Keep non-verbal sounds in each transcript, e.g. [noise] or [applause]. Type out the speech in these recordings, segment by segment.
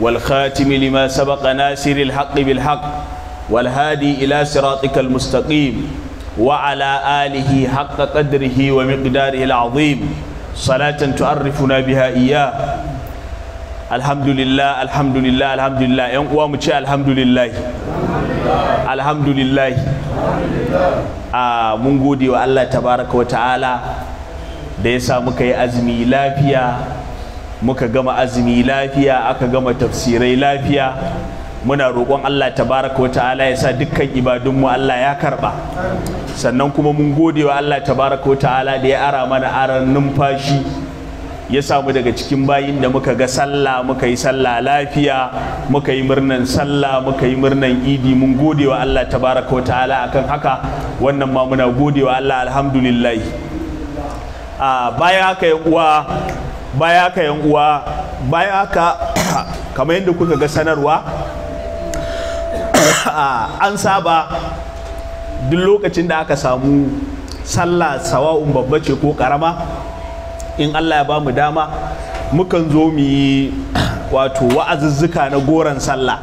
والخاتم لما سبق ناصر الحق بالحق والهادي إلى صراطك المستقيم وعلى آله حق قدره ومقداره العظيم صلاة تعرفنا بها إياه الحمد لله الحمد لله الحمد لله يوم وامتشي الحمد لله الحمد لله mun gode wa Allah tabaraka wa ta'ala da ya sa muka yi azumi lafiya muka gama azumi lafiya aka gama tafsirai lafiya muna roƙon Allah tabaraka wa ta'ala ya sa dukkan ibadunmu Allah ya karɓa sannan kuma mun gode wa Allah tabaraka wa ta'ala da ya ara mana aran numfashi ya samu daga cikin bayin da muka ga sallah muka yi sallah lafiya muka yi murnan sallah muka yi murnan idi mun gode wa Allah tabaraka wa ta'ala akan haka wannan ma muna gode wa Allah alhamdulillah a ah, bayan haka ya uwa baya ka yan uwa baya ka [coughs] kamar yadda kuka ga sanarwa [coughs] an saba duk lokacin da aka samu sallah sawa'un babba ce ko karama in Allah ya ba mu dama mukan zo mu yi [coughs] wato wa'azuzzuka na goron sallah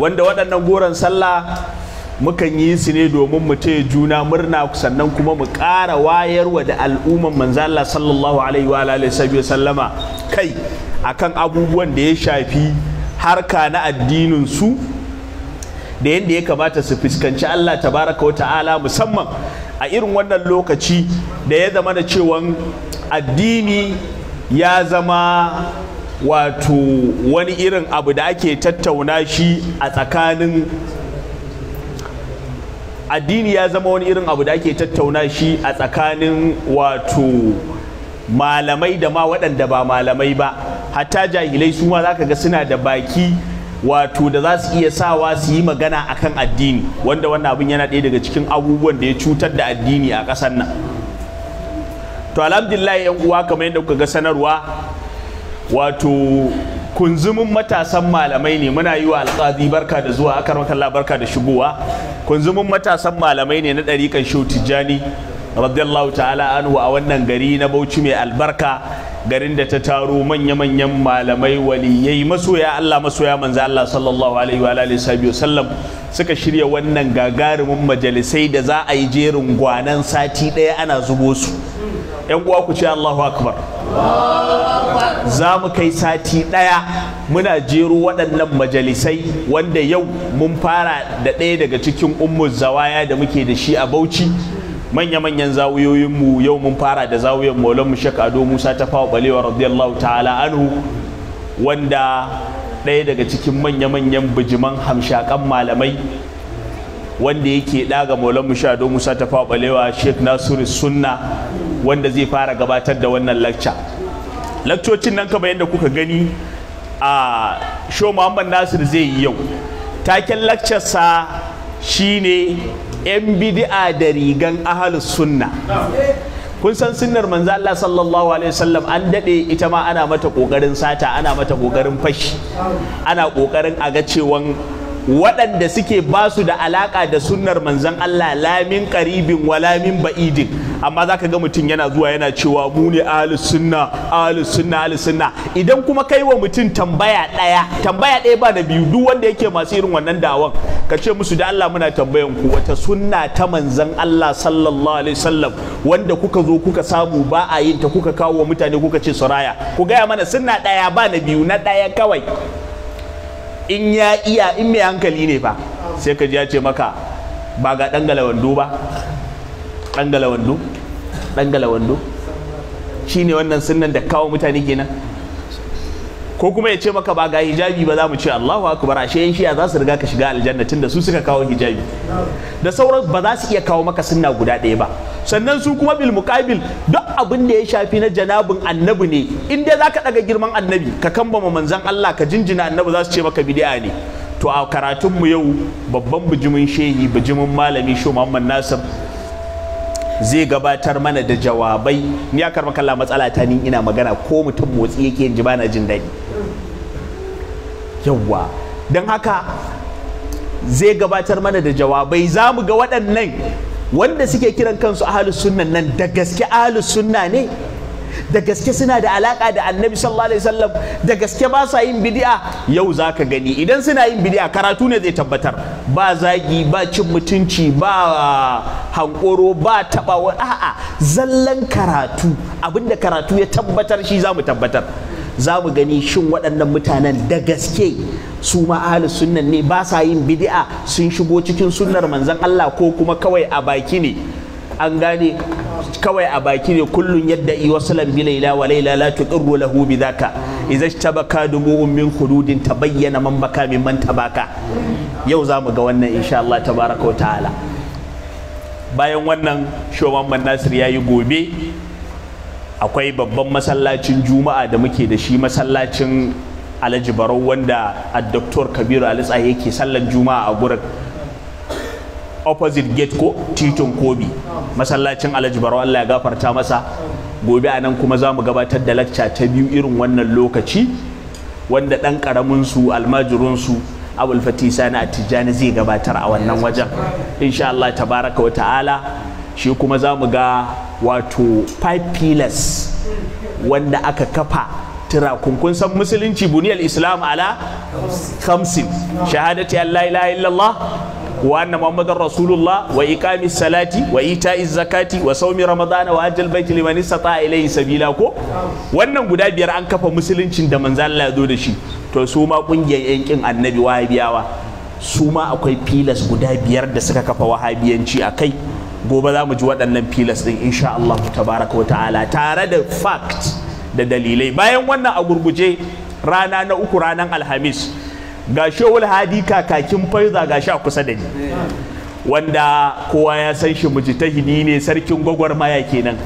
wanda waɗannan goron sallah mukan yi su ne domin mu taya juna murna sannan kuma mu ƙara wayarwa da al'umman manzo Allah sallallahu alaihi wa alihi sallama kai akan abubuwan da ya shafi harka na addinin su da yadda ya kamata su fuskanci Allah tabaraka wa ta'ala musamman a irin wannan lokaci da ya zama da cewan addini ya zama wato wani irin abu da ake tattauna shi a tsakanin addini ya zama wani irin abu da ake tattauna shi a tsakanin wato malamai da ma waɗanda ba malamai ba hatta jahilai su ma za ka ga suna da baki wato da za su iya sawa su yi magana kan addini wanda wannan abin yana ɗaya daga cikin abubuwan da ya cutar da addini a ƙasar nan to alhamdulillah yan uwa kamar yadda kuka ga sanarwa wato kunzumin matasan malamai ne muna yi wa alƙazi barka da zuwa aka makalla barka da shigowa kunzumin matasan malamai ne na ɗariƙan shau tijjani radiyallahu ta'ala anhu a wannan gari na bauchi mai albarka garin da ta taro manya-manyan malamai waliyai masoya Allah masoya manzo Allah sallallahu alaihi wa alihi wa sallam suka shirya wannan gagarumin majalisai da za a yi jerin gwanan sati ɗaya ana zubo su yan uwa ku ce Allahu akbar za mu kai sati ɗaya muna jero waɗannan majalisai wanda yau mun fara da ɗaya daga cikin ummu zawaya da muke da shi a Bauchi manya-manyan zawiyoyinmu yau mun fara da zawiyan maulanmu shek ado musa ta fawo balewa radiyallahu ta'ala anhu wanda ɗaya daga cikin manya-manyan bijiman hamshakan malamai wanda yake ɗaga maulanmu shek ado musa ta fawo balewa shek nasiru sunna wanda zai fara gabatar da wannan lacca laccocin nan kamar yadda kuka gani a show muhammad nasiru zai yi yau taken laccarsa shine 'yan bidi'a da rigan ahalus sunna kun san sunnar manzo Allah sallallahu alaihi wasallam an dade ita ma ana mata kokarin sata ana mata kokarin fashi ana kokarin a ga cewan waɗanda suke ba su da alaƙa da sunnar manzan Allah lamin karibin wa lamin ba'idin amma za ka ga mutum yana zuwa yana cewa mu ne ahlus sunna ahlus sunna idan kuma kai wa mutum tambaya ɗaya tambaya ɗaya ba da biyu duk wanda yake masu irin wannan dawon ka ce musu da Allah muna tambayan ku wata sunna ta manzan Allah sallallahu alaihi wasallam wanda kuka zo kuka samu ba a yin ta kuka kawo wa mutane kuka ce suraya ku gaya mana sunna ɗaya ba na biyu na ɗaya kawai in ya iya in mai hankali ne fa sai ka ji ya ce maka ba ga dangala wando ba dangala wando dangala wando shine wannan sunan da kawo mutane kenan ko kuma ya ce maka ba ga hijabi ba za mu ce Allahu akbar ashe yan shiya za su riga ka shiga aljanna tunda su suka kawo hijabi da sauran ba za su iya kawo maka sunna guda ɗaya ba sannan su kuma bil muqabil duk abin da ya shafi na janabin annabi ne in dai zaka daga girman annabi ka kambama manzon Allah ka jinjina annabi za su ce maka bid'a ne to a karatun mu yau babban bijimin shehi bijimin malami shu Muhammad Nasir zai gabatar mana da jawabai ni ya karba kalla matsala ta ni ina magana ko mutum motsi yake ji bana jin daɗi yawwa don haka zai gabatar mana da jawabai za mu ga waɗannan wanda suke kiran kansu ahalus sunan nan da gaske ahalus sunna ne da gaske suna da alaƙa da annabi sallallahu alaihi wasallam da gaske ba sa yin bid'a yau zaka gani idan suna yin bid'a karatu ne zai tabbatar ba zagi ba cin mutunci ba hankoro ba tabawa a'a zallan karatu abinda karatu ya tabbatar shi za mu tabbatar za mu gani shin waɗannan mutanen da gaske su ma sunnan ne ba sa yin bidi'a sun shigo cikin sunnar manzan Allah ko kuma kawai a baki ne an gane kawai a baki ne kullum yadda i wasalan bi laila wa laila la tuqirru lahu bi dhaka idza ummin dumu'un min khududin tabayyana man baka mimman tabaka yau za mu ga wannan insha Allah tabaraka wa ta'ala bayan wannan shoman man nasir yayi gobe akwai babban masallacin juma'a da muke da shi masallacin alhaji barau wanda a doktor kabiru alitsa yake sallan juma'a a gurin opposite gate ko titon kobi masallacin alhaji barau allah ya gafarta masa gobe a nan kuma za mu gabatar da lacca ta biyu irin wannan lokaci wanda dan karamin su almajirin su abul sani tijjani zai gabatar a wannan wajen insha allah tabaraka wa ta'ala shi kuma za mu ga wato five pillars wanda aka kafa tira kun san musulunci buniyar islam ala khamsin shahadati allah ila illallah wa anna muhammadar rasulullah wa iqami salati wa ita zakati wa saumi ramadana wa ajal baiti liman istata ilayhi sabila ko wannan guda biyar an kafa musuluncin da manzo Allah ya zo da shi to su ma kungiyar yankin annabi wahabiyawa su ma akwai pilas guda biyar da suka kafa wahabiyanci a kai gobe za mu ji waɗannan filas ɗin insha Allah tabaraka wa ta'ala tare da fact da dalilai bayan wannan a gurguje rana na uku ranar alhamis ga shewul hadi kakakin faiza ga sha kusa da ni wanda kowa ya san shi ta hini ne sarkin gwagwarmaya kenan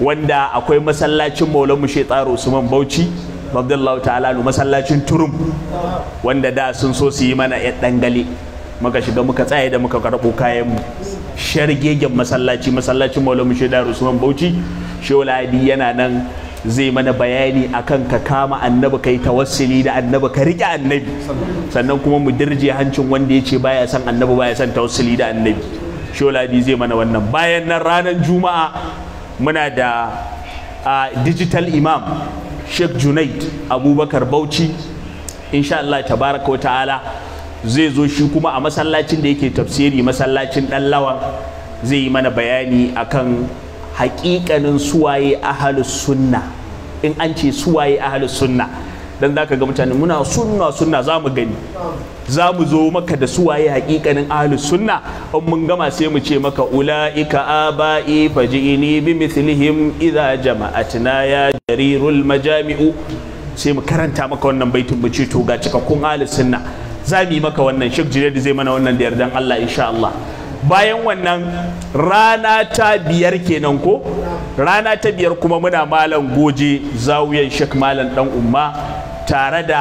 wanda akwai masallacin maulan mu tsaro usman bauchi Abdullahi ta'ala masallacin turum wanda da sun so su yi mana ɗan dangale muka shiga muka tsaye da muka karɓo kayan mu shargegen masallaci masallacin maulamu shaidar usman bauchi sholadi yana nan zai mana bayani akan ka kama annabi kai tawassuli da annabi ka riƙe annabi sannan kuma mu dirje hancin wanda ya ce baya son annabi baya son tawassuli da annabi sholadi zai mana wannan bayan nan ranar juma'a muna da digital imam sheikh junaid abubakar bauchi insha Allah tabaraka wa ta'ala zai zo shi kuma a masallacin da yake tafsiri masallacin dan lawan zai yi mana bayani akan hakikanin suwaye ahalus sunna in an ce suwaye ahalus sunna dan zaka ga mutane muna sunna sunna za mu gani za mu zo maka da suwaye hakikanin ahlus sunna in mun gama sai mu ce maka ulaika aba'i faji'ini bi mithlihim idza jama'atna ya jarirul majami'u sai mu karanta maka wannan baitin mu ce to ga cikakkun ahlus sunna za mu yi maka wannan shek da zai mana wannan da yardan Allah insha Allah bayan wannan rana ta biyar kenan ko rana ta biyar kuma muna malam goje zawiyan shek malam dan umma tare da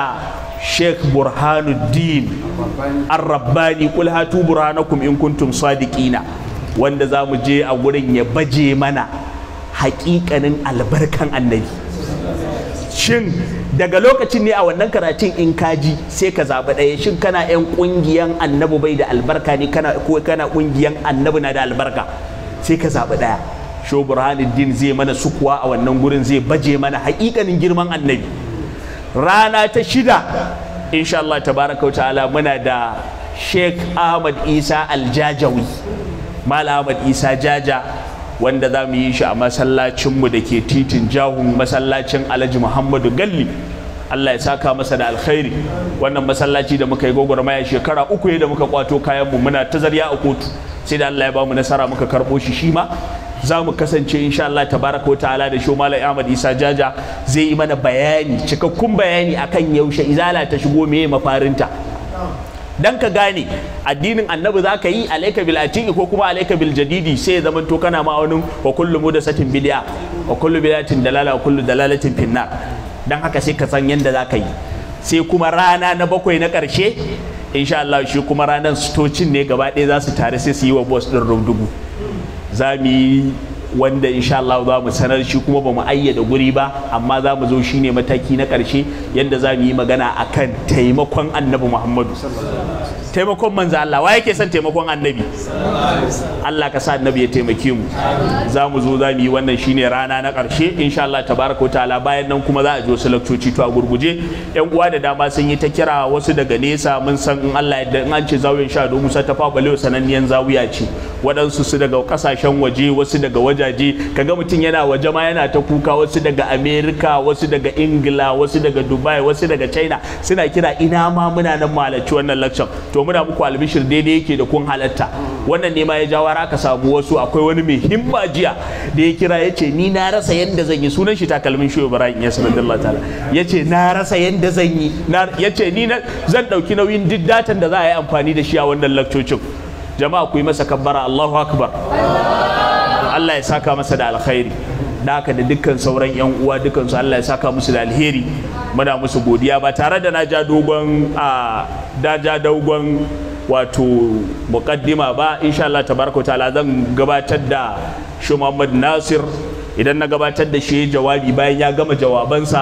shek burhanuddin arrabbani kul hatu burhanakum in kuntum sadiqina wanda za mu je a gurin ya baje mana haƙiƙanin albarkan annabi shin daga lokacin ne a wannan karatun in kaji sai ka zaɓi ɗaya shin kana yan ƙungiyan annabu bai da albarka ne kana ko kana ƙungiyan annabi na da albarka sai ka zaɓi ɗaya sho burhanuddin zai mana sukuwa a wannan gurin zai baje mana haƙiƙanin girman annabi rana ta shida insha Allah tabaraka wa ta'ala muna da Sheikh Ahmad Isa Aljajawi Mal Ahmad Isa Jaja wanda za mu yi shi a masallacinmu da ke titin jahun masallacin alhaji muhammadu galli Allah ya saka masa da alkhairi wannan masallaci da muka yi gwagwarmaya shekara uku da muka kwato kayan mu muna ta zarya a kotu sai da Allah ya bamu nasara muka karɓo shi shi ma za mu kasance insha Allah tabaraka wa ta'ala da shomala malam Ahmad Isa Jaja zai yi mana bayani cikakkun bayani akan yaushe izala ta shigo meye mafarinta dan ka gane addinin annabi za ka yi alaika bil atiqi ko kuma alaika bil jadidi sai ya zama to kana ma wani wa kullu mudasatin bid'a wa kullu bid'atin dalala wa kullu dalalatin finnar don haka sai ka san yadda za ka yi sai kuma rana na bakwai na ƙarshe insha Allah shi kuma ranar stocin ne gaba ɗaya za su tare sai su yi wa boss ɗin rundugu za mu yi wanda insha Allah za mu sanar shi kuma ba mu ayyada guri ba amma za mu zo shine mataki na karshe yadda za mu yi magana akan taimakon annabi Muhammadu taimakon manzo Allah wa yake son taimakon annabi Allah ka sa annabi ya taimake mu za mu zo za mu yi wannan shine rana na ƙarshe insha Allah tabaraka wa ta'ala bayan nan kuma za a ji wasu lakcoci to a gurguje yan uwa da dama sun yi ta kira wasu daga nesa mun san in Allah yadda in an ce zawiyar sha do Musa ta fabalewa sananniyan zawiya ce waɗansu su daga ƙasashen waje wasu daga wajaje kaga mutum yana waje ma yana ta kuka wasu daga Amerika wasu daga Ingila wasu daga Dubai wasu daga China suna kira ina ma muna nan halarci wannan lakcin to muna muku albishir daidai yake da kun halatta wannan ne ma ya jawo aka samu wasu akwai wani mai himma jiya da ya kira ya ce ni na rasa yadda zan yi sunan shi takalmin shi ibrahim ya sanar da ta'ala ya ce na rasa yadda zan yi ya ce ni zan ɗauki nauyin duk datan da za a yi amfani da shi a wannan lakcocin jama'a ku yi masa kabbara allahu akbar allah ya saka masa da alkhairi da haka da dukkan sauran yan uwa dukkan su allah ya saka musu da alheri muna musu godiya ba tare da na ja dogon a daja dogon wato mukaddima ba insha Allah tabaraka ta'ala zan gabatar da shi Muhammad Nasir idan na gabatar da shi jawabi bayan ya gama jawabansa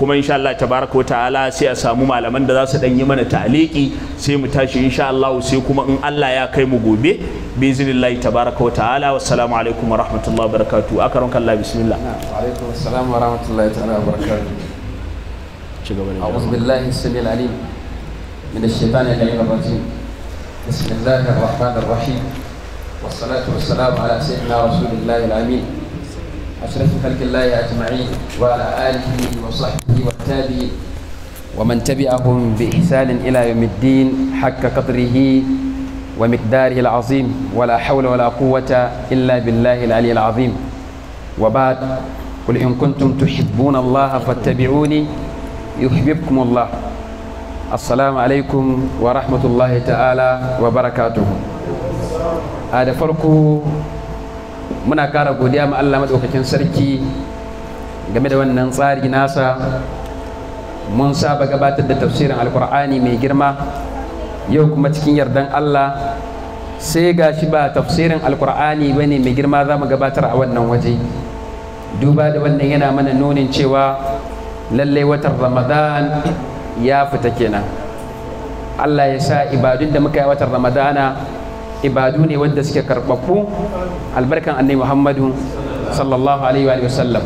kuma insha Allah tabaraka ta'ala sai a samu malaman da za su dan yi mana taliki sai mu tashi insha Allah sai kuma in Allah ya kai mu gobe bi iznillahi tabaraka wa ta'ala wassalamu alaikum wa rahmatullahi wa barakatuh akaron kallah bismillah wa alaikum assalam wa rahmatullahi ta'ala wa barakatuh ci gaba da jama'a a'udhu billahi samil alim min ash-shaytan al-alim ar-rajim bismillahi ar-rahman ar-rahim wa salatu wa salam ala sayyidina rasulillahi al-amin ashrafu khalqi llahi ajma'in wa ala alihi wa sahbihi wa tabi'in ومن تبعهم بإحسان إلى يوم الدين حق قدره ومقداره العظيم ولا حول ولا قوة إلا بالله العلي العظيم وبعد قل إن كنتم تحبون الله فاتبعوني yuhibbukumullah assalamu alaikum wa rahmatullahi ta'ala wa barakatu. a da farko muna kara godiya ma Allah madaukakin sarki game da wannan tsari nasa mun saba gabatar da tafsirin alkur'ani mai girma yau kuma cikin yardan Allah sai ga shi ba tafsirin alkur'ani ba ne mai girma za mu gabatar a wannan waje duba da wannan yana mana nunin cewa lallai watan ramadan ya fita kenan allah ya sa ibadun da muka yi watan ramadana ibadu ne wanda suke karɓaɓɓu albarkan annai muhammadu sallallahu alaihi wa sallam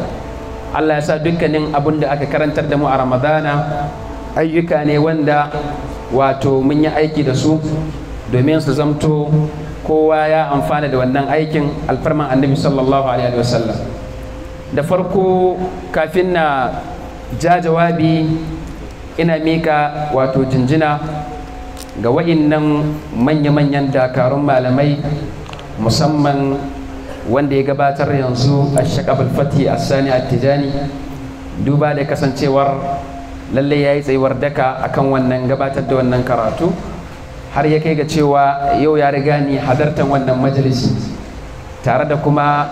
allah ya sa dukkanin abun da aka karantar da mu a ramadana ayyuka ne wanda wato mun yi aiki da su domin su zamto kowa ya amfana da wannan aikin alfarman annabi sallallahu alaihi wa sallam da farko kafin na ja jawabi ina mika wato jinjina ga wa'innan manya-manyan dakarun malamai musamman wanda ya gabatar yanzu a shakabal fati a sani a tijani duba da kasancewar lallai ya yi tsayuwar daka akan wannan gabatar da wannan karatu har ya kai ga cewa yau ya riga ni halartar wannan majalisi tare da kuma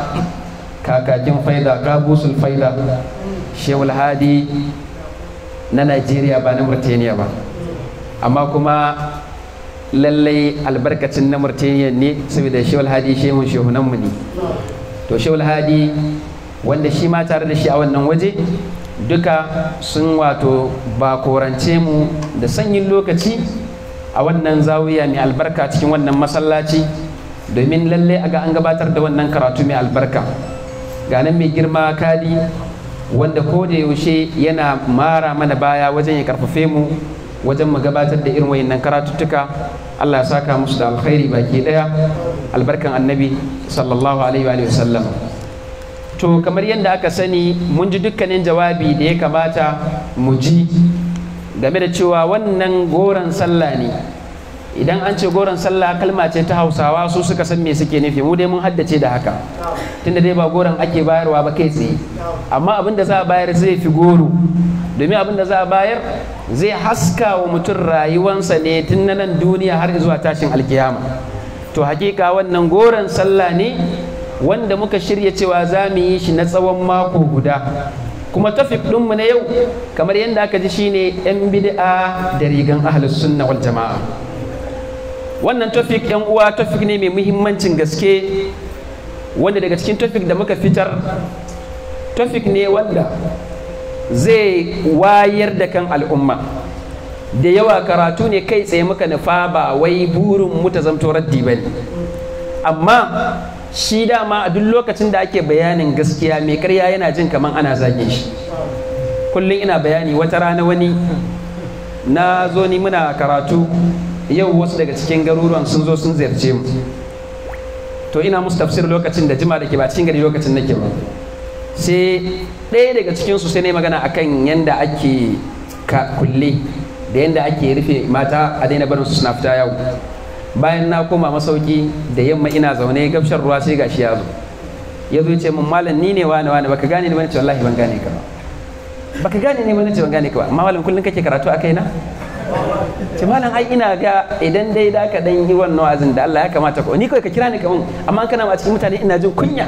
kakakin faida gabusul faida shewul hadi na najeriya ba na murtaniya ba amma kuma lallai albarkacin na murtaniya ne saboda shewul hadi shehun shehunanmu ne to shewul hadi wanda shi ma tare da shi a wannan waje duka sun wato ba korance mu da sanyin lokaci a wannan zawiya mai albarka cikin wannan masallaci domin lallai a ga an gabatar da wannan karatu mai albarka ganin mai girma kadi wanda ko da yaushe yana mara mana baya wajen ya karfafe mu wajen mu gabatar da irin wayannan karatuttuka Allah ya saka musu da alkhairi baki daya albarkan annabi sallallahu alaihi wa sallam to kamar yadda aka sani mun ji dukkanin jawabi da ya kamata mu ji game da cewa wannan goron sallah ne idan an ce goron sallah kalma ce ta hausawa su suka san me suke nufi mu dai mun haddace da haka tunda dai ba goron ake bayarwa ba kai tsaye amma abin da za a bayar zai fi goro domin abin da za a bayar zai haska wa mutum rayuwansa ne tun na nan duniya har zuwa tashin alkiyama to hakika wannan goron sallah ne wanda muka shirya cewa za mu yi shi na tsawon mako guda kuma tafik ɗinmu na yau kamar yadda aka ji shine 'yan bid'a da rigan ahlus sunna wal jama'a wannan tofik yan uwa tofik ne mai muhimmancin gaske wanda daga cikin tofik da muka fitar tofik ne wanda zai wayar da kan al'umma da yawa karatu ne kai tsaye muka nufa ba wai burin mu ta zamto raddi ba ne amma shi dama a duk lokacin da ake bayanin gaskiya mai karya yana jin kamar ana zagin shi kullum ina bayani wata rana wani na zo ni muna karatu yau wasu daga cikin garuruwan sun zo sun ziyarce mu to ina musu tafsir lokacin da jima da ke ba cikin gari lokacin nake ba sai ɗaya daga cikin su sai ne magana akan yanda ake kulle da yanda ake rufe mata a daina barin su suna fita yau bayan na koma masauki da yamma ina zaune gabshar ruwa sai gashi ya zo ya zo ce mun malam ni ne wani wani baka gane ni wani ce wallahi ban gane ka ba baka gane ni bane ce ban gane ka ba amma malam kullun kake karatu a kaina ce malam ai ina ga idan dai da ka dan yi wannan wazin da Allah ya kamata ko ni kai ka kira ni kaman amma kana ma cikin mutane ina jin kunya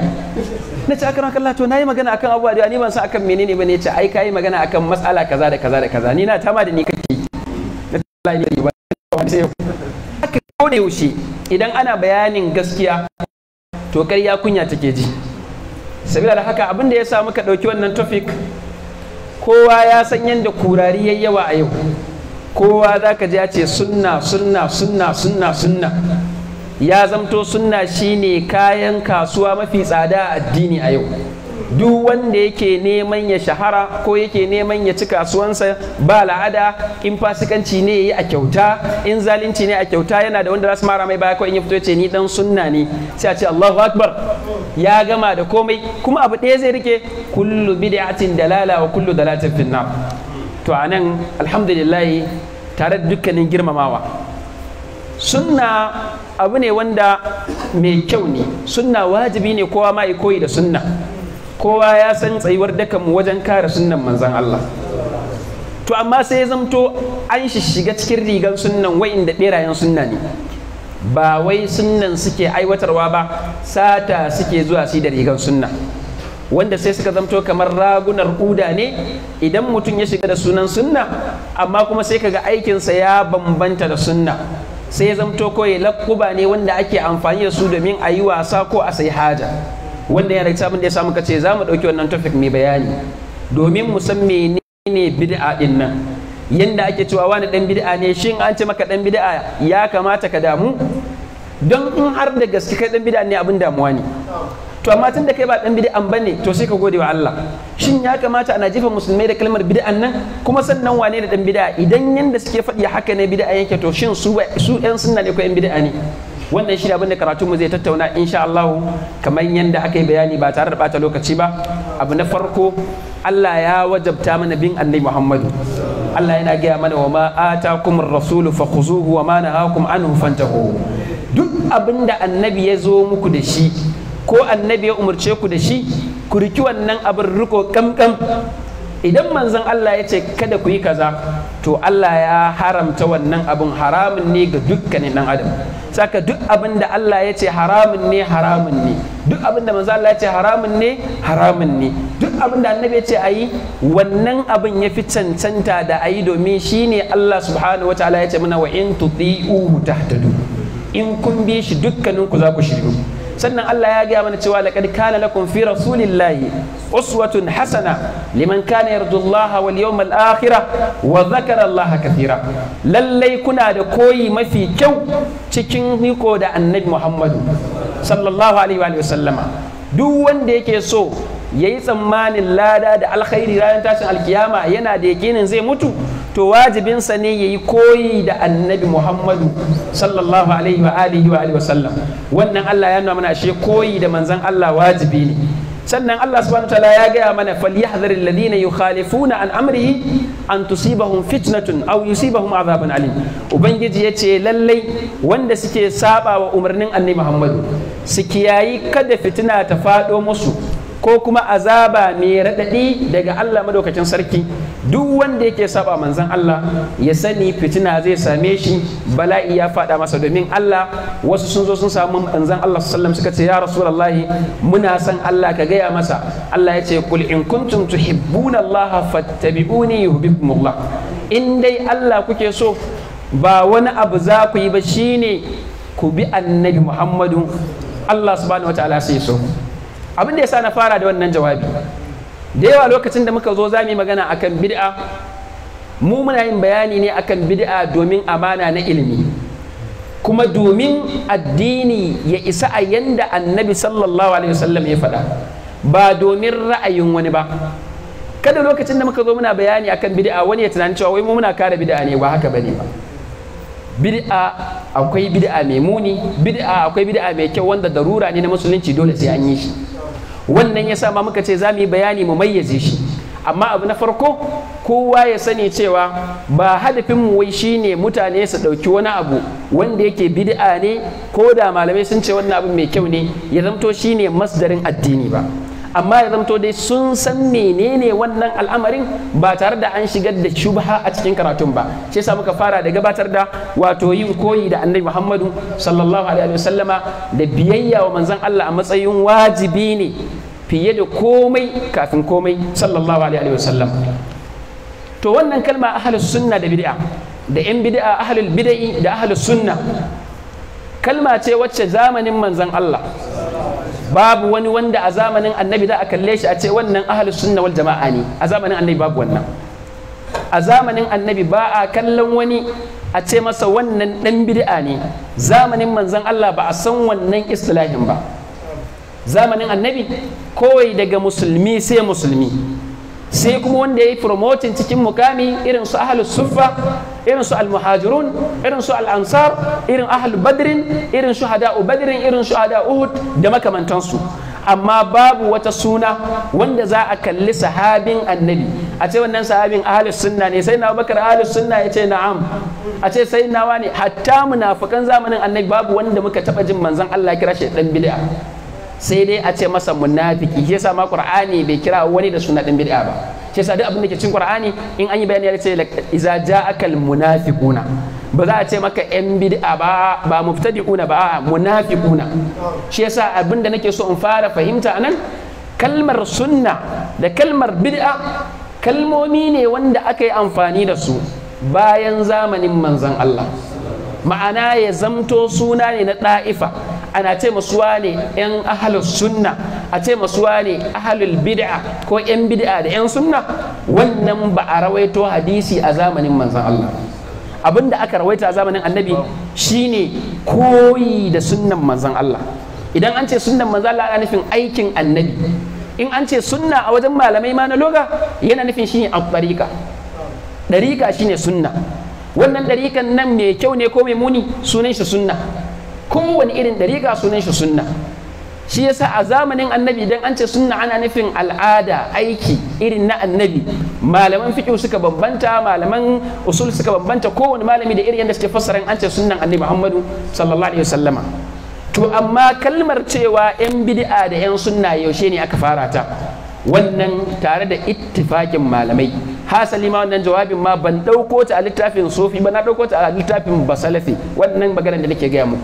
na ce aka ranka to nayi magana akan abubuwa da ni ban san akan menene ba ne ce ai kai magana akan mas'ala kaza da kaza da kaza ni na ta ma da ni kake na Allah ne ba sai haka kone wuce idan ana bayanin gaskiya to ƙarya kunya take ji sabila da haka abin da ya samu muka ɗauki wannan topic kowa ya san yadda kurari yawa a yau kowa za ka ji a ce sunna sunna sunna sunna sunna ya zamto sunna shine kayan kasuwa mafi tsada a addini a yau duk wanda yake neman ya shahara ko yake neman ya ci kasuwansa ba la'ada in fasikanci ne yi a kyauta in zalunci ne a kyauta yana da wanda za su mara mai baya kawai in ya fito ce ni dan sunna ne sai a ce Allahu akbar ya gama da komai kuma abu ɗaya zai rike kullu bid'atin dalala wa kullu dalatin finnar to a nan alhamdulillah tare da dukkanin girmamawa sunna abu ne wanda mai kyau ne sunna wajibi ne kowa ma koyi da sunna kowa ya san tsayuwar dakan mu wajen kare sunnan manzan Allah to amma sai ya zamto an shi shiga cikin rigan sunnan wa'inda berayen sunna ne ba wai sunnan suke aiwatarwa ba sata suke zuwa su da rigan sunna wanda sai suka zamto kamar ragunar uda ne idan mutum ya shiga da sunan sunna amma kuma sai kaga aikinsa ya bambanta da sunna sai ya zamto ya lakkuba ne wanda ake amfani da su domin a yi wasa ko a sai haja wanda ya rikta abin da ya samu kace za mu ɗauki wannan topic mai bayani domin mu san menene bid'a din nan yanda ake cewa wani dan bid'a ne shin an ce maka dan bid'a ya kamata ka damu don in har da gaske kai dan bid'a ne abin damuwa ne to amma tun da kai ba dan ba bane to sai ka gode wa Allah shin ya kamata ana jefa musulmai da kalmar bid'an nan kuma sannan wane da dan bid'a idan yanda suke faɗi haka ne bid'a yake to shin su su ɗan sunna ne ko ɗan bid'a ne wannan shi abin da karatu mu zai tattauna insha Allah kamar yanda yi bayani ba tare da bata lokaci ba abu na farko Allah ya wajabta mana bin annabi Muhammadu Allah yana gaya mana wa ma atakum ar-rasulu fakhuzuhu wa ma nahakum anhu fantahu duk abinda annabi ya zo muku da shi ko annabi ya umarce ku da shi ku riki wannan abin riko kamkam idan manzon Allah ya ce kada ku yi kaza to Allah ya haramta wannan abin haramun ne ga dukkanin dan adam saka duk abin da Allah ya ce haramun ne haramun ne duk abin da manzon Allah ya ce haramun ne haramun ne duk abin da annabi ya ce ayi wannan abin ya fi cancanta da ayi domin shine Allah subhanahu wataala ya ce mana wa in tuti'u tahtadu in kun bi shi dukkanin ku za ku shiryu sannan Allah ya gaya mana cewa laqad kana lakum fi rasulillahi uswatun hasana liman kana yarjullaha wal yawmal akhirah wa dhakara Allah kathira lallai kuna da koyi mafi kyau cikin riko da annabi Muhammadu sallallahu alaihi wa sallama duk wanda yake so yayi tsammanin lada da alkhairi ranar tashin alkiyama yana da yakinin zai mutu to wajibinsa ne ya yi koyi da annabi muhammadu sallallahu alaihi wa alihi wa alihi wasallam wannan allah ya nuna mana ashe koyi da manzan allah wajibi ne sannan allah subhanahu ta'ala ya gaya mana falyahdhar alladhina yukhalifuna an amrihi an tusibahum fitnatun aw yusibahum azabun alim ubangiji yace lallai wanda suke saba wa umarnin annabi muhammadu su kiyayi kada fitina ta faɗo musu ko kuma azaba mai raɗaɗi daga Allah madaukakin sarki duk wanda yake saba manzan Allah ya sani fitina zai same shi bala'i ya faɗa masa domin Allah wasu sun zo sun samu manzan Allah sallam suka ce ya rasulullahi muna san Allah ka gaya masa Allah ya ce kul in kuntum tuhibbuna Allah fattabi'uni yuhibbukumullah in dai Allah kuke so ba wani abu za ku yi ba shine ku bi annabi Muhammadu Allah subhanahu wataala sai so abin da yasa na fara da wannan jawabi da yawa lokacin da muka zo za mu yi magana akan bid'a mu muna yin bayani ne akan bid'a domin amana na ilimi kuma domin addini ya isa a yanda annabi sallallahu alaihi wasallam ya faɗa ba domin ra'ayin wani ba kada lokacin da muka zo muna bayani akan bid'a wani ya tunani cewa wai mu muna kare bid'a ne ba haka bane ba bid'a akwai bid'a mai muni bid'a akwai bid'a mai kyau wanda darura ne na musulunci dole sai an yi shi wannan ya sa ma muka ce za mu yi bayani mu mayyaje shi amma abu na farko kowa ya sani cewa ba hadafin mu wai shine mutane su ɗauki wani abu wanda yake bid'a ne ko da malamai sun ce wannan abu mai kyau ne ya zamto shine masdarin addini ba amma ya zamto dai sun san menene wannan al'amarin ba tare da an shigar da shubha a cikin karatun ba shi yasa muka fara da gabatar da wato yin koyi da annabi Muhammadu sallallahu alaihi sallama da biyayya wa manzon Allah a matsayin wajibi ne fiye da komai kafin komai sallallahu alaihi sallam. to wannan kalma ahlus sunna da bid'a da yan bid'a ahlul bid'i da ahlus sunna kalma ce wacce zamanin manzon Allah babu wani wanda a zamanin annabi za a kalle shi a ce wannan ahlus sunna wal jama'a ne a zamanin annabi babu wannan a zamanin annabi ba a kallon wani a ce masa wannan dan bid'a ne zamanin manzon Allah ba a san wannan islahin ba zamanin annabi kowai daga musulmi sai musulmi sai kuma wanda ya yi promoting cikin mukami irin su ahlus suffa irin su almuhajirun irin su al'ansar irin ahlul badrin irin su hada'u badrin irin su uhud da makamantansu amma babu wata suna wanda za a kalli sahabin annabi a ce wannan sahabin ahlus sunna ne sai na bakar ahlus sunna ya ce na'am a ce sai nawa ne hatta munafukan zamanin annabi babu wanda muka taba jin manzon Allah kira shi dan bid'a sai dai a ce masa munafiki shi yasa ma qur'ani bai kira wani da suna din bid'a ba shi yasa duk abin da ke cikin qur'ani in an yi bayani ya ce iza ja'akal munafiquna ba za a ce maka yan bid'a ba ba muftadiquna ba munafiquna shi yasa abin da nake so in fara fahimta anan kalmar sunna da kalmar bid'a kalmomi ne wanda aka yi amfani da su bayan zamanin manzon Allah ma'ana ya zamto suna ne na ɗa'ifa ana ce masu wane yan ahalus sunna a ce masu wane ahalul bid'a ko yan bid'a da yan sunna wannan ba a rawaito hadisi a zamanin manzan Allah abinda aka rawaita a zamanin annabi shine koyi da sunnan manzan Allah idan an ce sunnan manzan Allah ana nufin aikin annabi in an ce sunna a wajen malamai ma na loga yana nufin shine a ɗarika ɗarika shine sunna wannan ɗarikan nan mai kyau ne ko mai muni sunan shi sunna kowane irin dariƙa sunan shi sunna shi yasa a zamanin annabi idan an ce sunna ana nufin al'ada aiki irin na annabi malaman fiƙo suka bambanta malaman usul suka bambanta kowane malami da irin yadda suke fassara an ce sunnan annabi Muhammadu sallallahu alaihi wasallama to amma kalmar cewa yan bid'a da yan sunna yaushe ne aka fara ta wannan tare da ittifakin malamai hasali ma wannan jawabin ma ban ɗauko ta a littafin sufi ba na ɗauko ta a littafin basalafi wannan maganar da nake gaya muku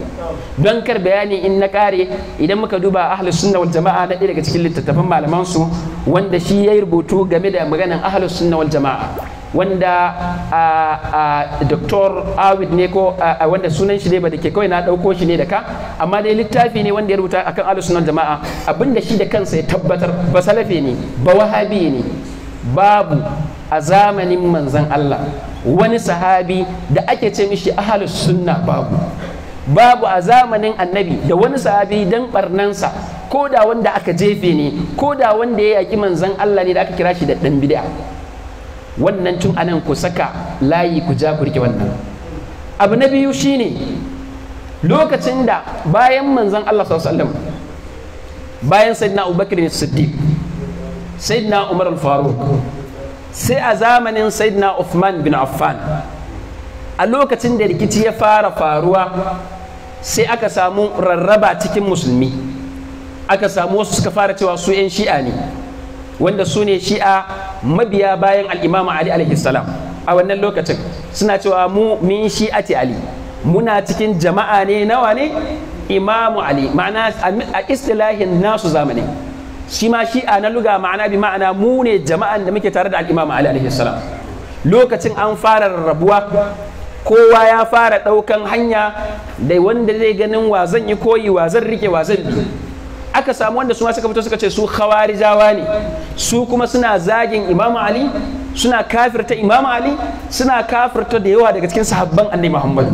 don kar bayani in na kare idan muka duba ahlus sunna wal jama'a da daga cikin littattafan malaman su wanda shi ya rubutu game da maganar ahlus sunna wal jama'a wanda Dr. Awid ne ko wanda sunan shi ne ba da ke kawai na ɗauko shi ne da ka amma dai littafi ne wanda ya rubuta akan alusunan jama'a abinda shi da kansa ya tabbatar ba salafi ne ba wahabi ne babu a zamanin manzan Allah wani sahabi da ake ce mishi ahalus sunna babu babu a zamanin annabi da wani sahabi dan barnansa ko da wanda aka jefe ne ko da wanda ya yaki manzan Allah ne da aka kira shi da ɗan bid'a wannan tun anan ku saka layi ku ja ku rike wannan abu na biyu shine lokacin da bayan manzon Allah sallallahu bayan sayyidina Abubakar ne Siddiq sayyidina Umar al-Faruq sai a zamanin sayyidina Uthman bin Affan a lokacin da rikici ya fara faruwa sai aka samu rarraba cikin musulmi aka samu wasu suka fara cewa su 'yan shi'a ne wanda su ne shi'a mabiya bayan al'imamu ali alaihi salam a wannan lokacin suna cewa mu min ti ali muna cikin jama'a ne nawa ne imamu ali ma'ana a istilahin nasu zamani shi ma shi'a na luga ma'ana bi ma'ana mu ne jama'an da muke tare da al'imamu ali alaihi salam lokacin an fara rarrabuwa kowa ya fara ɗaukan hanya da wanda zai ganin wa zan yi koyi wa zan rike wa zan bi aka samu wanda su ma suka fito suka ce su khawarijawa ne su kuma suna zagin imamu ali suna kafirta imamu ali suna kafirta da yawa daga cikin sahabban annabi muhammad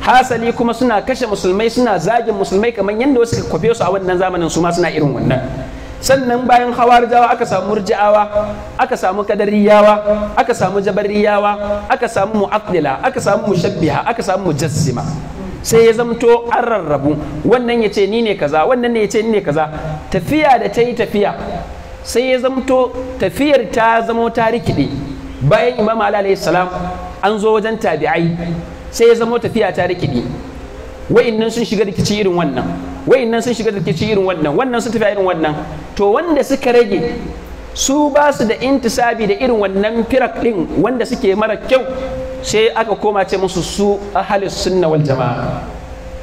hasali kuma suna kashe musulmai suna zagin musulmai kamar yadda wasu kwafe su a wannan zamanin su ma suna irin wannan sannan bayan jawa aka samu murji'awa aka samu kadariyawa aka samu jabariyawa aka samu mu'aqila aka samu mushabbiha aka samu mujassima sai ya zamto an rarrabu wannan ya ce ni ne kaza wannan ne ya ce ni ne kaza tafiya da ta yi tafiya sai ya zamto tafiyar ta zamo ta rikide bayan imam ali salam an zo wajen tabi'ai sai ya zamo tafiya ta rikide nan sun shiga rikici irin wannan nan sun shiga rikici irin wannan wannan sun tafi irin wannan to wanda suka rage su ba su da intisabi da irin wannan firak din wanda suke mara kyau sai aka koma ce musu su ahalus sunna wal jama'a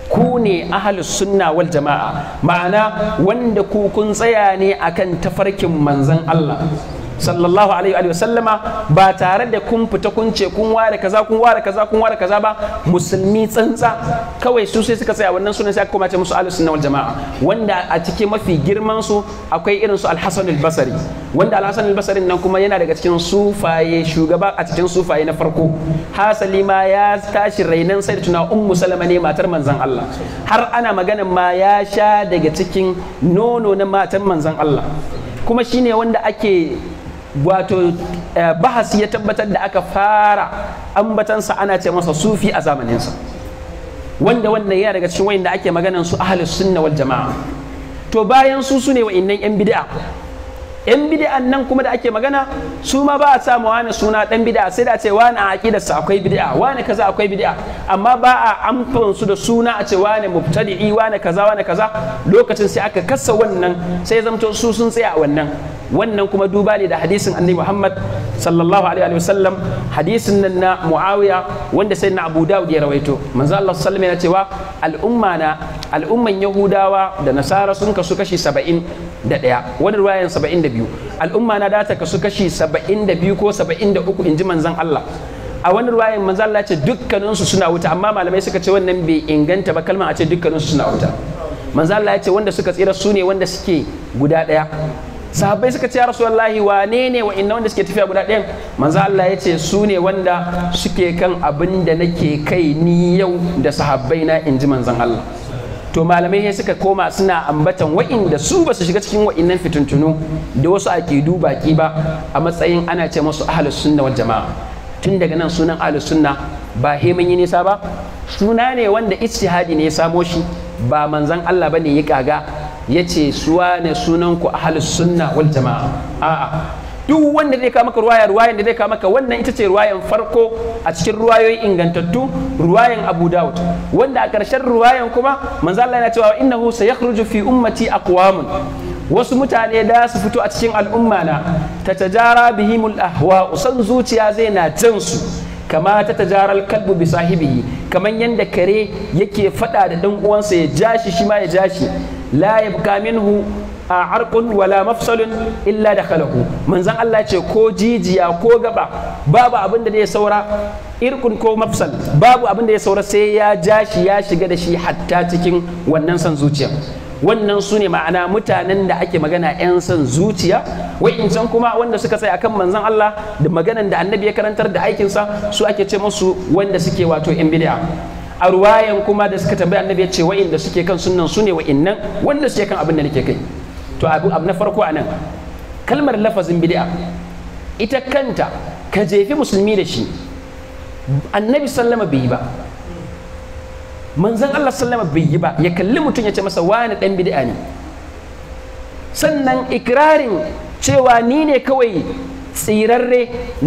ku ne ahalus sunna wal jama'a ma'ana wanda ku kun tsaya ne akan tafarkin manzon Allah sallallahu alaihi wa sallama ba tare da kun fita kun ce kun ware kaza kun ware kaza kun ware kaza ba musulmi tsantsa kawai su sai suka tsaya wannan sunan sai aka koma ce musu ahlus sunna jamaa wanda a cikin mafi girman su akwai irin su al-hasan al-basri wanda al-hasan al-basri nan kuma yana daga cikin sufaye shugaba a cikin sufaye na farko hasali ma ya tashi rainan sai da tuna ummu salama ne matar manzon Allah har ana magana ma ya sha daga cikin nono na matan manzon Allah kuma shine wanda ake wato eh, bahasi ya tabbatar da aka fara ambatansa ana ce masa sufi a zamaninsa wanda wannan ya daga cikin wayanda ake maganan su ahlus sunna wal jama'a to bayan su su sune nan yan bid'a yan bid'an nan kuma da ake magana su ma ba a sa wani suna dan bid'a sai da ce wani a su akwai bid'a wani kaza akwai bid'a amma ba a amfan su da suna a ce wani mubtadi'i wani kaza wani kaza lokacin sai aka kasa wannan sai zamto su sun tsaya wannan wannan kuma duba ne da hadisin annabi Muhammad sallallahu alaihi wa sallam hadisin nan na Muawiya wanda sai na Abu Dawud ya rawaito manzo Allah sallallahu alaihi cewa al'umma na al'umman Yahudawa da Nasara sun kasu kashi 71 wani ruwayan 70 72 al'umma na data kasu kashi 72 ko 73 in ji manzon Allah a wani ruwayan manzan Allah ce dukkaninsu suna wuta amma malamai suka ce wannan bai inganta ba kalma a ce dukkaninsu suna wuta manzan Allah ya ce wanda suka tsira su ne wanda suke guda daya sahabbai suka ce ya rasu wallahi wane ne wa inna wanda suke tafiya guda ɗayan manzan Allah ya ce su ne wanda suke kan abin da nake kai ni yau da sahabbai na inji manzan Allah to malamai sai suka koma suna ambatan wa'inda su ba su shiga cikin wa'innan fitintunu da wasu aƙidu baki ba a matsayin ana ce masu ahlus sunna wal jama'a tun daga nan sunan ahlus sunna ba heman yi nisa ba suna ne wanda ijtihadi ne ya samo shi ba manzon Allah bane ya kaga yace suwa ne sunan ku ahlus sunna wal jama'a a'a duk wanda zai kawo maka ruwaya ruwayan da zai kawo maka wannan ita ce ruwayan farko a cikin ruwayoyi ingantattu ruwayan Abu Dawud wanda a karshen ruwayan kuma manzo Allah yana cewa innahu sayakhruju fi ummati aqwamun wasu mutane da su fito a cikin al'umma na tatajara bihimul ahwa usan zuciya zai na jin su kama ta tajarar kalbu bi sahibihi kamar yadda kare yake fada da dan uwansa ya jashi shi ma ya jashi la yabqa minhu a harkun wala mafsalun illa da kalaku manzan Allah ce ko jijiya ko gaba babu abin da ya saura irkun ko mafsal babu abin da ya saura sai ya ja shi ya shiga da shi hatta cikin wannan san zuciya wannan su ne ma'ana mutanen da ake magana 'yan san zuciya wa'incan kuma wanda suka tsaya akan manzan Allah da maganan da annabi ya karantar da aikinsa su ake ce musu wanda suke wato 'yan bid'a a ruwayan kuma da suka tambaya annabi ya ce wa'inda suke kan sunnan su ne wa'innan wanda suke kan abin da nake kai to abu na farko anan kalmar lafazin bid'a ita kanta ka jefi musulmi da shi annabi sallama bai yi ba manzan Allah sallama bai yi ba ya kalli mutum ya ce masa wani dan bid'a ne sannan ikirarin cewa ni ne kawai tsirarre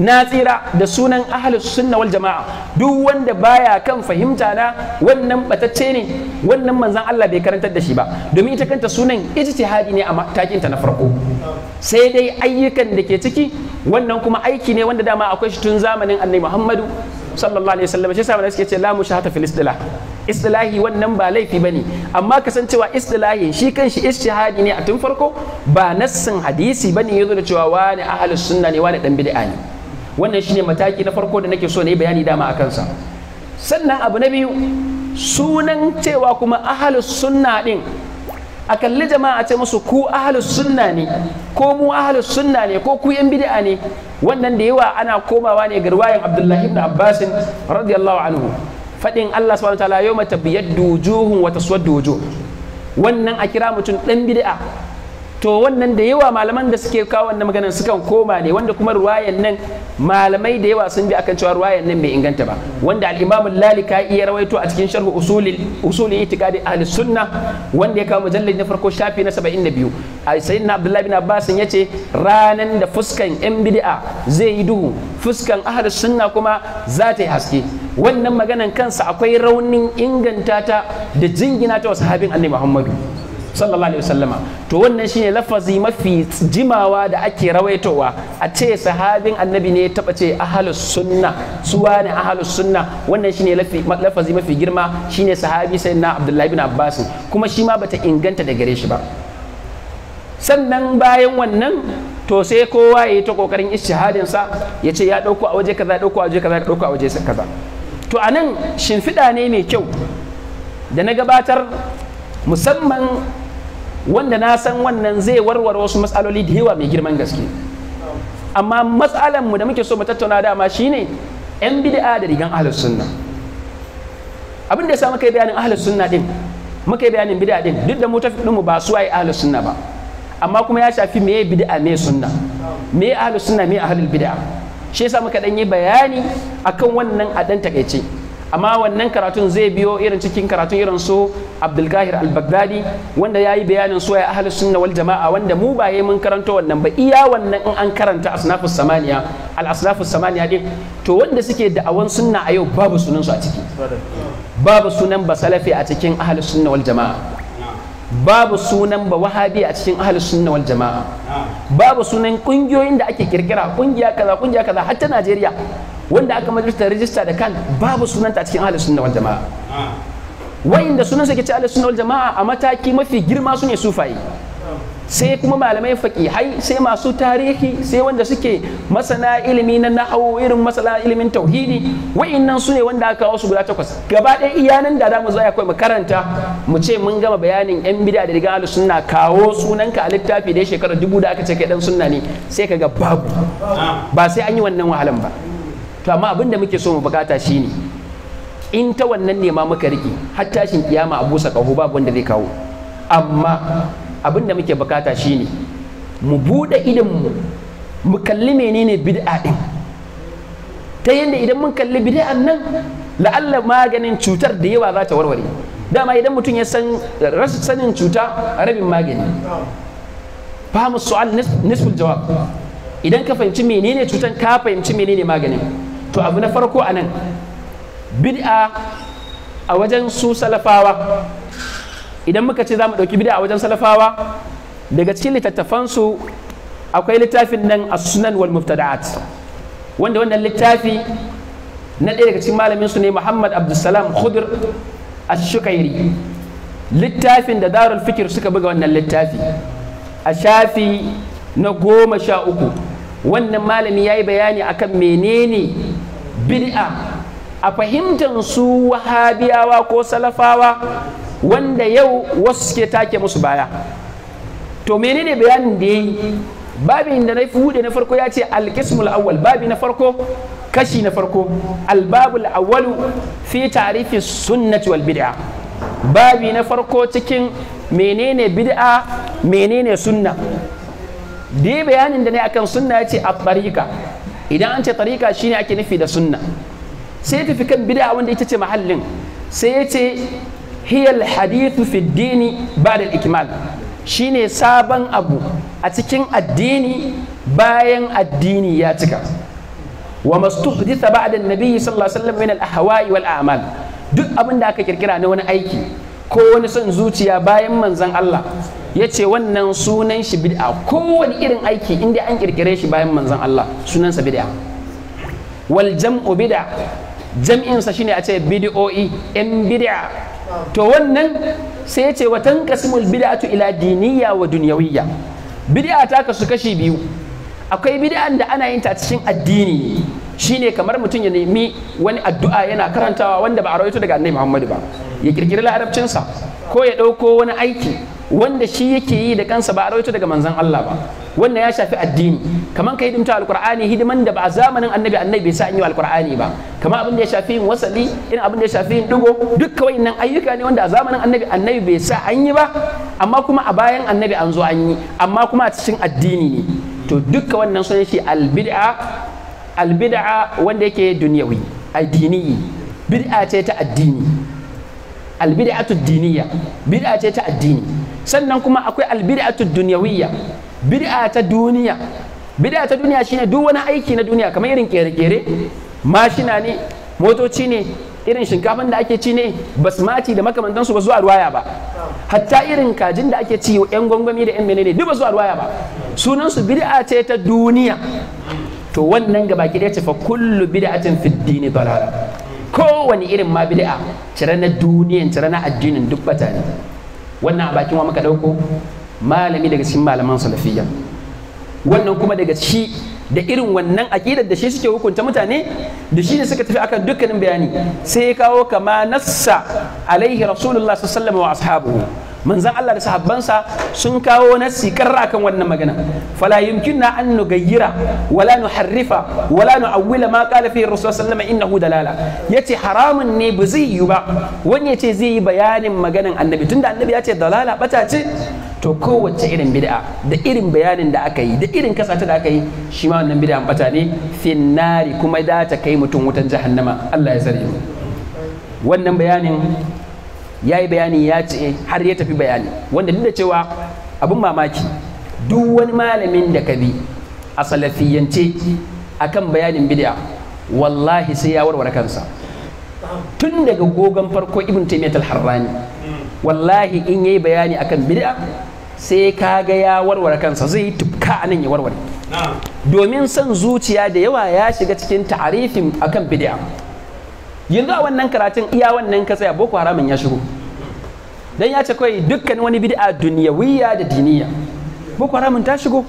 na tsira da sunan ahalus sunna wal jama'a duk wanda baya kan fahimta na wannan batacce ne wannan manzan Allah bai karantar da shi ba domin ita kanta sunan ijtihadi ne a matakin ta na farko sai dai ayyukan da ke ciki wannan kuma aiki ne wanda dama akwai shi tun zamanin Annabi Muhammadu sallallahu alaihi wasallam shi sabai suke ce la mushahata fil istilah istilahi wannan ba laifi bane amma kasancewa istilahi shi kanshi istihadi ne a tun farko ba nassin hadisi bane yazo da cewa wani ahlus sunna ne wani dan bid'a ne wannan shine mataki na farko da nake so na yi bayani dama a kansa sannan abu na biyu sunan cewa kuma ahlus sunna din a kalli jama'a a ce musu ku ahlus sunna ne ko mu ahlus sunna ne ko ku yan bid'a ne wannan da yawa ana komawa ne garwayan abdullahi ibn abbas radiyallahu anhu fadin Allah subhanahu wa ta'ala yawma tabyaddu wujuhun wa taswaddu wujuh wannan a kira mutum dan bid'a to wannan da yawa malaman da suke kawo wannan maganar sukan koma ne wanda kuma ruwayan nan malamai da yawa sun bi akan cewa ruwayan nan bai inganta ba wanda al-Imam al-Lalika iya rawaito a cikin sharh usulil usuli itiqadi ahli sunna wanda ya kawo mujallad na farko shafi na 72 sayyidina Abdullah bin Abbas yace ranan da fuskan yan bid'a zai yi duhu fuskan ahli sunna kuma za ta yi haske wannan maganan kansa akwai raunin inganta ta da jingina ta wasu sahabin annabi Muhammadu sallallahu alaihi wasallama to wannan shine lafazi mafi jimawa da ake rawaitowa a ce sahabin annabi ne ya taba ce ahlus sunna suwa ne ahlus sunna wannan shine lafazi mafi girma shine sahabi sayyidina abdullahi bin abbas kuma shi ma bata inganta da gare shi ba sannan bayan wannan to sai kowa ya yi ta kokarin ishihadin sa ya ce ya dauko a waje kaza dauko a waje kaza dauko a waje kaza to anan shimfiɗa ne mai kyau da na gabatar musamman wanda na san wannan zai warware wasu matsaloli da yawa mai girman gaske amma matsalan mu da muke so mu tattauna dama shine yan bid'a da rigan ahlus sunna abin da yasa muka yi bayanin ahlus sunna din muka yi bayanin bid'a din duk da mu tafi mu ba su ai ahlus sunna ba amma kuma ya shafi me bid'a me sunna me ahlus sunna me ahlul bid'a shi yasa muka dan yi bayani akan wannan a dan takeice amma wannan karatun zai biyo irin cikin karatun irin su abdulgahir al-baghdadi wanda ya yi bayanin soya ahli sunna wal jama'a wanda mu ba mun karanta wannan ba iya wannan in an karanta asnafu samaniya al asnafu samaniya din to wanda suke da'awan sunna a yau babu sunan su a ciki babu sunan ba salafi a cikin ahli sunna wal jama'a babu sunan ba wahabi a cikin ahli sunna wal jama'a babu sunan kungiyoyin da ake kirkira kungiya kaza kungiya kaza har ta Najeriya wanda aka madrasa rijista da kan babu sunanta a cikin ahlus sunna wal jama'a wayanda sunan sa ke ci ahlus sunna wal jama'a a mataki mafi girma su ne sufaye sai kuma malamai faƙi hai sai masu tarihi sai wanda suke masana ilimi na nahawu irin masana ilimin tauhidi wa'annan su ne wanda aka kawo su guda takwas gaba ɗaya iyanan da mu zo kai makaranta mu ce mun gama bayanin yan bid'a da riga sunna kawo sunanka a littafi da shekarar dubu da aka ce kai dan sunna ne sai kaga babu ba sai an yi wannan wahalan ba to amma abin da muke so mu bukata shine in ta wannan nema muka rike har tashin kiyama a busa kaho babu wanda zai kawo amma abin da muke bukata shine mu bude idan mu kalli menene bid'a din ta yadda idan mun kalli bida nan la'alla maganin cutar da yawa za ta warware dama idan mutum ya san rasu sanin cuta rabin magani fahimu su'al nisful jawab idan ka fahimci menene cutan ka fahimci menene maganin to abu na farko a nan bid'a a wajen su salafawa idan muka ce za mu ɗauki bid'a a wajen salafawa daga cikin littattafansu akwai littafin nan a sunan wal muftada'at wanda wannan littafi na ɗaya daga cikin malamin su ne Muhammad Abdulsalam khudur ashukairi littafin da Darul Fikir suka buga wannan littafi a shafi na goma sha uku wannan malami ya yi bayani akan menene bid'a a fahimtar su wahabiyawa ko salafawa wanda yau wasu suke take musu baya to menene bayanin da yayi babin da na buɗe na farko ya ce alkismul awwal babi na farko kashi na farko albabul awwalu fi tarifi sunnati wal bid'a babi na farko cikin menene bid'a menene sunna dai bayanin da ne akan sunna ya ce a barika. idan an ce tariƙa shine ake nufi da sunna sai ya tafi kan bid'a wanda ita ce mahallin sai ya ce hiyal hadithu fi dini ba'da al-ikmal shine sabon abu a cikin addini bayan addini ya cika wa mastuhditha ba'da an-nabi sallallahu alaihi wasallam min al-ahwa'i wal a'mal duk abin da aka kirkira na wani aiki ko wani son zuciya bayan manzan Allah ya ce wannan sunan shi bid'a kowane irin aiki inda an kirkire shi bayan manzan Allah sunansa bid'a wal jam'u bid'a jam'insa shine a ce bid'o'i yan bid'a to wannan sai ya ce wa tanqasimul bid'atu ila diniya wa dunyawiyya bid'a ta kasu kashi biyu akwai bid'an da ana yin ta cikin addini Shi ne kamar mutum ya nemi wani addu'a yana karantawa wanda ba a rawaito daga annabi Muhammadu ba ya kirkiri larabcinsa ko ya ɗauko wani aiki wanda shi yake yi da kansa ba a rawaito daga manzon Allah ba wannan ya shafi addini kamar ka hidimta alqur'ani hidiman da ba a zamanin annabi annabi bai sa an yi alqur'ani ba kamar abin da ya shafi yin wasali in abin da ya shafi yin dugo dukkan wayannan ayyuka ne wanda a zamanin annabi annabi bai sa an yi ba amma kuma a bayan annabi an zo an yi amma kuma a cikin addini ne to dukkan wannan sunan shi albid'a albid'a wanda yake dunyawi addini bid'a ce ta addini albid'atu diniya bid'a ce ta addini sannan kuma akwai albid'atu dunyawiyya bid'a ta duniya bid'a ta duniya shine duk wani aiki na duniya kamar irin kere-kere mashina ne motoci ne irin shinkafan da ake ci ne basmati da makamantansu ba zuwa ruwaya ba hatta irin kajin da ake ci yan gwangwami da yan menene duk ba zuwa ruwaya ba sunansu bid'a ce ta duniya to wannan gaba ki ce fa kullu bid'atin fi dini dalala wani irin ma bid'a cire na duniyan cire na addinin duk bata ne wannan a bakin wa muka dauko malami daga cikin malaman salafiyya wannan kuma daga shi da irin wannan aqidar da shi suke hukunta mutane da shi ne suka tafi akan dukkanin bayani sai ya kawo kama nassa alaihi rasulullah sallallahu alaihi wa ashabuhu manzan Allah da sahabbansa sun kawo nassi karra akan wannan magana fala yumkinna an nugayyira wala nuharrifa wala nu'awwila ma qala fihi rasul sallallahu alaihi innahu dalala yace haramun ne ba zai yi ba wani yace zai yi bayanin maganan annabi tunda annabi yace dalala bata ce to kowace irin bid'a da irin bayanin da aka yi da irin kasata da aka yi shi ma wannan bid'a bata ne finnari kuma da ta kai mutum wutan jahannama Allah ya tsare wannan bayanin ya yi bayani ya ce eh, har ya tafi bayani wanda duk da cewa abin mamaki duk wani malamin da ka bi a salafiyance akan bayanin bid'a wallahi sai ya warware kansa tun daga gogon farko ibn taymiyyah al-harrani wallahi in yayi bayani akan bid'a sai kaga ya warware kansa zai tufka anan ya warware domin son zuciya da yawa ya shiga cikin ta'arifin akan bid'a yanzu a wannan karatun iya wannan ka tsaya boko haramun ya shigo dan ya ce kawai dukkan wani bid'a duniyawiya da diniya boko haramun ta shigo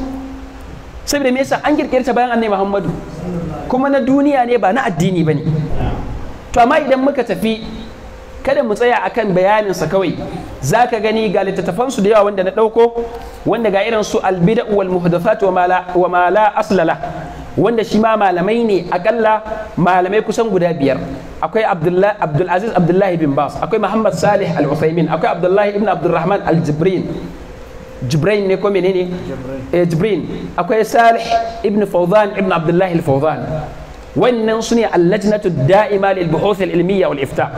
saboda me yasa an kirkire ta bayan annabi Muhammadu kuma na duniya ne ba na addini bane to amma idan muka tafi kada mu tsaya akan bayanin sa kawai zaka gani ga littattafan su da yawa wanda na dauko wanda ga irin su albida'u wal muhdathat wa ma la wa ma la aslala wanda shi ma malamai ne akalla malamai kusan guda biyar akwai abdulaziz abdullahi bin bas akwai muhammad salih al-usaimin akwai abdullahi ibn abdulrahman al-jibrin jibrin ne ko menene ne eh, jibrin akwai salih ibn fawzan ibn abdullahi al-fawzan wannan su ne allajnatu da'ima lil buhuth al-ilmiyya wal ifta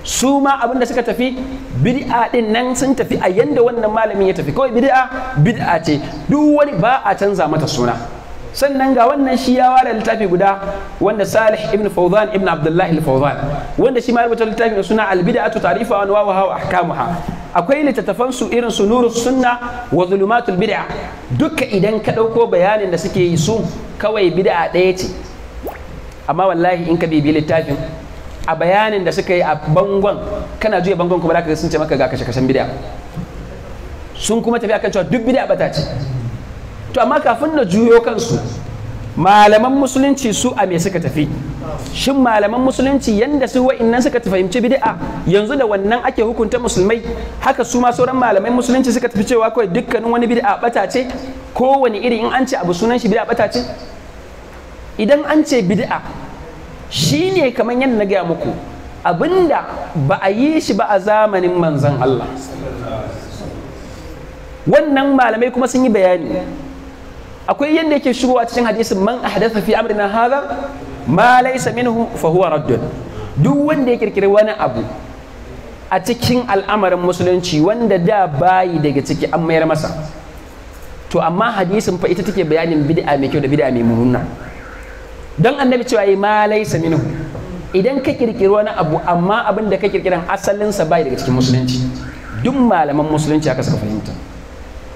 su ma abin da suka tafi bid'a din nan sun tafi a yanda wannan malamin ya tafi kawai bid'a bid'a ce duk wani ba a canza mata suna sannan ga wannan shi ya ware littafi guda wanda salih ibn fawzan ibn abdullahi al-fawzan wanda shi ma rubuta littafin suna al-bid'atu ta'rifa wa a wa ahkamuha akwai littattafan su irin su nuru sunna wa zulumatul bid'a duka idan ka dauko bayanin da suke yi su kawai bid'a daya ce amma wallahi in ka bibi littafin a bayanin da suka yi a bangon kana juya bangon kuma da ka sun ce maka ga kashe-kashen bid'a sun kuma tafi akan cewa duk bid'a bata ce to amma kafin na juyo kansu malaman musulunci su a me suka tafi shin malaman musulunci yanda su wa'innan suka fahimci bid'a yanzu da wannan ake hukunta musulmai haka su ma sauran malamai musulunci suka tafi cewa kawai dukkanin wani bid'a bata ce kowane iri in an ce abu sunan shi bid'a bata ce idan an ce bid'a shine kamar yadda na gaya muku abinda ba a yi shi ba a zamanin manzon Allah wannan malamai kuma sun yi bayani akwai yadda yake shigowa cikin hadisi man ahdatha fi amrina hadha ma laysa minhu fa huwa raddun duk wanda ya kirkiri wani abu a cikin al'amarin musulunci wanda da bayi daga ciki an mayar masa to amma hadisin fa ita take bayanin bid'a mai kyau da bid'a mai mummuna don annabi cewa yi ma laysa minhu idan ka kirkiri wani abu amma abin da ka kirkiran asalinsa bayi daga cikin musulunci duk malaman musulunci aka saka fahimta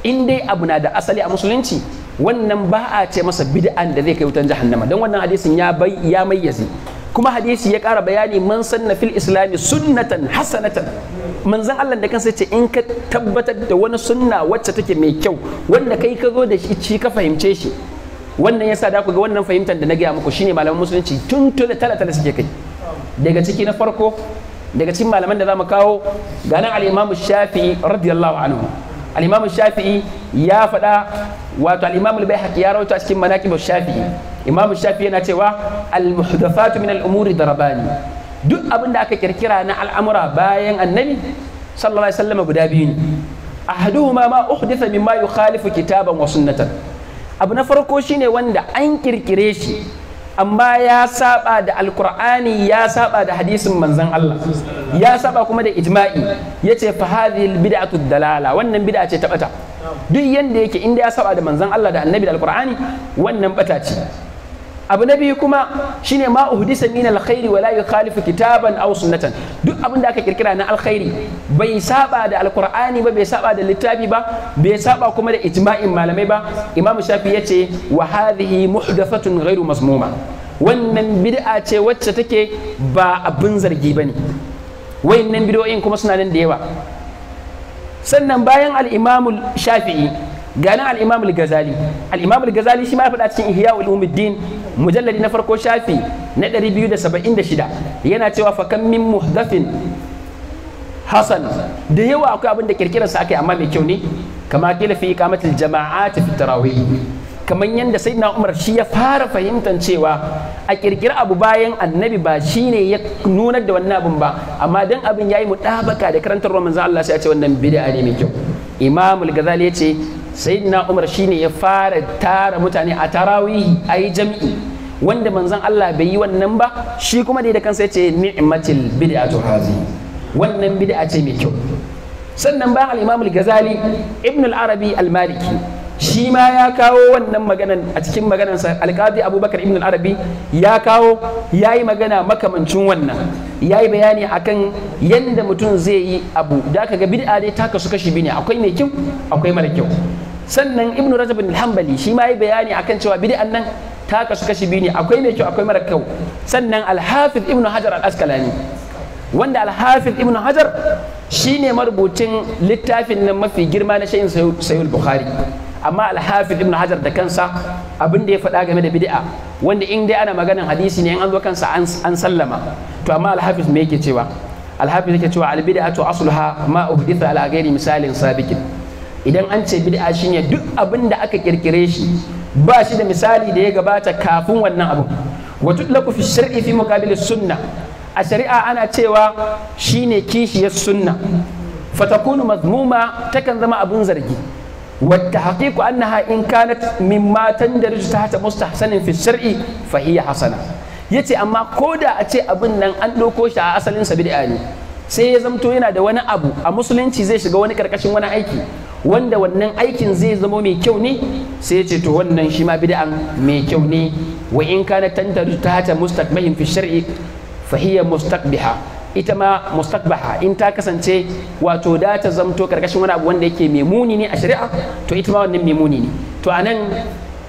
in dai abu na da asali a musulunci wannan ba a ce masa bid'an da zai kai wutan jahannama don wannan hadisin ya bai ya mayyazi kuma hadisi ya kara bayani man sanna fil islami sunnatan hasanatan manzan Allah da kansa ce in ka tabbatar da wani sunna wacce take mai kyau wanda kai ka zo da shi ka fahimce shi wannan yasa da ku ga wannan fahimtar da na gaya muku shine malaman musulunci tun tun tala tala suke kai daga ciki na farko daga cikin malaman da zamu kawo ga nan al-Imam Shafi'i radiyallahu anhu al shafi'i ya faɗa wato al-imam al ya rawaito a cikin manaqib shafi'i imam shafi'i yana cewa al-muhdathatu min al-umuri darabani duk abin da aka kirkira na al'amura bayan annabi sallallahu alaihi wasallam guda biyu ne ahaduhuma ma uhditha mimma yukhalifu kitaban wa sunnatan abu na farko shine wanda an kirkire shi amma ya saba da alkur'ani ya saba da hadisin manzon Allah ya saba kuma da ijma'i ya ce hadhihi bid'atu dalala wannan bid'a ce ta bata duk yanda yake inda ya saba da manzon Allah da annabi da alkur'ani wannan bata ce abu na biyu kuma shine ma uhdisa min alkhairi wala yukhalifu kitaban aw sunnatan duk abin da aka kirkira na alkhairi bai saba da alqur'ani ba bai saba da littafi ba bai saba kuma da ijma'in malamai ba imam shafi yace wa hadhihi muhdathatun ghairu masmuma wannan bid'a ce wacce take ba abin zargi bane wayannan bid'o'in kuma suna nan da yawa sannan bayan al-imam shafi'i gani al'imam al gazali al'imam al gazali shi ma ya faɗa cikin ihya umuddin mujalladi na farko shafi na 276 yana cewa fa kam min muhdathin hasan da yawa akwai abin da kirkirar sa akai amma mai kyau ne kama kila fi jama'a ta fi tarawih kamar yadda na umar shi ya fara fahimtar cewa a kirkira abu bayan annabi ba shine ya nunar da wannan abin ba amma dan abin yayi mutabaka da karantar manzon Allah sai ya ce wannan bid'a ne mai kyau imam al ya ce sayyidina umar shine ya fara tara mutane a tarawihi a yi jam'i wanda manzon Allah bai yi wannan ba shi kuma dai da kansa yace ni'matil bid'atu hazi wannan bid'a ce mai kyau sannan ba al-imam al-ghazali ibn al-arabi al-maliki shi ma ya kawo wannan maganan a cikin maganansa alkadi abubakar ibn arabi ya kawo ya yi magana makamancin wannan ya yi bayani akan yadda mutum zai yi abu da aka ga bid'a dai ta kasu kashi biyu ne akwai mai kyau akwai mara kyau sannan ibn rajab bin hanbali shi ma ya yi bayani akan cewa bid'an nan ta kasu kashi biyu ne akwai mai kyau akwai mara kyau sannan alhafiz ibn hajar al-asqalani wanda alhafiz ibn hajar shine marubucin littafin nan mafi girma na shayin sayul bukhari amma Alhafi ibn hajar da kansa abin da ya faɗa game da bid'a wanda in dai ana maganin hadisi ne in an zo kansa an sallama to amma Alhafi me yake cewa alhafi yake cewa to asluha ma uhditha ala ghairi misalin sabiqin idan an ce bid'a shine duk abin da aka kirkire shi ba shi da misali da ya gabata kafin wannan abu wa tutlaku fi shar'i fi muqabil sunna a shari'a ana cewa shine kishiyar sunna fatakunu mazmuma takan zama abun zargi والتحقيق أنها إن كانت مما تندرج تحت مستحسن في الشرع فهي حسنة yace amma ko da a ce abin nan an ɗauko shi a asalin sa bid'a ne sai ya zamto yana da wani abu a musulunci zai shiga wani karkashin wani aiki wanda wannan aikin zai zama mai kyau ne sai ya ce to wannan shi ma bid'an mai kyau ne wa in kana tantar ta ta mustaqbihim fi shar'i fa hiya mustaqbiha ita ma mustakbaha in ta kasance wato da ta zamto karkashin wani abu wanda yake mai muni ne a shari'a to ita ma wannan mai muni ne to anan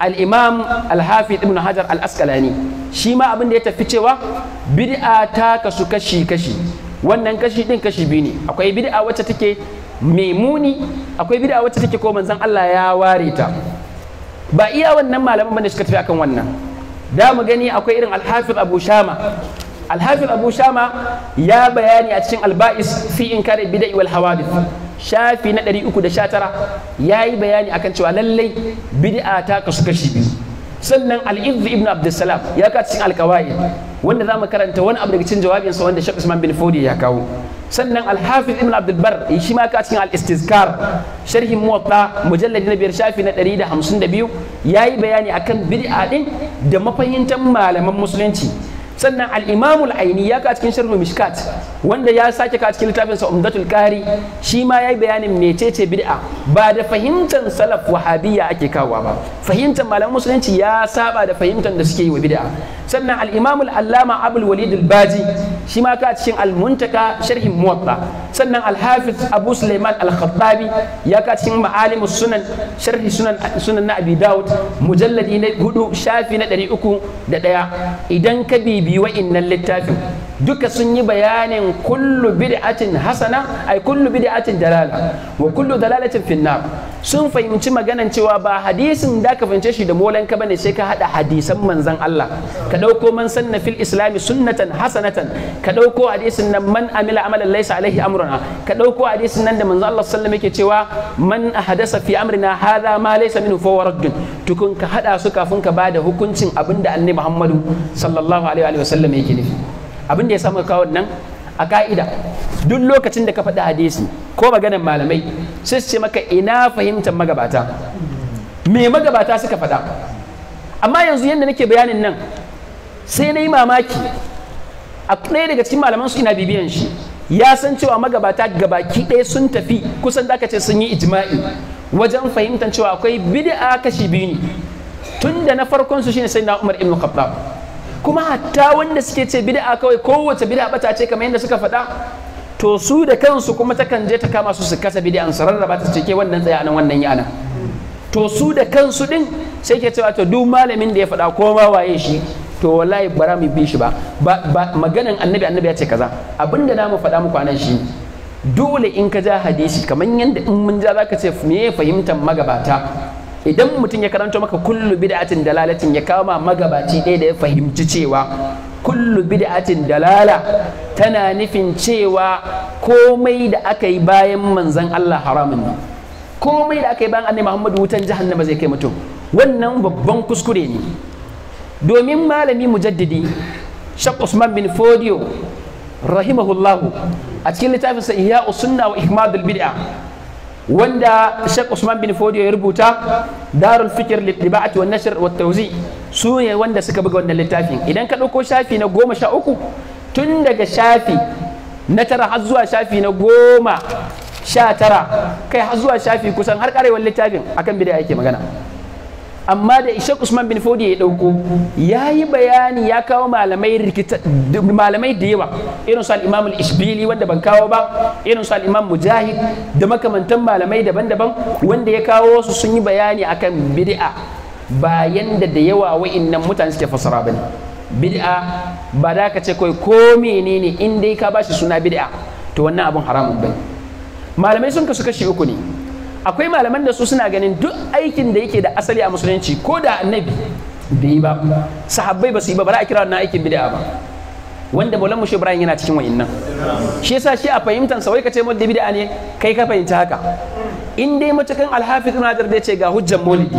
al-imam al-hafiz ibn hajar al-asqalani shi ma abin da ya tafi cewa bid'a ta kasu kashi kashi wannan kashi din kashi biyu ne akwai bid'a wacce take mai muni akwai bid'a wacce take ko manzon Allah ya ware ta ba iya wannan malaman bane suka tafi akan wannan da mu gani akwai irin al-hafiz abu shama alhafiz abu shama ya bayani a cikin alba'is fi kare bida'i wal hawadith shafi na 319 yayi bayani akan cewa lallai bid'a ta kasu kashi biyu sannan alizzu ibn abdussalam ya ka cikin alkawai wanda zamu karanta wani abu daga cikin jawabin sa wanda Sheikh Usman bin Fodi ya kawo sannan alhafiz ibn abdul bar shi ma cikin al-istizkar sharhin muwatta mujalladi na biyar shafi na 152 yayi bayani akan bid'a din da mafahintan malaman musulunci sannan al'imamul imamul aini ya ka cikin sharhul mishkat wanda ya sake ka cikin littafin sa umdatul kari shi ma yi bayanin mecece bid'a ba da fahimtar salaf wahabiyya ake kawo ba fahimtar malamin musulunci ya saba da fahimtar da suke yi wa bid'a sannan al'imamul imamul allama abul walid baji shi ma ka cikin al sharhin muwatta sannan al abu suleiman al-khattabi ya ka cikin ma'alimu sunan sharhi sunan sunan na abi daud mujalladi na hudu shafi na ɗaya idan ka bibi biyu innan littafin duka sun yi bayanin kullu bid'atin hasana ai kullu bid'atin dalala wa kullu dalalatin finnar sun fahimci maganan cewa ba hadisin da ka fahimce shi da molan ka bane sai ka hada hadisan manzan Allah ka dauko man sanna fil islami sunnatan hasanatan ka dauko hadisin nan man amila amalan laysa alaihi amruna ka dauko hadisin nan da manzon Allah sallallahu alaihi yake cewa man ahdasa fi amrina hadha ma laysa minhu fa tukun ka hada su kafin ka bada hukuncin abinda annabi Muhammadu sallallahu alaihi wa sallam yake nufi abin da ya samu kawo nan a ka'ida duk lokacin da ka faɗi hadisi ko maganan malamai sai su ce maka ina fahimtar magabata me magabata suka faɗa amma yanzu yadda nake bayanin nan sai na yi mamaki a ɗaya daga cikin malaman su ina bibiyan shi ya san cewa magabata gabaki ɗaya sun tafi kusan da aka ce sun yi ijma'i wajen fahimtar cewa akwai bid'a kashi biyu ne tun da na farkon su shine sai na Umar ibn Khattab kuma hatta wanda suke ce bid'a kawai kowace bid'a bata ce kamar yadda suka faɗa to su da kansu kuma takan je ta kama su su kasa bid'an su rarraba ta ce ke wannan tsaya nan wannan yana to su da kansu din sai ke cewa to duk malamin da ya faɗa ko ma waye shi to wallahi bara mu bi shi ba maganan annabi annabi ya ce kaza abinda na mu faɗa muku anan shi dole in ka ja hadisi kamar yadda in mun ja zaka ce me fahimtar magabata idan mutum ya karanto maka kullu bid'atin dalalatin ya kawo ma magabaci ɗaya da ya fahimci cewa kullu bid'atin dalala tana nufin cewa komai da aka yi bayan manzon Allah haramun ne komai da aka yi bayan annabi Muhammadu wutan jahannama zai kai mutum wannan babban kuskure ne domin malami mujaddidi Sheikh Usman bin Fodio rahimahullahu a cikin littafinsa Ihya'us Sunna wa Ihmadul Bid'a wanda Sheikh Usman bin Fodiyo ya rubuta Darul fikir Litiba'ati wa Nashr wa Tawzi su ne wanda suka buga wannan littafin idan ka ɗauko shafi na goma sha uku tun daga shafi na tara har zuwa shafi na goma sha tara kai har zuwa shafi kusan har karewar littafin akan bid'a yake magana amma da ishaq usman bin fodi ya dauko ya yi bayani ya kawo malamai da yawa irin su al-imam al-ishbili wanda ban kawo ba irin su al-imam mujahid da makamantan malamai daban-daban wanda ya kawo su sun yi bayani akan bid'a bayan da da yawa wa'annan mutane suke fasara ba ne. bid'a ba da ka ce kai ko menene in dai ka bashi suna bid'a to wannan abun haramun bai. malamai sun kasu kashi uku ne akwai malaman da su suna ganin duk aikin da yake da asali a musulunci ko da annabi bai yi ba sahabbai ba su yi ba ba a kira wannan aikin bid'a ba wanda maulan mushe ibrahim yana cikin wayannan. shi yasa shi a fahimtar sa wai ka ce mudda bid'a ne kai ka fahimta haka in dai matukan alhafiz ibn hajar zai ce ga hujjan maulidi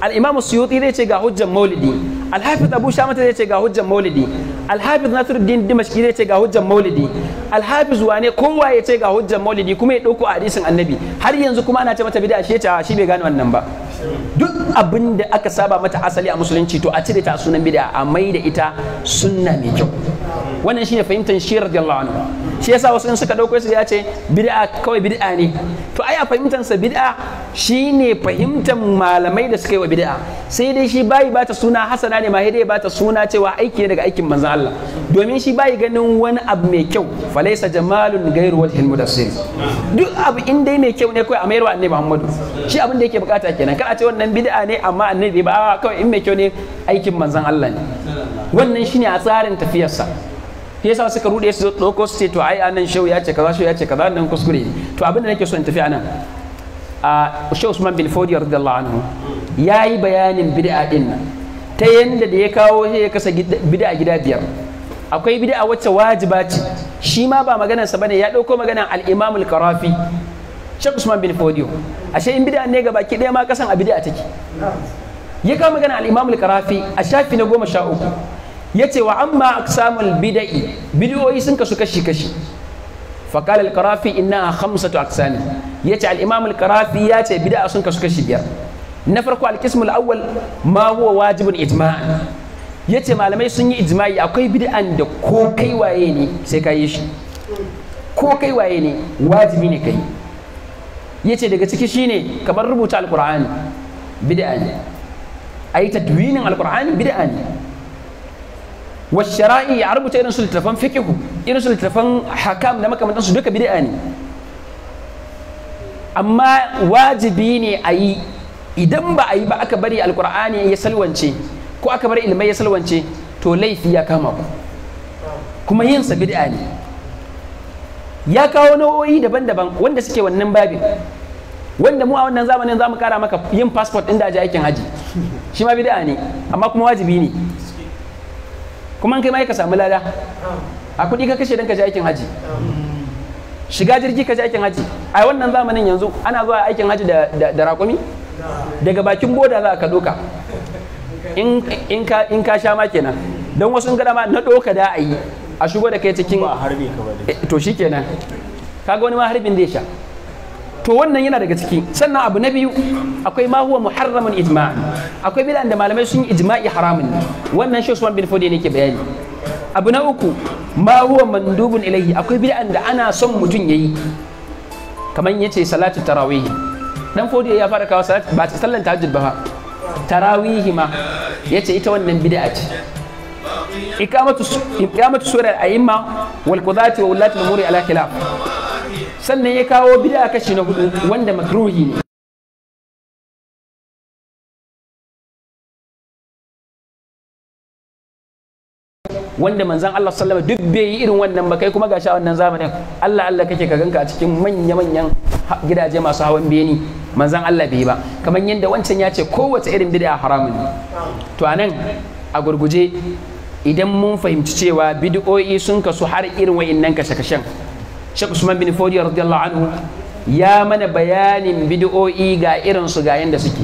al-imam suyuti dai ce ga hujjan maulidi alhafiz abu shamata zai ce ga hujjan maulidi alhafiz nasiruddin dimashki zai ce ga hujjan maulidi alhafiz wane kowa ya ce ga hujjan maulidi kuma ya a hadisin annabi har yanzu kuma ana ce mata bid'a shi ya ce shi bai gane wannan ba duk abin da aka saba mata asali a musulunci to a cire ta sunan bid'a a mai da ita sunna mai kyau wannan shine fahimtar shi radiyallahu anhu shi yasa wasu in suka dauko su ya ce bid'a kawai bid'a ne to ai a fahimtar sa bid'a shine fahimtar malamai da suka yi wa bid'a sai dai shi ba bata suna hasana ne ma sai dai ba ta suna cewa aiki ne daga aikin manzon Allah domin shi bai ganin wani abu mai kyau falaisa jamalun gairu wajhil mudassir duk abu in dai mai kyau ne kawai a mayarwa annabi Muhammadu shi abin da yake bukata kenan kar a ce wannan bid'a ne amma annabi ba kawai in mai kyau ne aikin manzon Allah ne wannan shine a tsarin tafiyarsa yasa suka rude su doko su ce to ai anan shau ya ce kaza shau ya ce kaza nan kuskure ne to abin da nake so in tafi anan a shau Usman bin Fodi radiyallahu anhu yayi bayanin bid'a din nan ta yanda da ya kawo shi ya kasa bid'a gida biyar akwai bid'a wacce wajiba ce shi ma ba maganarsa bane ya ɗauko maganar al-Imam al-Karafi Sheikh Usman bin Fodiyo ashe in bid'a ne ga baki ɗaya ma kasan a bid'a take ya kama magana al-Imam karafi a shafi na goma sha uku yace wa amma aqsamul bid'i bid'o'i sun kasu kashi kashi فقال القرافي إنها خمسة أقسام يتع الإمام القرافي ياتي بدأ سنك سكشي نفرق القسم الأول ما هو واجب إجماعا yace malamai sun yi ijma'i akwai bid'an da ko kai waye sai ka yi shi ko kai waye ne wajibi ne kai ya ce daga ciki shine kamar rubuta alkur'ani bid'a ne yi tadwinin alkur'ani bid'a ne wa shara'i ya rubuta irin su littafan fiqh irin su littafan hakam da makamantansu duka bid'a ne amma wajibi ne a yi idan ba a yi ba aka bari alkur'ani ya salwance ko aka bari ilmai ya salwance to laifi ya kama ku kuma yinsa sa bid'a ne ya kawo nau'o'i daban-daban wanda suke wannan babin wanda mu a wannan zamanin za mu kara maka yin passport inda aji aikin haji shi ma bid'a ne amma kuma wajibi ne kuma kai ma ka samu lada a kuɗi ka kashe don ka ji aikin haji shiga jirgi ka ji aikin haji a wannan zamanin yanzu ana zuwa aikin haji da rakumi daga bakin boda za ka doka in ka sha ma kenan don wasu in ga na doka da a yi a shigo da kai cikin harbi eh, to shikenan kaga wani ma harbin da ya sha to wannan yana daga ciki sannan abu na biyu akwai ma huwa muharramun ijma akwai bidan da malamai sun yi ijma'i haramun wannan shi Usman bin Fodi ne ke bayani abu na uku ma huwa mandubun ilayhi akwai bid'an da ana son mutum yayi kamar yace salatu tarawih dan Fodi ya fara kawo salatu ba ta sallan tahajjud ba tarawih ma yace ita wannan bid'a ce iqamatu sura surar a'imma wal qudati wa wulati al ala khilaf sannan ya kawo bid'a kashi na hudu wanda makruhi ne wanda manzan Allah sallama duk bai yi irin wannan ba kai kuma gashi a wannan zamanin Allah Allah kake ka ganka a cikin manya manyan gidaje masu hawan beni manzan Allah bai ba kamar yadda wancan ya ce kowace irin bid'a haramun ne to anan a gurguje idan mun fahimci cewa bid'o'i sun kasu har irin wa'innan kashe-kashen Sheikh Usman bin Fodi radiyallahu anhu ya mana bayanin bid'o'i ga irin su ga yanda suke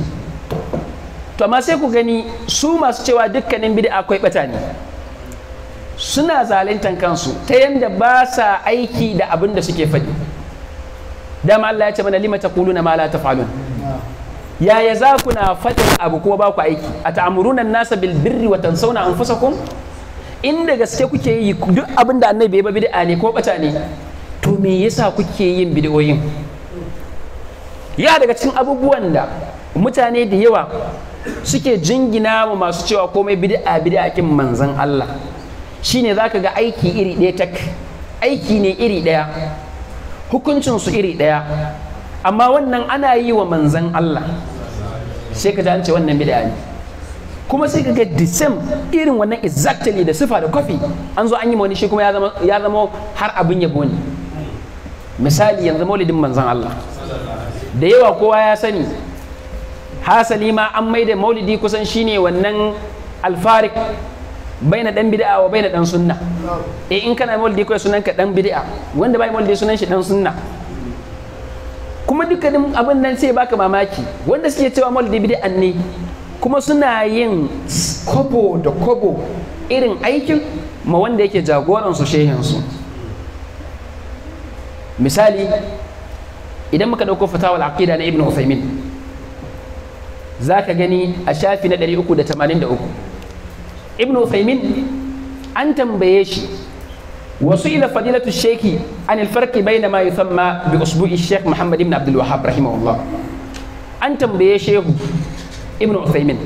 to amma sai ku gani su masu cewa dukkanin bid'a akwai bata ne suna zaluntan kansu ta yanda ba sa aiki da abin da suke faɗi dama Allah ya ce mana lima na ma la taf'alun yaya za ku na faɗin abu kuma ba ku aiki a ta'amuruna nasa watan sauna an fasa anfusakum inda gaske kuke yi duk abin da annabi ya ba bid'a ne ko bata ne to me yasa kuke yin bid'o'in ya daga cikin abubuwan da mutane da yawa suke jingina wa masu cewa komai bid'a bid'a kin manzon Allah shine zaka ga aiki iri ɗaya tak aiki ne iri ɗaya hukuncin su iri ɗaya amma wannan ana yi wa manzon Allah sai ka ji ce wannan bid'a ne kuma sai ka ga the same irin wannan exactly da sifa da kwafi an zo an yi wani shi kuma ya zama har abin yabo ne misali yanzu maulidin manzan Allah da yawa kowa ya sani hasali ma an maida maulidi kusan shine wannan alfarik bai na dan bid'a wa bai na dan sunna eh in kana maulidi kai sunan ka dan bid'a wanda bai maulidi sunan shi dan sunna kuma dukkanin abin nan sai baka mamaki wanda suke cewa maulidi bid'a ne kuma suna yin kobo da kobo irin aikin ma wanda yake jagoransu shehinsu misali idan muka ɗauko fatawar aqida na ibn Uthaymin za ka gani a shafi na 383 ibn Uthaymin an tambaye shi wasu ila fadilatu sheki an alfarki bai na mayu sama bi usbu'i shek muhammad ibn abdul rahimahullah an tambaye shehu ibn Uthaymin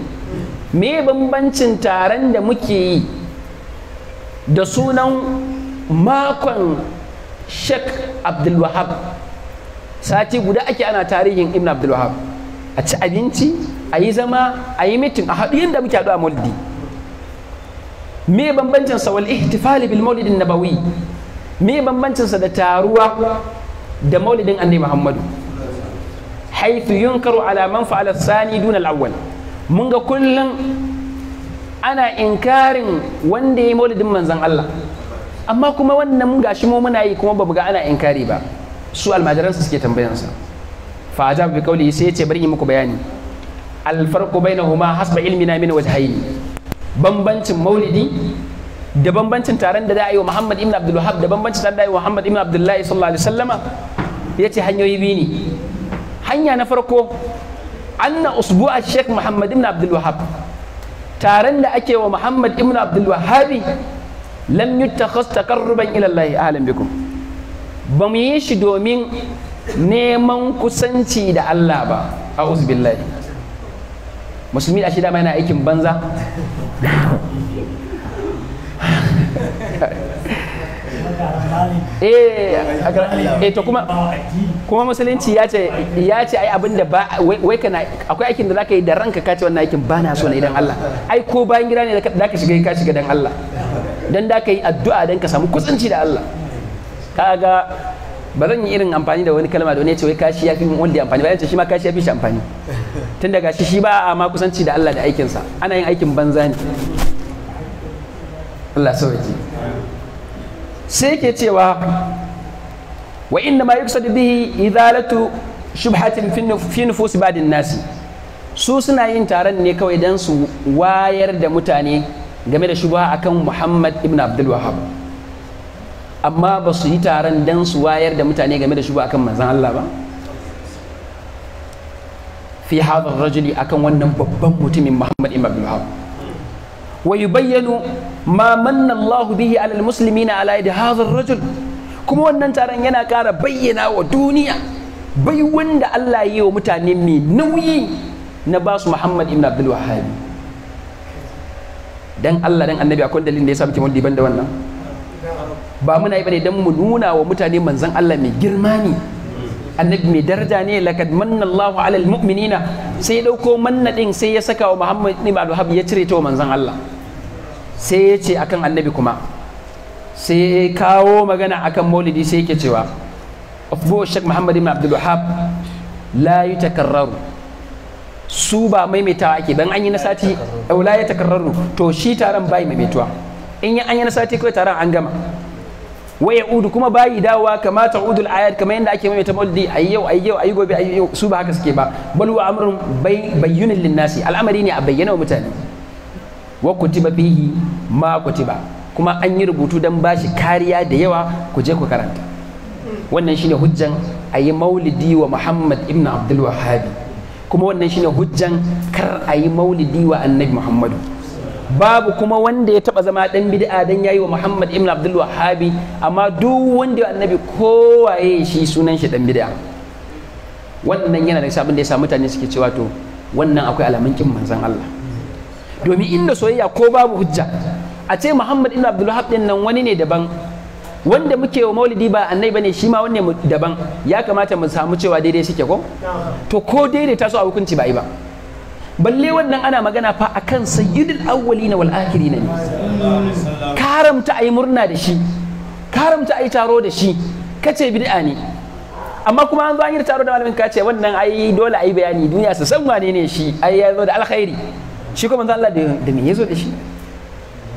me bambancin taron da muke yi da sunan makon Sheikh Abdul Wahab sati guda ake ana tarihin Ibn Abdul Wahab a ci abinci a yi zama a yi mitin a haɗu yadda muke haɗu a maulidi me bambancin sa wal ihtifali bil maulidin nabawi me bambancin sa da taruwa da maulidin annabi Muhammadu haythu yunkaru ala man fa'ala sani duna al-awwal mun ga kullum ana inkarin wanda ya maulidin manzan Allah amma kuma wannan gashi mu muna yi kuma bamu ga ana inkari ba su almajiransa suke tambayansa fa ajab bi qawli sai ya ce bari yi muku bayani alfarko bai na huma hasba ilmi na mini wajhaini bambancin maulidi da bambancin taron da za a yi wa muhammad ibn abdul da bambancin taron da yi wa muhammad ibn abdullahi sallallahu alaihi wasallama ya ce hanyoyi biyu ne hanya na farko anna usbu'a sheikh muhammad ibn abdul wahab taron da ake wa muhammad ibn abdul wahabi lam yutakhas taqarruban ila allah ahlan bikum ba mu yi shi domin neman kusanci da allah ba a'udhu billahi musulmi a shida yana aikin banza Eh, eh to kuma kuma musulunci ya ce ya ce ai abin da ba wai kana akwai aikin da zaka yi da ranka ka ce wannan aikin ba na so na idan Allah ai ko bayan gida ne da ka shiga ka shiga dan Allah dan da ka yi addu'a dan ka samu kusanci da Allah kaga ba zan yi irin amfani da wani kalma da wani ya ce wai kashi ya fi wanda ya amfani ba ya ce shi ma kashi ya fi shi amfani tun daga shi shi ba a ma kusanci da Allah da aikinsa ana yin aikin banza ne Allah sauki sai yake cewa wa inna ma yuksadu bihi idalatu shubhatin fi ba badin nasi su suna yin taron ne kawai don su wayar da mutane game da shubha akan Muhammad ibn Abdul amma ba su yi taron don su wayar da mutane game da shubha akan manzon Allah ba fi hadar rajuli akan wannan babban mutumin Muhammad ibn Abdul Wahab wa yubayyanu ma manna Allah bihi alal muslimina ala yadi hadha rajul kuma wannan taron yana ƙara bayyana wa duniya bai wanda Allah ya yi wa mutane mai nauyi na ba su Muhammad ibn Abdul Wahhab dan Allah dan Annabi akwai dalilin da ya muke wanda ban da wannan ba muna yi bane dan mu nuna wa mutane manzon Allah mai girma ne annabi mai daraja ne lakad manna Allahu alal mu'minina sai dauko manna din sai ya saka wa Muhammad ibn Abdul Wahhab ya cire ta wa manzon Allah sai ya ce akan annabi kuma sai ya kawo magana akan maulidi sai yake cewa abu shek muhammad ibn abdul wahab la yi su ba maimaitawa ake dan an yi na sati la ya takarraru to shi taron bai maimaituwa in an yi na sati kai taron an gama waya udu kuma bayi dawowa kamata udul ayat kamar yadda ake maimaita maulidi ayi yau ayi yau ayi gobe ayi yau su ba haka suke ba bal wa amrun bayyunin linnasi al'amari ne a bayyana wa mutane wa fihi ma kutiba kuma an yi rubutu don ba shi kariya da yawa ku je ku karanta wannan shine hujjan a yi maulidi wa muhammad ibn abdul wahabi kuma wannan shine hujjan kar a yi maulidi wa annabi muhammadu babu kuma wanda ya taba zama dan bid'a dan yayi wa muhammad ibn abdul wahabi amma duk wanda ya annabi kowaye shi sunan shi dan bid'a wannan yana da sabon da ya sa mutane suke cewa to wannan akwai alamun kin manzon Allah domin inda soyayya ko babu hujja a ce muhammad ibn abdulhab din nan wani ne daban wanda muke wa maulidi ba annai bane shi ma wanne daban ya kamata mu samu cewa daidai suke ko to ko daidai ta so a hukunci ba yi ba balle wannan ana magana fa akan sayyidul awwalina wal akhirina ne karamta ayi murna da shi karamta ayi taro da shi kace bid'a ne amma kuma an zo an yi taro da malamin kace wannan ai dole ayi bayani duniya su san wane ne shi ai ya zo da alkhairi shi kuma manzo Allah da me yazo da shi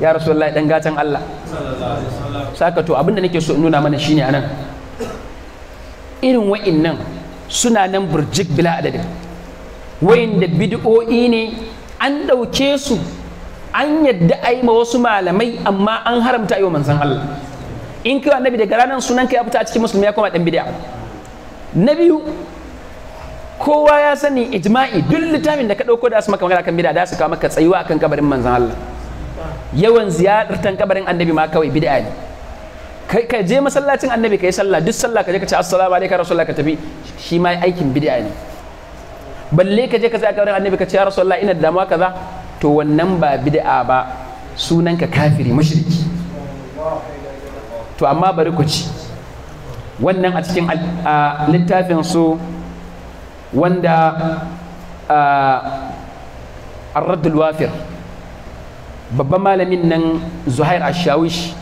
ya rasulullahi dan gatan Allah saka to abinda nake so in nuna mana shine anan irin wa'innan suna nan burjik bila adadin wa'inda bid'o'i ne an ɗauke su an yadda a yi ma wasu malamai amma an haramta yi wa Allah in kai annabi daga ranan sunan ka ya fita a cikin musulmi ya koma dan bid'a na biyu kowa ya sani ijma'i duk littafin da ka dauko da su maka magana kan bid'a da su kawo maka tsayuwa akan kabarin manzon Allah yawan ziyartar kabarin annabi ma kawai bid'a ne ka je masallacin annabi ka yi sallah duk sallah ka je ka ce assalamu alaikum rasulullah ka tafi shi ma aikin bid'a ne balle ka je ka tsaya kabarin annabi ka ce ya rasulullah ina da damuwa kaza to wannan ba bid'a ba sunan ka kafiri mushriki to amma bari ku ci wannan a cikin littafin su wanda arraddul wafir babban malamin nan zuhair ashawish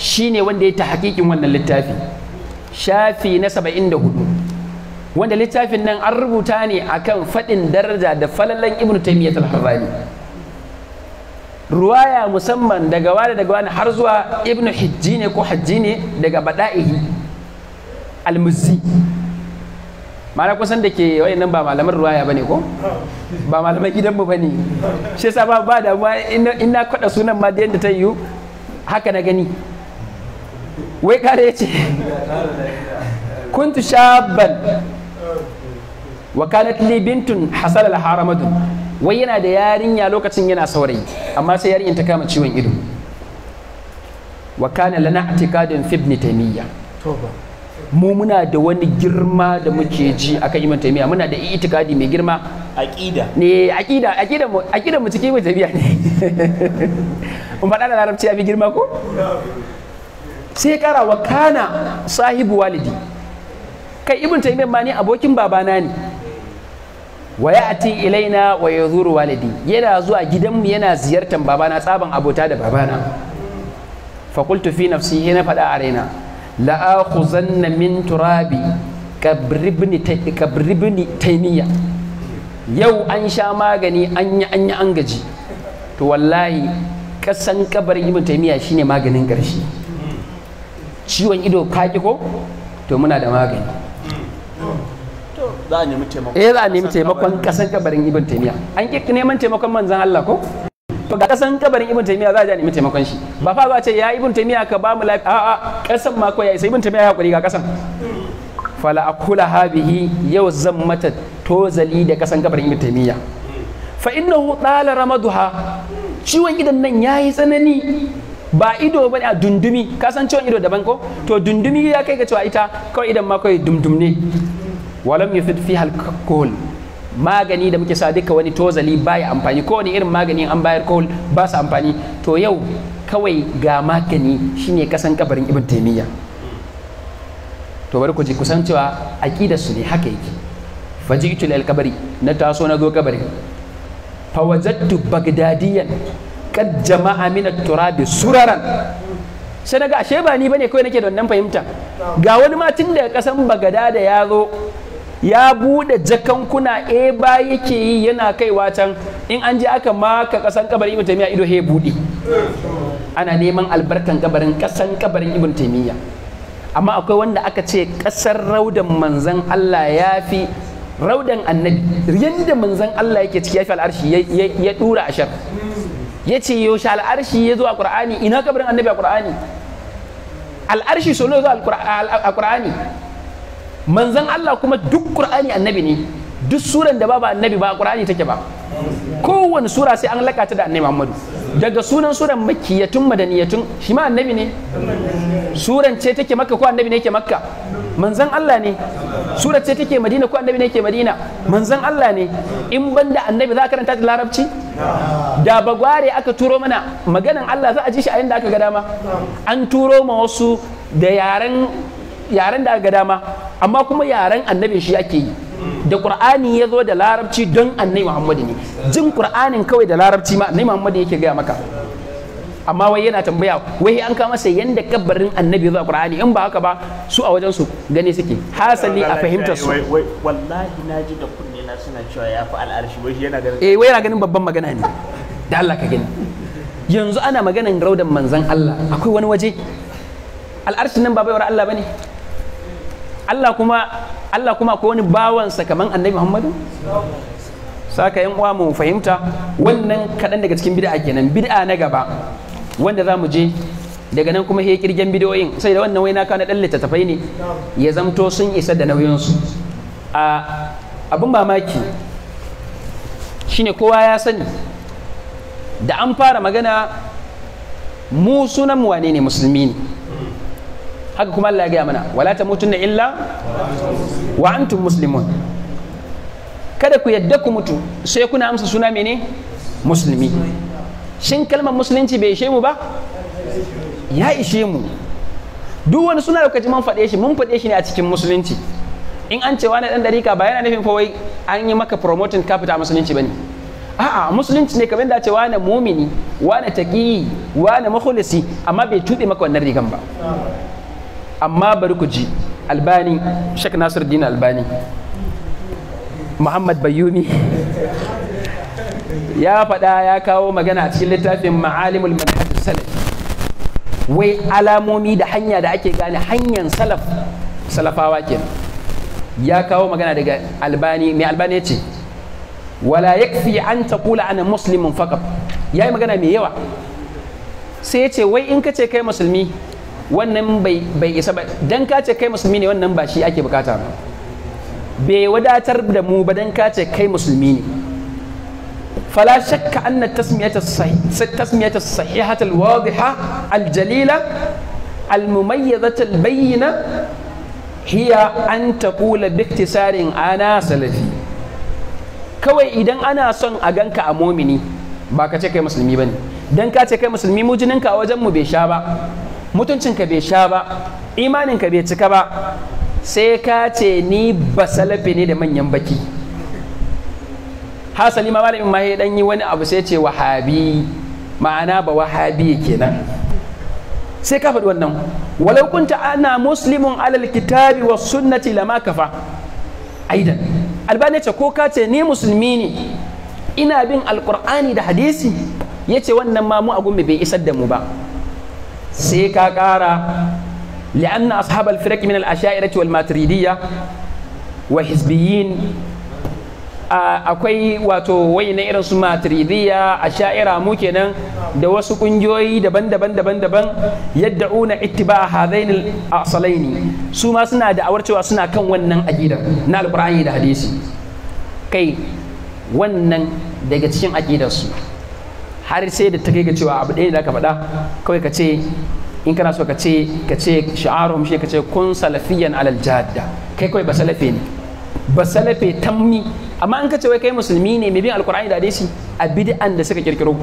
shi ne wanda ya ta hakikin wannan littafi shafi na saba'in da hudu wanda littafin nan an rubuta ne akan faɗin daraja da falalen ibn taymiyyah al-harrani ruwaya musamman daga wani daga wani har zuwa ibn hijji ne ko hajji ne daga bada'ihi al-muzzi mara kusan da ke wayannan ba malaman ruwaya bane ko ba malaman mu bane shi yasa ba ba da ma in na kwada sunan ma da yanda ta yiwu haka na gani wai kare ce kuntu shabban wa kanat li bintun hasal al wai yana da yarinya lokacin yana saurayi amma sai yarinyar ta kama ciwon ido wa kana lana i'tiqadun fi ibn mu muna da wani girma da muke ji a kan imanta yamiya muna da itikadi mai girma aƙida ne aƙida aƙida mu aƙida mu cikin Ibn Taymiyyah ne mun [laughs] faɗa da larabci ya fi girma ko sai ƙara wa kana sahibu walidi kai Ibn Taymiyyah ma ne abokin babana ne wa ya'ti ilaina wa yazuru walidi yana zuwa gidanmu yana ziyartar babana tsaban abota da babana fa qultu fi nafsi na faɗa a raina la'akuzanna min turabi kabribni taimiyya yau an sha magani an yi an gaji to wallahi kasan kabarin ibn taimiyya shine maganin ƙarshe ciwon ido kaki ko to muna da magani za a nemi taimakon kasan eh, kabarin ibn taimiyya an kika neman taimakon manzan Allah ko to ga kasan kabarin ibn taymiya za a nemi taimakon shi ba fa za a ce ya ibn taymiya ka ba mu a a kasan ma ko ya isa ibn taymiya ya hakuri ga kasan fala akula habihi yau zan mata tozali da kasan kabarin ibn taymiya fa innahu dala ramaduha ciwon idan nan yayi tsanani ba ido bane a dundumi ka san ciwon ido daban ko to dundumi ya kai ga cewa ita kawai idan ma kawai dumdum ne walam yafid fiha alkohol magani da muke sa duka wani tozali baya amfani ko wani irin magani an bayar ko ba su amfani to yau kawai ga magani shine kasan kabarin ibn taimiyya to bari ku ji kusan cewa aqida su ne haka yake faji'tu lil kabari na taso na zo kabari fa wajadtu bagdadiyan kad jama'a min at-turab suraran sai daga ashe ba ni bane kawai nake da wannan fahimta ga wani ma tun daga kasan bagada da ya zo ya bude jakankuna e eh, ba yake yi yana kaiwa can in an je aka maka kasan kabarin ibn taymiya ido he bude ana neman albarkan kabarin kasan kabarin ibn taymiya amma akwai wanda aka ce kasar raudan manzan Allah ya fi raudan annabi yadda manzan Allah yake ciki ya fi al'arshi ya dura ashar ya ce yaushe al'arshi ya zo a qur'ani ina kabarin annabi a qur'ani al'arshi solo ya zo a qur'ani manzan Allah kuma duk Qur'ani annabi ne duk suran da ba annabi ba Qur'ani take ba kowane sura sai an lakata da annabi Muhammadu daga sunan suran makiyatun madaniyatun shi ma annabi ne suran ce take makka ko annabi ne yake makka manzan Allah ne sura ce take madina ko annabi ne yake madina manzan Allah ne in banda annabi za ka karanta da larabci da bagware aka turo mana maganan Allah za a ji shi a yanda aka ga dama an turo ma wasu da yaren yaren da aka ga dama amma kuma yaren annabi shi ake yi da qur'ani ya zo da larabci don annabi muhammadu ne jin qur'anin kawai da larabci ma annabi muhammadu yake gaya maka amma wai yana tambaya wai an kama sai yanda kabarin annabi zuwa qur'ani in ba haka ba su a wajen su gane suke hasali a fahimtar su wallahi naji da kunne na suna cewa ya fi al'arshi wai yana ganin eh wai yana ganin babban magana ne da Allah ka gani yanzu ana maganan raudan manzan Allah akwai wani waje al'arshin nan ba baiwar Allah bane Allah kuma Allah kuma ko wani bawansa kaman annabi Muhammadu saka yan uwa mu fahimta wannan kaɗan daga cikin bid'a kenan bid'a na gaba wanda za mu je daga nan kuma he kirgen bidiyoyin sai da wannan waina kana dan littattafai ne ya zamto sun isa da su a abun mamaki shine kowa ya sani da an fara magana mu sunan wane ne musulmi ne haka kuma Allah ya gaya mana wala ta mutunna illa wa antum muslimun kada ku yadda ku mutu sai kuna amsa suna mene musulmi shin kalmar musulunci bai ishe mu ba ya ishe mu duk wani suna da mun faɗe shi mun faɗe shi ne a cikin musulunci in an cewa na ɗan dariƙa ba yana nufin fawai an yi maka promoting capital musulunci ba ne a'a musulunci ne kamar da ce na mumini wane taƙi wane makulisi amma bai tuɓe maka wannan rigan ba amma bari ku ji albani shek dina albani muhammad bayyumi ya faɗa ya kawo magana a cikin littafin ma'alimul manhaj salaf wai alamomi da hanya da ake gane hanyar salaf salafawa ke ya kawo magana daga albani mai albani ce wala yakfi an taqula ana muslimin faqat yayi magana mai yawa sai ya ce wai in ka ce kai musulmi wannan bai isa ba dan ka ce kai musulmi ne wannan ba shi ake bukata ba bai wadatar da mu ba dan ka ce kai musulmi ne fala shakka anna tasmiyata tasmiyata sahihata alwadiha aljalila almumayyizata albayyina hiya an taqula biktisarin ana salafi kawai idan ana son a ganka a mumini ba ka ce kai musulmi bane dan ka ce kai musulmi mu jininka a wajen mu bai sha ba mutuncinka bai sha ba imaninka bai cika ba sai ka ce ni ba salafi ne da manyan baki hasali ma malamin ma ya dan yi wani abu sai ce wahabi ma'ana ba wahabi kenan sai ka faɗi wannan walau kunta ana muslimun alal kitabi wa sunnati lama kafa aidan albani ce ko ka ce ni musulmi ne ina bin alqur'ani da hadisi yace wannan ma mu a gumbe bai isar da mu ba sai ka ƙara li'anna ashabal firaq min al-asha'irati wal matridiyya wa hizbiyin akwai wato wai na irin su matridiyya a sha'ira mu kenan da wasu kungiyoyi daban-daban daban-daban yadda una ittiba hadain asalaini su ma suna da awarcewa cewa suna kan wannan aqida na alƙur'ani da hadisi kai wannan daga cikin aqidarsu su har sai da ta kai ga cewa abu ɗaya da ka faɗa kawai ka ce in kana so ka ce ka ce sha'arum shi ka ce kun salafiyan alal jadda kai kawai ba salafe ne ba salafe tammi amma in ka ce wai kai musulmi ne mai bin alkur'ani da hadisi a bid'an da suka kirkiro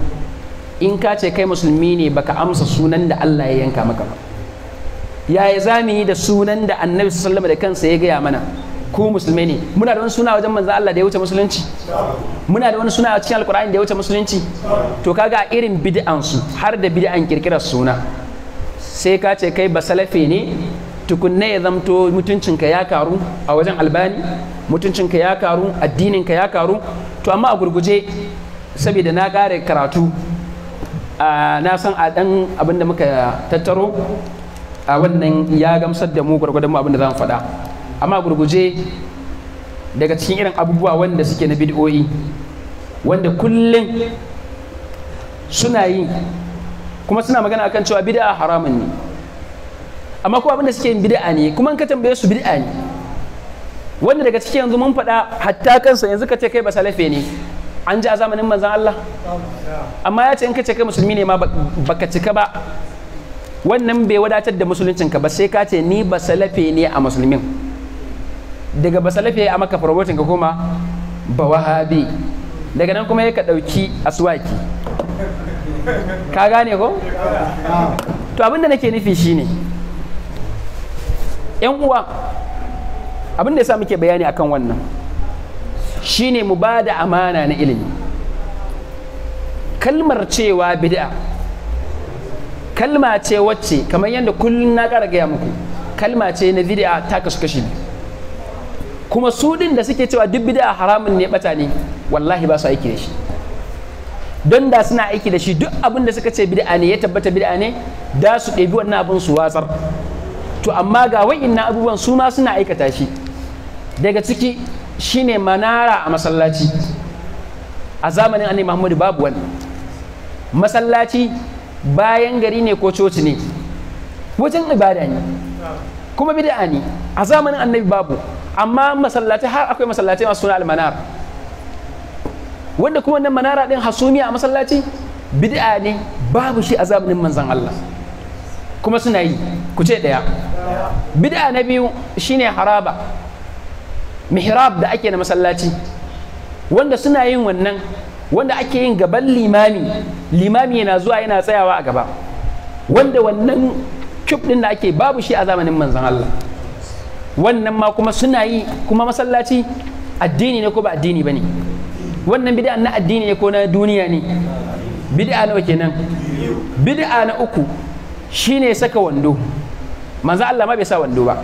in ka ce kai musulmi ne baka amsa sunan da Allah ya yanka maka ba yaya zamu yi da sunan da Annabi sallallahu alaihi wasallam da kansa ya gaya mana ku musulmai ne muna da wani suna wajen manzan Allah da ya wuce musulunci muna da wani suna a cikin alkur'ani da ya wuce musulunci to kaga irin bid'an su har da bid'an kirkirar suna sai ka ce kai ba salafi ne tukunne ya zamto mutuncinka ya karu a wajen albani mutuncinka ya karu addininka ya karu to amma a gurguje saboda na kare karatu na san a dan abin da muka tattaro a wannan ya gamsar da mu gurgudan abin da za mu faɗa amma gurguje daga cikin irin abubuwa wanda suke na bid'o'i wanda kullum suna yi kuma suna magana akan cewa bid'a haramun ne amma kuma abinda suke yin bid'a ne kuma in ka tambaye su bid'a ne wanda daga cikin yanzu mun faɗa hatta kansa yanzu ka ce kai ba salafe ne an ji a zamanin manzan Allah amma ya ce in ka ce kai musulmi ne ma baka cika ba wannan bai wadatar da musuluncin ka ba sai ka ce ni ba salafe ne a musulmin daga basalafe a maka promotin ka koma ba wahabi daga nan kuma ya ka ɗauki aswaki ka gane ko to abin nake nufi shine yan uwa abinda da yasa muke bayani akan wannan shine mu ba da amana na ilimi kalmar cewa bid'a kalma ce wacce kamar yadda kullum na kara gaya muku kalma ce na bid'a ta kasu kashi biyu kuma su din da suke cewa duk bid'a haramun ne bata ne wallahi ba su aiki da shi don da suna aiki da shi duk abin da suka ce bid'a ne ya tabbata bid'a ne da su ɗebi wannan abin su watsar to amma ga wa'innan abubuwan su ma suna aikata shi daga ciki shine manara a masallaci a zamanin annabi Muhammadu babu wani masallaci bayan gari ne ko coci ne wajen ibada ne kuma bid'a ne a zamanin annabi babu amma masallatai har akwai masallatai masu suna almanar wanda kuma wannan manara din hasumiya a masallaci bid'a ne babu shi a zamanin manzon Allah kuma suna yi ku ce daya bid'a na biyu shine haraba mihrab da ake na masallaci wanda suna yin wannan wanda ake yin gaban limami limami yana zuwa yana tsayawa a gaba wanda wannan cub din da ake babu shi a zamanin manzon Allah wannan ma kuma suna yi kuma masallaci addini ne ko ba addini ba ne wannan bid'a na addini ne ko na duniya ne bid'a nawa kenan bid'a na uku shine saka wando manzo Allah ma bai sa wando ba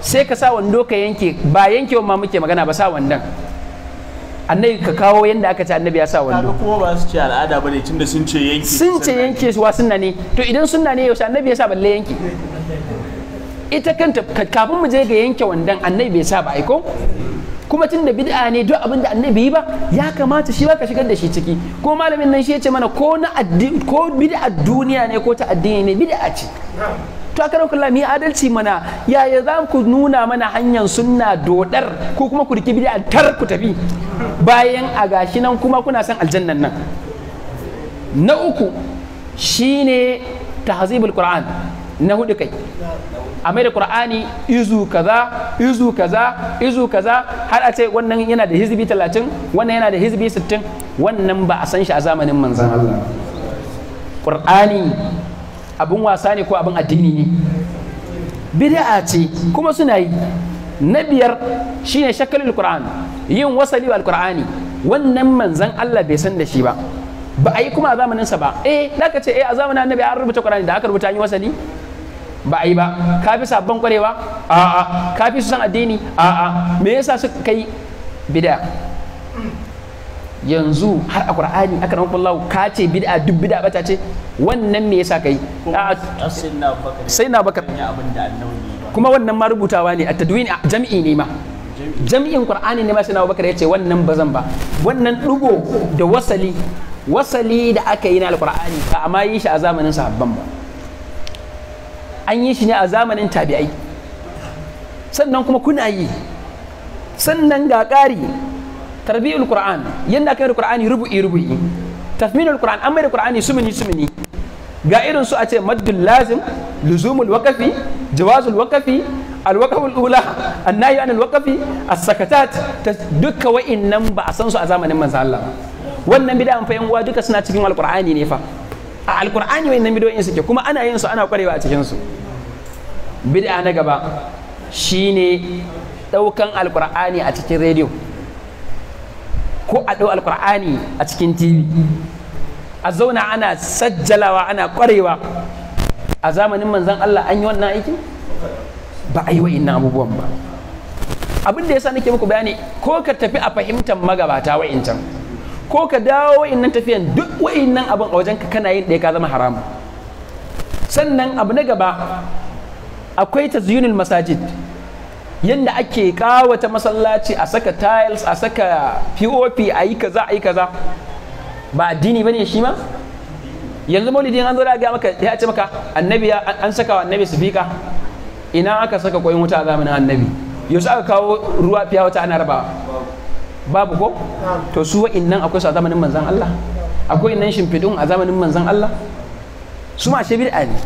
sai ka sa wando ka yanke ba yanke ma muke magana ba sa wandon annabi ka kawo yadda aka ce annabi ya sa wando ka kuma ba su ce al'ada bane tunda sun ce yanke sun ce yanke suwa sunna ne to idan sunna ne yaushe annabi ya sa balle yanke ita kanta kafin mu je ga yanke wandan annabi bai sa ba aiko kuma tunda bid'a ne duk abin da annabi yi ba ya kamata shi ba ka shigar da shi ciki ko malamin nan shi ya ce mana ko na addini ko bid'a duniya ne ko ta addini ne bid'a ce to a karan kullum yi adalci mana yaya za ku nuna mana hanyar sunna dodar ko kuma ku riki bid'a tar ku tafi bayan a gashi nan kuma kuna san aljannan nan na uku shine tahzibul qur'an na hudu kai a mai da qur'ani izu kaza izu kaza izu kaza har a ce wannan yana da hizbi talatin wannan yana da hizbi sittin wannan ba a san shi a zamanin manzan Allah abin wasa ne ko abin addini ne bid'a ce kuma suna yi na biyar shine shakalul qur'an yin wasali wal qur'ani wannan manzan Allah bai san da shi ba ba a yi kuma a zamaninsa ba eh da ka ce eh a zamanin annabi an rubuta qur'ani da aka rubuta an yi wasali ba a yi ba ka fi sabon kwarewa a'a ka fi su san addini a'a me yasa suka kai bid'a yanzu har a qur'ani aka ranku Allah ka ce bid'a duk bid'a bata ce wannan me yasa kai sai na bakar kuma wannan ma rubutawa ne a tadwin jam'i ne ma jam'in qur'ani ne ma sai na bakar ya ce wannan bazan ba wannan dugo da wasali wasali da aka yi na alqur'ani ba amma yi shi a zamanin sahabban ba an yi shi ne a zamanin tabi'ai sannan kuma kuna yi sannan ga ƙari tarbiyyar qur'an yadda aka yi qur'ani rubu'i rubu'i tafminul qur'an an mai da qur'ani sumini ga irin su a ce maddul lazim luzumul waqafi jawazul waqafi alwaqaful ula annahi anil waqafi as-sakatat dukka wa'innan ba a san su a zamanin manzo Allah wannan bid'an fa yan uwa duka suna cikin alqur'ani ne fa a alkur'ani wani bidoyin suke kuma ana yin su ana kwarewa a cikin su bid'a na gaba shine daukan alkur'ani a cikin rediyo ko a dau alkur'ani a cikin tv a zauna ana sajjalawa ana kwarewa a zamanin manzan Allah an yi wannan aikin ba a yi wa'innan abubuwan ba abin da sa nake muku bayani ko ka tafi a fahimtar magabata wa'incan ko ka dawo wa'innan tafiyan duk wa'innan abin a wajenka kana yin ɗaya ka zama haramu sannan abu na gaba akwai ta tazyinul masajid yadda ake kawata masallaci a saka tiles a saka pop a yi kaza a yi kaza ba addini ne shi ma yanzu maulidi an zo da ga maka ya ce maka annabi an saka wa annabi su fika ina aka saka koyin wuta a zamanin annabi yaushe aka kawo ruwa fiya wata ana rabawa babu ko to su wa'innan akwai su a zamanin manzan Allah akwai innan shimfiɗin a zamanin manzan Allah su ma shi bid'a ne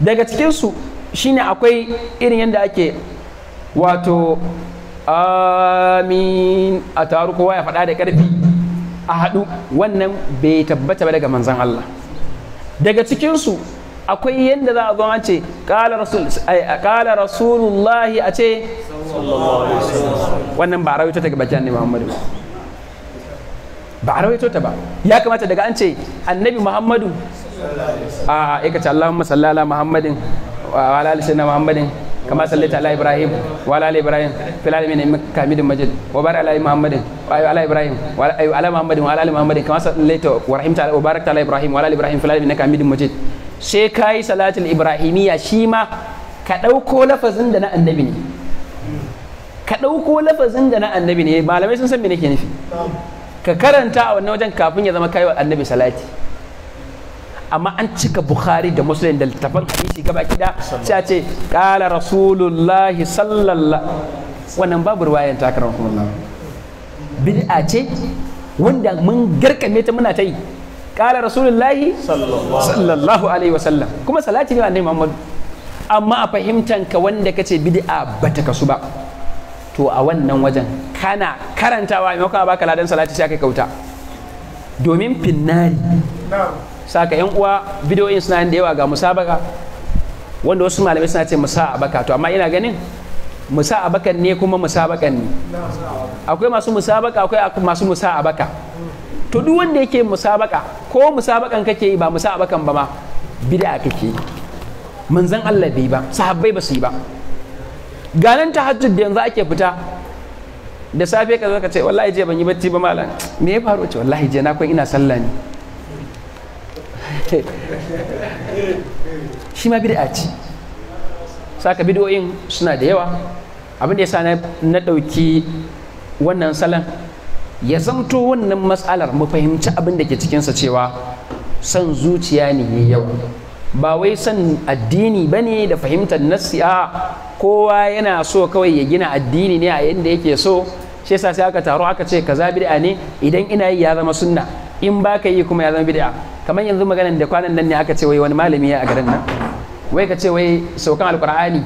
daga cikin su shine akwai irin yadda ake wato amin a taru kowa ya faɗa da ƙarfi a haɗu wannan bai tabbata ba daga manzan Allah daga cikinsu akwai yadda za a zo an ce ƙala rasulullahi a ce wannan ba rawaito ta gabatar ne muhammadu ba rawaito ta ba ya kamata daga an ce annabi muhammadu a aikace allahumma sallala muhammadin wa ala na muhammadin كما صليت sai ka yi salatul ibrahimiyya shi ma ka ɗauko lafazin da na annabi ne ka ɗauko lafazin da na annabi ne malamai sun san me nake nufi ka karanta a wannan wajen kafin ya zama kai wa annabi salati amma an cika bukhari da muslim da littafan hadisi gaba kida sai a ce qala rasulullahi sallallahu wannan babu ruwayan takarar kuma bid'a ce wanda mun garkame ta muna ta yi qala rasulullahi sallallahu alaihi wasallam kuma salati ne wa annabi Muhammadu. amma a fahimtan ka wanda kace bid'a bata kasu ba to a wannan wajen kana karantawa maimakon a baka ladan salati sai ka kauta domin finnari saka yan uwa bidiyoyin suna yin da yawa ga musabaka wanda wasu malamai suna ce musa a baka to amma ina ganin musa a bakan ne kuma musabakan ne akwai masu musabaka akwai masu musa a baka to duk wanda yake musabaka ko musabakan kake yi ba musabakan ba ma bid'a kake yi manzon Allah bai ba sahabbai ba su yi ba ganin tahajjud da yanzu ake fita da safe ka zo ka ce wallahi je ban yi bacci ba malam me ya faru ce wallahi je na kwan ina sallah ne [laughs] shi ma bid'a ce saka bid'o'in suna da yawa abin da yasa na ɗauki wannan salon ya zamto wannan matsalar mu fahimci abin da ke cikinsa cewa son zuciya ne ya yau ba wai son addini ba ne da fahimtar nassi a kowa yana so kawai ya gina addini ne a yadda yake so shi yasa sai aka taro aka ce kaza bid'a ne idan ina yi ya zama sunna in ba ka yi kuma ya zama bid'a kamar yanzu maganan da kwanan nan ne aka ce wai wani malami ya a garin nan wai ka ce wai saukan alkur'ani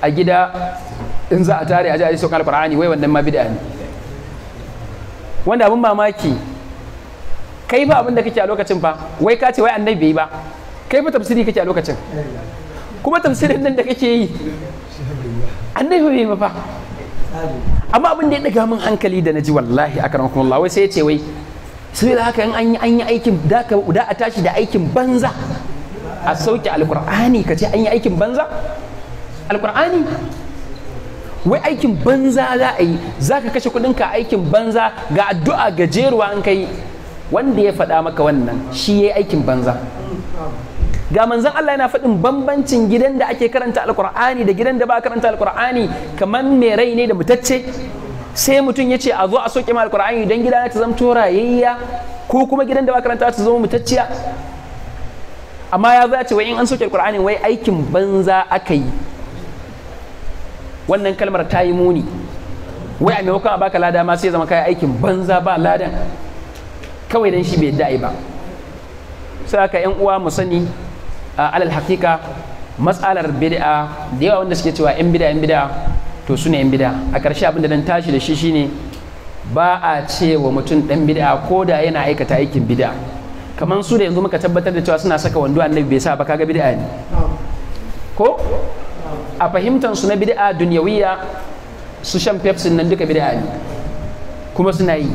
a gida in za a tare a ji saukan alkur'ani wai wannan ma bid'a ne wanda abin mamaki kai ba abin da kake a lokacin fa wai ka ce wai annabi bai ba kai ba tafsiri kake a lokacin kuma tafsirin nan da kake yi annabi bai ba fa amma abin da ya daga min hankali da naji wallahi akan kuma Allah wai sai ya ce wai sai da haka in an yi an yi aikin da ka da a tashi da aikin banza a sauke alqur'ani kace an yi aikin banza alqur'ani wai aikin banza za a yi za ka kashe kudinka aikin banza ga addu'a ga jeruwa an kai wanda ya faɗa maka wannan shi ya yi aikin banza ga manzon Allah yana faɗin bambancin gidan da ake karanta alkur'ani da gidan da ba karanta alkur'ani kamar mai rai ne da mutacce sai mutum ya ce a zo a soke ma alkur'ani don gida ta ko kuma gidan da ba karanta ta zama mutacciya amma ya zo ya ce wai an soke alkur'ani wai aikin banza aka yi wannan kalmar ta yi muni wai a maimakon a baka lada ma sai zama kayan aikin banza ba ladan kawai dan shi bai da'i ba sai aka yan uwa mu sani a alal hakika matsalar bid'a da yawa wanda suke cewa yan bid'a yan bid'a to su ne yan bid'a a ƙarshe abin da dan tashi da shi shine ba a ce wa mutum dan bid'a ko da yana aikata aikin bid'a kamar su da yanzu muka tabbatar da cewa suna saka wando annabi bai sa ba kaga bid'a ne ko a fahimtar su na bid'a duniyawiya su shan pepsi nan duka bid'a ne kuma suna yi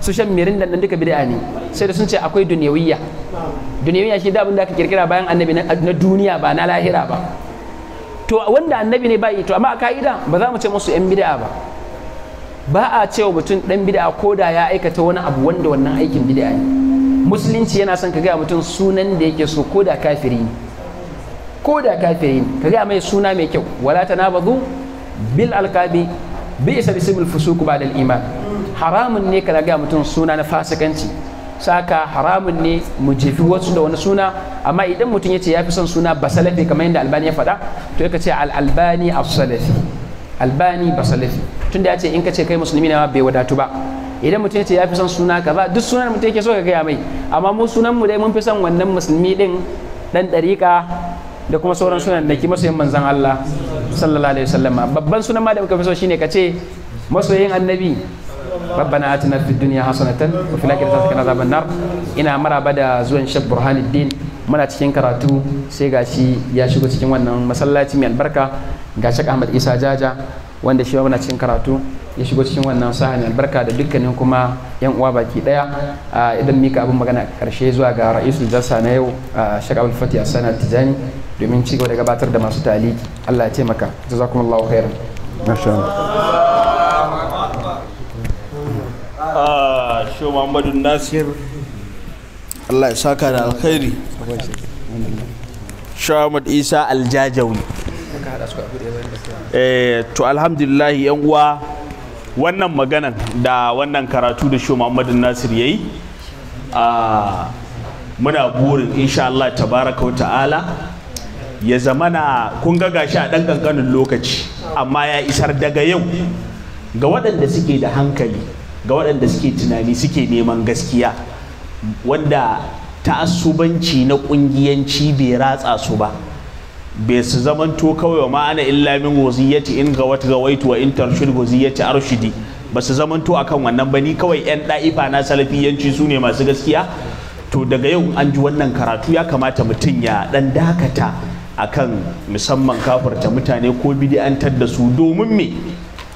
su shan mirinda nan duka bid'a ne sai da sun ce akwai duniyawiya duniyawiya shi da abin da aka kirkira bayan annabi na duniya ba na lahira ba to wanda annabi ne ba yi to amma a ka'ida ba za mu ce musu yan bid'a ba ba a cewa mutum dan bid'a ko da ya aikata wani abu wanda wannan aikin bid'a ne musulunci yana son ka gaya mutum sunan da yake so ko da kafiri ne ko da kafirin ka gaya mai suna mai kyau wala tanabadu bil alqabi bi isa bisimul fusuku ba dal iman haramun ne ka ga mutum suna na fasikanci saka haramun ne mu jefi wasu da wani suna amma idan mutum ya ce ya fi son suna basalafi kamar yadda albani ya faɗa to ya ce al-albani as albani basalafi tunda ya ce in ka ce kai musulmi ne ma bai wadatu ba idan mutum ce ya fi son suna kaza duk sunan mutum yake so ka gaya mai amma mu sunan mu dai mun fi son wannan musulmi din dan ɗariƙa. da kuma sauran sunan da ke masoyin manzan Allah sallallahu alaihi wasallama babban sunan ma da muka fi so shine kace masoyin annabi ربنا آتنا في الدنيا حسنة وفي الآخرة حسنة عذاب النار ina maraba da zuwan Sheikh Burhanuddin muna cikin karatu sai gashi ya shigo cikin wannan masallaci mai albarka ga Sheikh Ahmad Isa Jaja wanda shi muna cikin karatu ya shigo cikin wannan saha mai albarka da dukkanin kuma yan uwa baki daya ah, idan mika abin magana karshe zuwa ga ra'isul jalsa na yau ah, Sheikh Abdul Fatih Hassan Tijani domin ci gaba da gabatar da masu taliki Allah ya taimaka jazakumullahu khairan masha Allah ah sho Muhammadu Nasir Allah ya saka da alkhairi Shahmad Isa Aljajawi eh to alhamdulillah yan uwa wannan maganan da wannan karatu da sho Muhammadu Nasir yayi a ah, muna burin insha Allah tabaraka wa ta'ala ya zamana kun kunga gashi a ɗan ƙanƙanin lokaci amma ya isar daga yau ga waɗanda suke da hankali ga waɗanda suke tunani suke neman gaskiya wanda ta'assubanci na ƙungiyanci bai ratsa su ba bai su zamanto kawai wa ma'ana illa min waziyyati in ga wata gawaitu wa in tarshid waziyyati arshidi ba su zamanto akan wannan ba ni kawai yan ɗa'ifa na salafiyanci su ne masu gaskiya to daga yau an ji wannan karatu ya kamata mutum ya ɗan dakata akan musamman kafarta mutane ko bid'antar da su domin me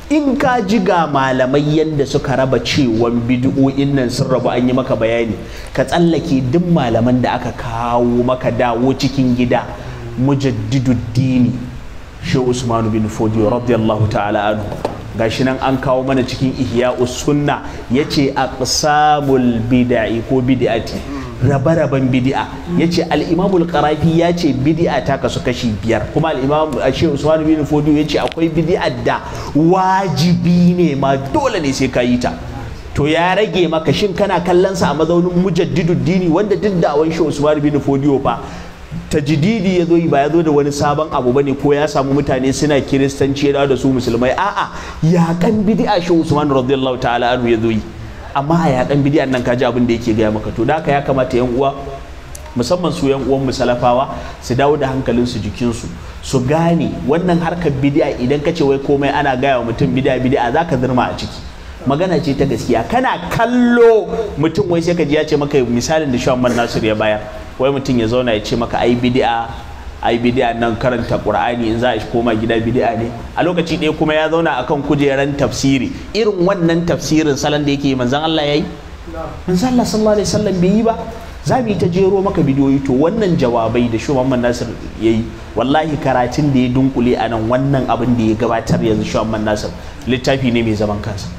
in ka ji ga malamai yadda suka raba cewan bid'o'in nan sun rabu an yi maka bayani ka tsallake duk malaman da aka kawo maka dawo cikin gida mujaddiduddini shi usmanu bin fodiyo radiyallahu ta'ala anhu gashi nan an kawo mana cikin ihya sunna yace aqsamul bid'i ko bid'ati rabe-raben bidi'a yace alimamul karafi ya ce yace bid'a ta kasu kashi biyar kuma al a Sheikh Usman bin ya yace akwai bidi'a da wajibi ne ma dole ne sai ka yi ta to ya rage maka shin kana kallon sa a mazaunin mujaddidu dini wanda duk da usmanu Sheikh Usman bin Fodio fa tajididi ya zo ba ya zo da wani sabon abu ba ne ko ya samu mutane suna kiristanci ya da su musulmai a'a kan bid'a shi Usman radiyallahu ta'ala anhu ya zo yi amma ya dan bidiyan nan kaji abin da yake gaya maka to da haka ya kamata yan uwa musamman su yan uwan musalafawa su dawo da hankalin su jikin su su gane wannan harkar bidiya idan ka ce wai komai ana gaya wa mutum bidiya bidiya ka zirma a ciki magana ce ta gaskiya kana kallo mutum wai sai ka ji ya ce maka misalin da man Nasir ya bayar wai mutum ya zauna ya ce maka ai bidiya ai bidiya nan karanta qur'ani in za a koma gida bidiya ne a lokaci ɗaya kuma ya zauna akan kujeran tafsiri irin wannan tafsirin salon da yake yi manzan Allah ya yi? manzan Allah sallallahu alaihi wasallam bai yi ba za mu yi ta jero maka bidiyoyi to wannan jawabai da shu Muhammad Nasir ya yi wallahi karatun da ya dunkule a nan wannan abin da ya gabatar yanzu shu Muhammad Nasir littafi ne mai zaman kansa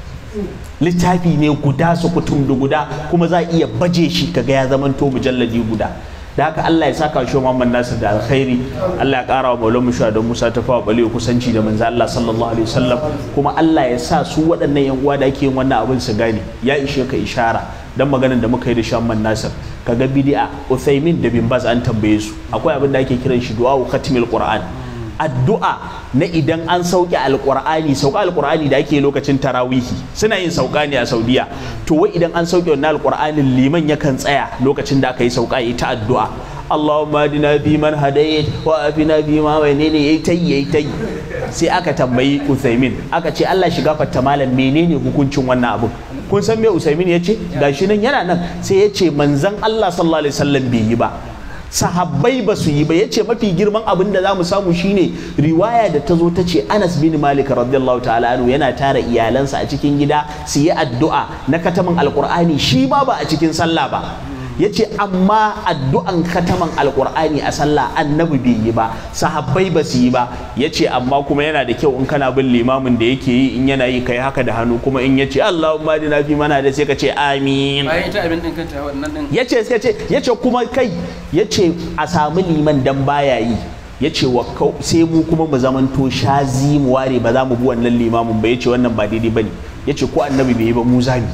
littafi ne guda su kutum da guda kuma za a iya baje shi kaga ya zamanto mujalladi guda da haka Allah ya saka shi Muhammad Nasir da alkhairi Allah ya karawa wa Maulana Musa da Musa ta fawa balewa kusanci da manzo Allah sallallahu alaihi wasallam kuma Allah ya sa su waɗannan yan uwa da ake yin wannan abin su gane ya ishe ka ishara dan maganar da muka yi da Muhammad Nasir kaga bid'a Uthaymin da Bin Baz an tambaye su akwai abin da ake kiran shi du'a khatimil Qur'an addu'a na idan an sauke alƙur'ani sauka alƙur'ani da ake lokacin tarawihi suna yin sauka ne a saudiya to wai idan an sauke wannan alƙur'anin liman yakan tsaya lokacin da aka yi sauka yi ta addu'a اللهم اهدنا فيمن هديت وافنا فيما وينين يتي يتي sai aka tambayi Usaimin aka ce Allah shiga fatta malam menene hukuncin wannan abu kun san me Usaimin ya ce gashi nan yana nan sai ya ce manzon Allah sallallahu alaihi wasallam bai yi ba sahabbai ba su yi ba yace mafi girman abin da za mu samu shine riwaya da ta zo ta ce Anas bin Malik radiyallahu ta'ala anhu yana tara iyalansa a cikin gida su yi addu'a na katamin alqur'ani shi ba ba a cikin sallah ba ya ce amma addu'an kataman alkur'ani a sallah annabi bai yi ba sahabbai ba su yi ba ya ce amma kuma yana da kyau in kana bin limamin da yake yi in yana yi kai haka da hannu kuma in ya ce allahumma na fi mana da sai ka ce amin ya ce ya ce kuma kai ya ce a sami liman dan baya yi ya ce sai mu kuma mu zamanto shazi mu ware ba za mu bi wannan limamin ba ya ce wannan ba daidai ba ne ya ce ko annabi bai yi ba mu zami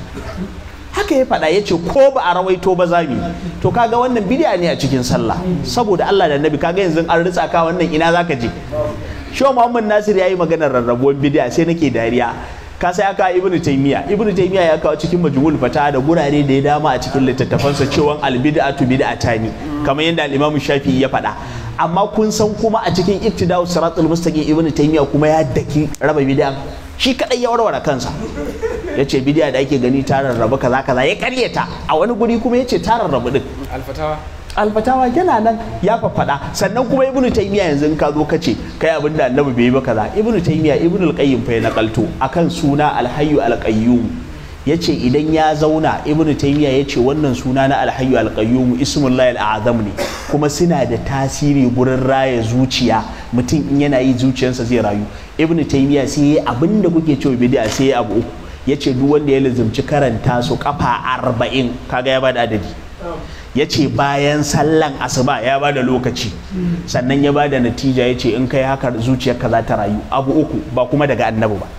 haka ya faɗa ya ce ko ba a rawaito ba za mu to kaga wannan bidiya ne a cikin sallah saboda Allah da Nabi kaga yanzu an ritsa ka wannan ina zaka je Shehu Muhammad Nasir yayi maganar rarrabuwar bidiya sai nake dariya ka sai aka ibnu taymiya ibnu taymiya ya kawo cikin majmu'ul fata da gurare da ya dama a cikin littattafansa cewa al bid'atu bid'atani kamar yadda al imamu shafi'i ya faɗa amma kun san kuma a cikin iktida'us siratul mustaqim ibnu taymiya kuma ya daki raba bid'a shi kadai ya warware kansa ya ce bidiya da ake gani ta rarrabu kaza kaza ya karyata a wani guri kuma ya ce ta rarrabu din alfatawa yana nan ya fafada sannan kuma ibnu taymiya yanzu ka zo ka ce kai abin da annabi bai yi ba kaza ibnu taymiya ibnu alqayyim fa na nakalto akan suna alhayyu alqayyum yace idan ya zauna ibnu taymiya yace wannan suna na alhayyu alqayyum ismullahi alazam ne kuma suna da tasiri gurin raya zuciya mutum in yana yi zuciyarsa zai rayu ibnu taymiya sai yayi abin da kuke cewa bid'a sai yayi abu uku yace duk wanda ya lazumci karanta su kafa arba'in kaga ya bada adadi yace bayan sallan asuba ya bada lokaci sannan ya bada natija yace in kai haka zuciyarka za ta rayu abu uku ba kuma daga annabi ba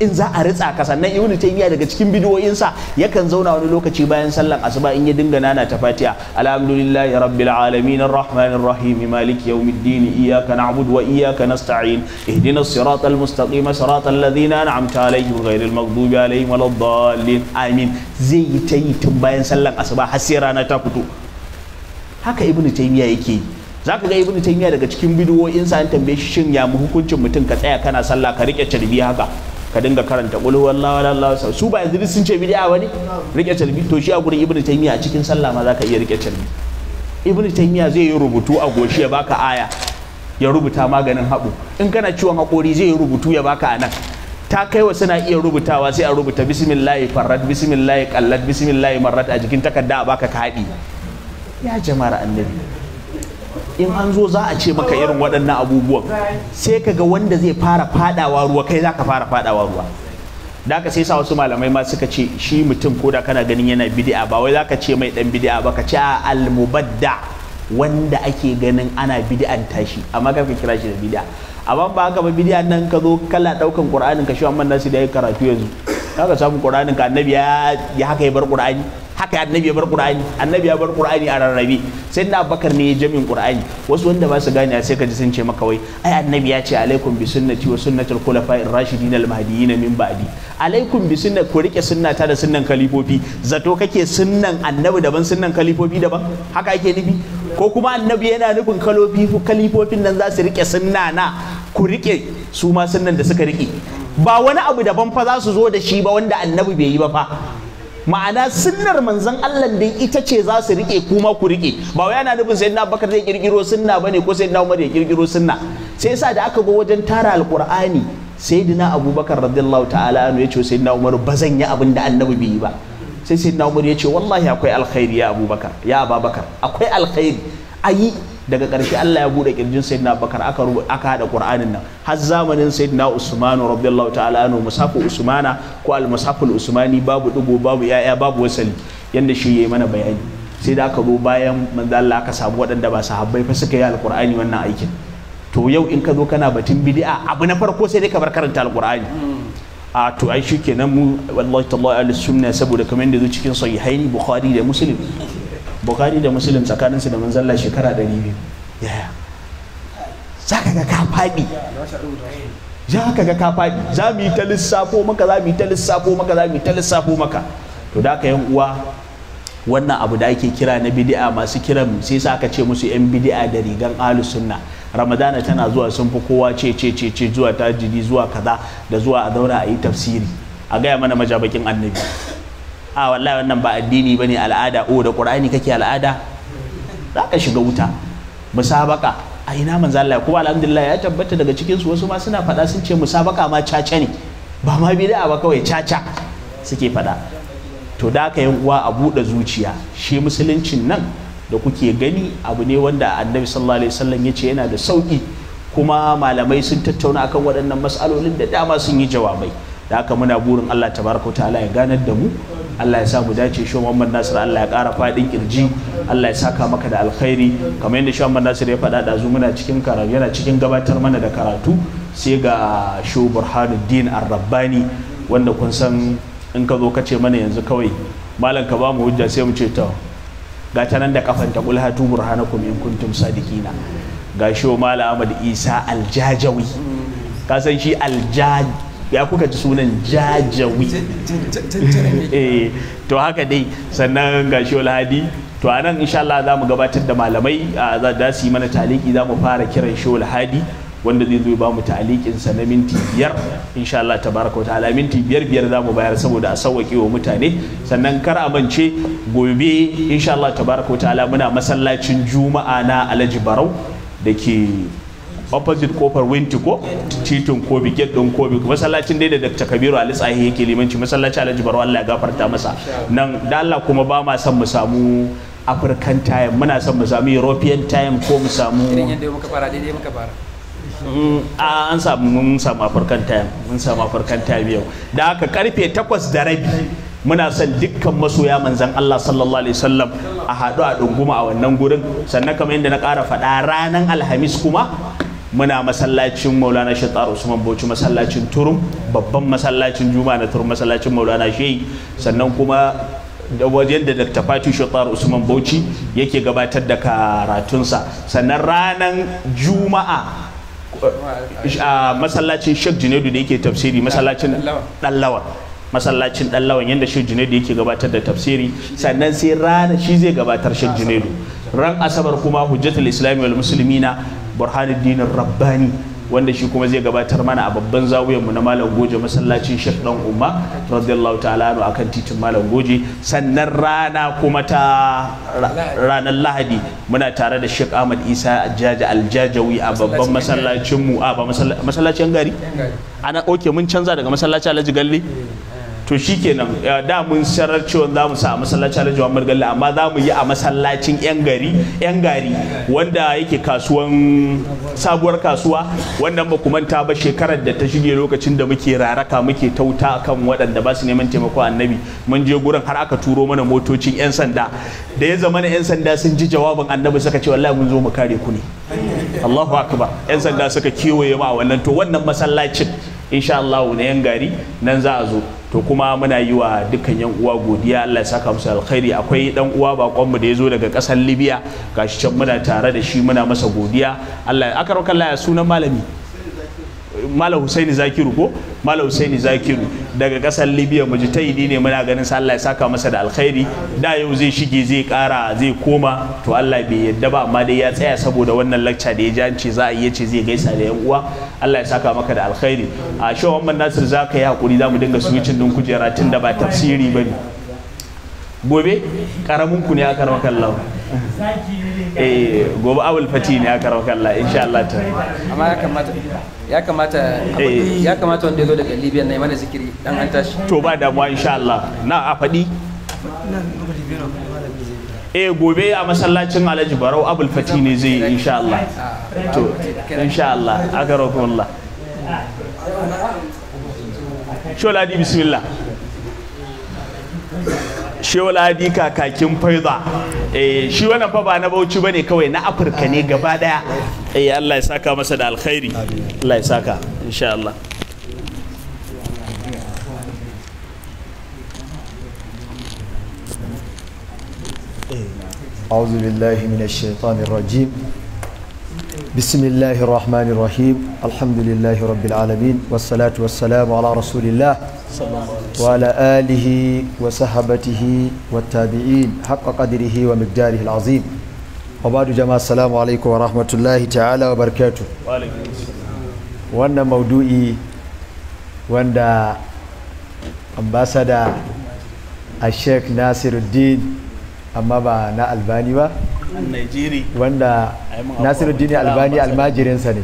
in za a ritsa ka sannan ibnu taymiya daga cikin bidiyoyinsa yakan zauna wani lokaci bayan sallar asuba in ya dinga nana ta fatiya alhamdulillahi rabbil alamin arrahmanir rahim maliki yawmiddin iyyaka na'budu wa iyyaka nasta'in ihdinas siratal mustaqim siratal ladzina an'amta alaihim ghairil maghdubi alaihim waladdallin amin zai yi ta yi tun bayan sallan asuba har sai rana ta fito haka ibnu taymiya yake yi za ka ga ibnu taymiya daga cikin bidiyoyinsa an tambaye shi shin ya mu hukuncin mutum ka tsaya kana sallah ka rike carbi haka ka dinga karanta qul huwallahu ahad su ba yanzu sun ce bid'a bane rike talbi to shi a gurin ibnu taymiya cikin sallah ma zaka iya rike calbi ibnu taymiya zai yi rubutu a goshi ya baka aya ya rubuta maganin haɓu in kana ciwon hakori zai yi rubutu ya baka a nan ta kai wa suna iya rubutawa sai a rubuta bismillahi farrat bismillahi kallat bismillahi marrat a jikin takarda a baka kaɗi ya jama'ar annabi in an zo za a ce maka irin waɗannan abubuwan sai ka ga wanda zai fara fadawa ruwa kai za ka fara fadawa ruwa da ka sai sa wasu malamai ma suka ce shi mutum ko da kana ganin yana bidi'a ba wai za ka ce mai dan bidi'a ba ka ce a almubadda wanda ake ganin ana bid'an tashi amma ka kira shi da bid'a amma ba haka ba bid'a nan ka zo kala daukan qur'anin ka shi amma nasi da ya karatu yanzu ka samu qur'anin ka annabi ya haka ya bar qur'ani haka annabi ya bar qur'ani annabi ya bar qur'ani a rarrabe sai da abubakar ne ya jami'in qur'ani wasu wanda ba su gane sai ka ji sun ce maka wai ai annabi ya ce alaikum bi sunnati wa sunnatul ar rashidin al mahdiyyin min ba'di alaikum bi sunnati ku rike sunnata da sunnan kalifofi zato kake sunnan annabi daban sunnan kalifofi daban haka ake nufi ko kuma annabi yana nufin kalifofin nan za su rike sunna na ku rike su ma sunnan da suka rike ba wani abu daban fa za su zo da shi ba wanda annabi bai yi ba fa ma'ana sunnar manzon Allah dai ita ce za su rike kuma ku rike ba wai yana nufin sayyidina Abubakar zai kirkiro sunna bane ko sayyidina Umar ya kirkiro sunna sai yasa da aka go wajen tara alqur'ani sayyidina Abubakar radiyallahu ta'ala anhu yace sayyidina Umar ba zan yi abin da annabi bai yi ba sai sayyidina Umar yace wallahi akwai alkhairi ya Abubakar ya Abubakar akwai alkhairi ayi daga ƙarshe Allah ya bude kirjin sayyidina bakar aka rubu aka hada Qur'anin nan har zamanin sayyidina Usman radiyallahu ta'ala anhu musafu Usmana ko al musaful Usmani babu dubu babu yaya babu wasali yanda shi yayi mana bayani sai da aka zo bayan manzo Allah aka samu waɗanda ba sahabbai fa suka yi alqur'ani wannan aikin to yau in ka zo kana batun bid'a abu na farko sai dai ka bar karanta alqur'ani a to ai kenan mu wallahi Allah al sunna saboda kamar da zo cikin sahihaini bukhari da muslim bukari da Musulun tsakaninsu da manzalla shekara 200 yaya za ka ga ka faɗi za ka ga ka faɗi za mu yi ta lissafo maka za mu yi ta lissafo maka za mu yi ta lissafo maka to da ka yan uwa wannan abu da ake kira na bidi'a masu kiran sai sa aka ce musu yan bidi'a da rigan ahlus sunna ramadana tana zuwa sun fi kowa ce ce ce ce zuwa tajidi zuwa kaza da zuwa a zaura a yi tafsiri a gaya mana majabakin annabi a wallahi wannan ba addini bane al'ada o oh, da qur'ani kake al'ada za ka shiga wuta musabaka a ina manzo Allah kuma alhamdulillah ya tabbata daga cikin su wasu ma suna faɗa sun ce musabaka ma caca ne ba ma bid'a ba kawai caca suke faɗa to da ka yin uwa a buɗe zuciya shi musuluncin nan da kuke gani abu ne wanda annabi sallallahu alaihi wasallam ya ce yana da sauki kuma malamai sun tattauna akan waɗannan mas'alolin da dama sun yi jawabai da haka muna burin Allah tabaraka ta'ala ya ganar da mu Allah ya sa mu dace shi Muhammad Nasir Allah ya ƙara faɗin kirji Allah ya saka maka da alkhairi kamar yadda shi Muhammad Nasir ya faɗa ɗazu muna cikin karatu yana cikin gabatar mana da karatu sai ga shi Burhanuddin Ar-Rabbani wanda kun san in ka zo ka ce mana yanzu kawai malam ka ba mu hujja sai mu ce ta ga ta nan da kafan ta kul hatu burhanakum in kuntum sadiqina ga shi Malam Ahmad Isa Aljajawi ka san shi Aljajawi ya kuka ci sunan jajawi eh to haka dai sannan ga shi alhadi to anan insha Allah za mu gabatar da malamai za da su yi mana taliki za mu fara kiran shi alhadi wanda zai zo ba mu talikin sa na minti biyar insha Allah tabaraka ta'ala minti biyar biyar za mu bayar saboda a sauke wa mutane sannan kar a mance gobe insha Allah tabaraka ta'ala muna masallacin juma'a na Alhaji Barau da ke opposite kofar winti ko titin kobi gate din kobi masallacin dai da Dr. Kabiru Ali Sahi yake limanci masallacin Alhaji Barwa Allah ya gafarta masa nan da Allah kuma ba ma san mu samu African time muna son mu samu European time ko mu samu irin yadda muka fara daidai muka fara mm, an samu mun samu African time mun samu African time yau da haka karfe 8 da rabi muna son dukkan masoya manzan Allah sallallahu alaihi wasallam a haɗu a ɗunguma a wannan gurin sannan kamar yadda na ƙara faɗa ranar alhamis kuma muna masallacin maulana shattar usman bauchi masallacin turum babban masallacin juma na turum masallacin maulana shehi sannan kuma wajen da dr fatih shattar usman bauchi yake gabatar da karatunsa sannan ranar juma'a a masallacin shek junaidu da yake tafsiri masallacin dallawa masallacin dallawan yadda shek junaidu yake gabatar da tafsiri sannan sai rana shi zai gabatar shek junaidu ran asabar kuma hujjatul islami wal muslimina burhanuddin rabbani wanda shi kuma zai gabatar mana a babban mu na malam goje masallacin shek dan umma radiyallahu ta'ala anu akan titin malam goje sannan rana kuma ta ranar lahadi muna tare da shek ahmad isa ajaji aljajawi a babban masallacin mu a ba masallacin gari ana oke mun canza daga masallacin alhaji galli. Eh, to shikenan da mun sarar cewa za mu sa a masallacin alhaji Muhammad amma za mu yi a masallacin yan gari yan gari wanda yake kasuwan sabuwar kasuwa wannan ba ku manta ba shekarar da ta shige lokacin da muke raraka muke tauta kan waɗanda ba su neman taimako annabi mun je gurin har aka turo mana motocin yan sanda da ya zama na yan sanda sun ji jawabin annabi suka ce wallahi mun zo mu kare ku ne Allahu akbar yan sanda suka kewaye ma wannan to wannan masallacin insha Allah na yan gari nan za a zo to kuma muna yi wa dukkan yan uwa godiya Allah ya saka musu alkhairi akwai dan uwa bakon mu da ya zo daga kasar Libya gashi can muna tare da shi muna masa godiya Allah ya akarwa kallaya sunan malami malam husaini zakiru ko malam husaini zakiru daga kasar libya mujtahidi ne muna ganin sa Allah ya saka masa da alkhairi da yau zai shige zai kara zai koma to Allah bai yadda ba amma dai ya tsaya saboda wannan lecture da ya ji an ce za a iya ce zai gaisa da yan uwa Allah ya saka maka da alkhairi a shawan wannan nasir zaka yi hakuri zamu dinga suwicin din kujera tun da ba tafsiri bane gobe karamin ku ne aka ramaka Allah eh gobe awul fati ne aka ramaka Allah insha Allah ta amma ya kamata ya kamata eh. ya kamata wanda zo daga libya na mana zikiri dan an tashi to ba damuwa insha Allah na a faɗi eh gobe a masallacin alhaji barau abul fati ne zai yi insha Allah to insha Allah agarakun Allah shola di bismillah shewal adi kakakin eh shi wannan fa ba na bauchi bane kawai na afirka ne gaba daya eh Allah ya saka masa da alkhairi Allah ya saka insha Allah أعوذ بالله من الشيطان الرجيم بسم الله الرحمن الرحيم الحمد لله رب العالمين والصلاة والسلام على رسول الله وعلى آله وصحبته والتابعين حق قدره ومقداره العظيم وبعد جماعة السلام عليكم ورحمة الله تعالى وبركاته wannan maudu'i wanda ambasada a sheikh nasiruddin amma ba na albani ba wanda nasiruddin albani almajirinsa ne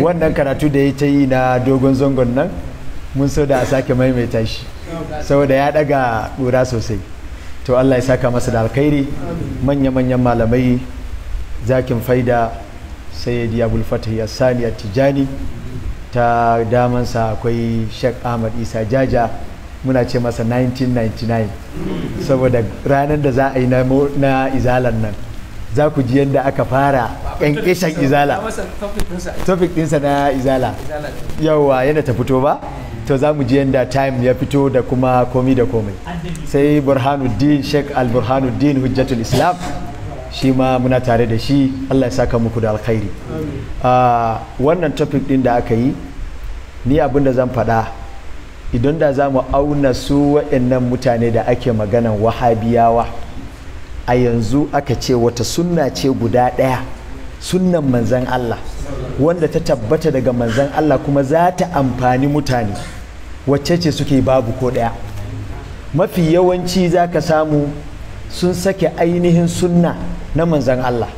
wannan karatu da ya ta yi na dogon zangon nan mun so da a sake maimaita shi saboda ya daga ɗura sosai to Allah ya saka masa da alkhairi manya-manyan malamai zakin faida sayyidi abul fatih yassani tijani ta damansa akwai sheikh ahmad isa jaja muna ce masa 1999 saboda ranar da za a yi na izalan nan za ku ji yadda aka fara ƙanƙeshen izala topic dinsa na izala yauwa yadda ta fito ba to za mu ji yadda time ya fito da kuma komi da komai sai burhanuddin sheikh al-burhanuddin hujjatul islam shi ma muna tare da shi allah ya saka muku da alkhairi ah, wannan topic din da aka yi ni abin da zan faɗa idan da za mu auna su waɗannan mutane da ake maganan wahabiyawa a yanzu aka ce wata sunna ce guda ɗaya sunnan manzan Allah wanda ta tabbata daga manzan Allah kuma za ta amfani mutane wacce ce suke babu ko ɗaya mafi yawanci za ka samu sun sake ainihin sunna na manzan Allah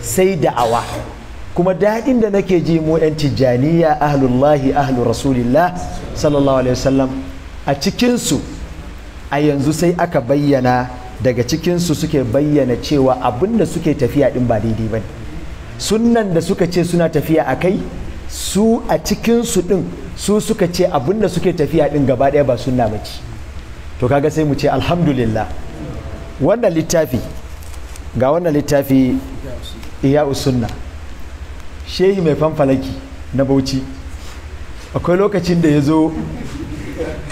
sai da'awa kuma daɗin da nake ji mu 'yan tijjaniya ahlullahi ahlu rasulillah sallallahu alaihi wasallam a cikinsu a yanzu sai aka bayyana daga cikinsu suke bayyana cewa abin da suke tafiya din ba daidai ba ne sunan da suka ce suna tafiya a kai su a cikinsu din su suka ce abin da suke tafiya din gaba ɗaya ba sunna ba ce to kaga sai mu ce alhamdulillah wannan littafi ga wannan littafi iya usunna shehi mai fanfalaki na bauchi akwai lokacin da ya zo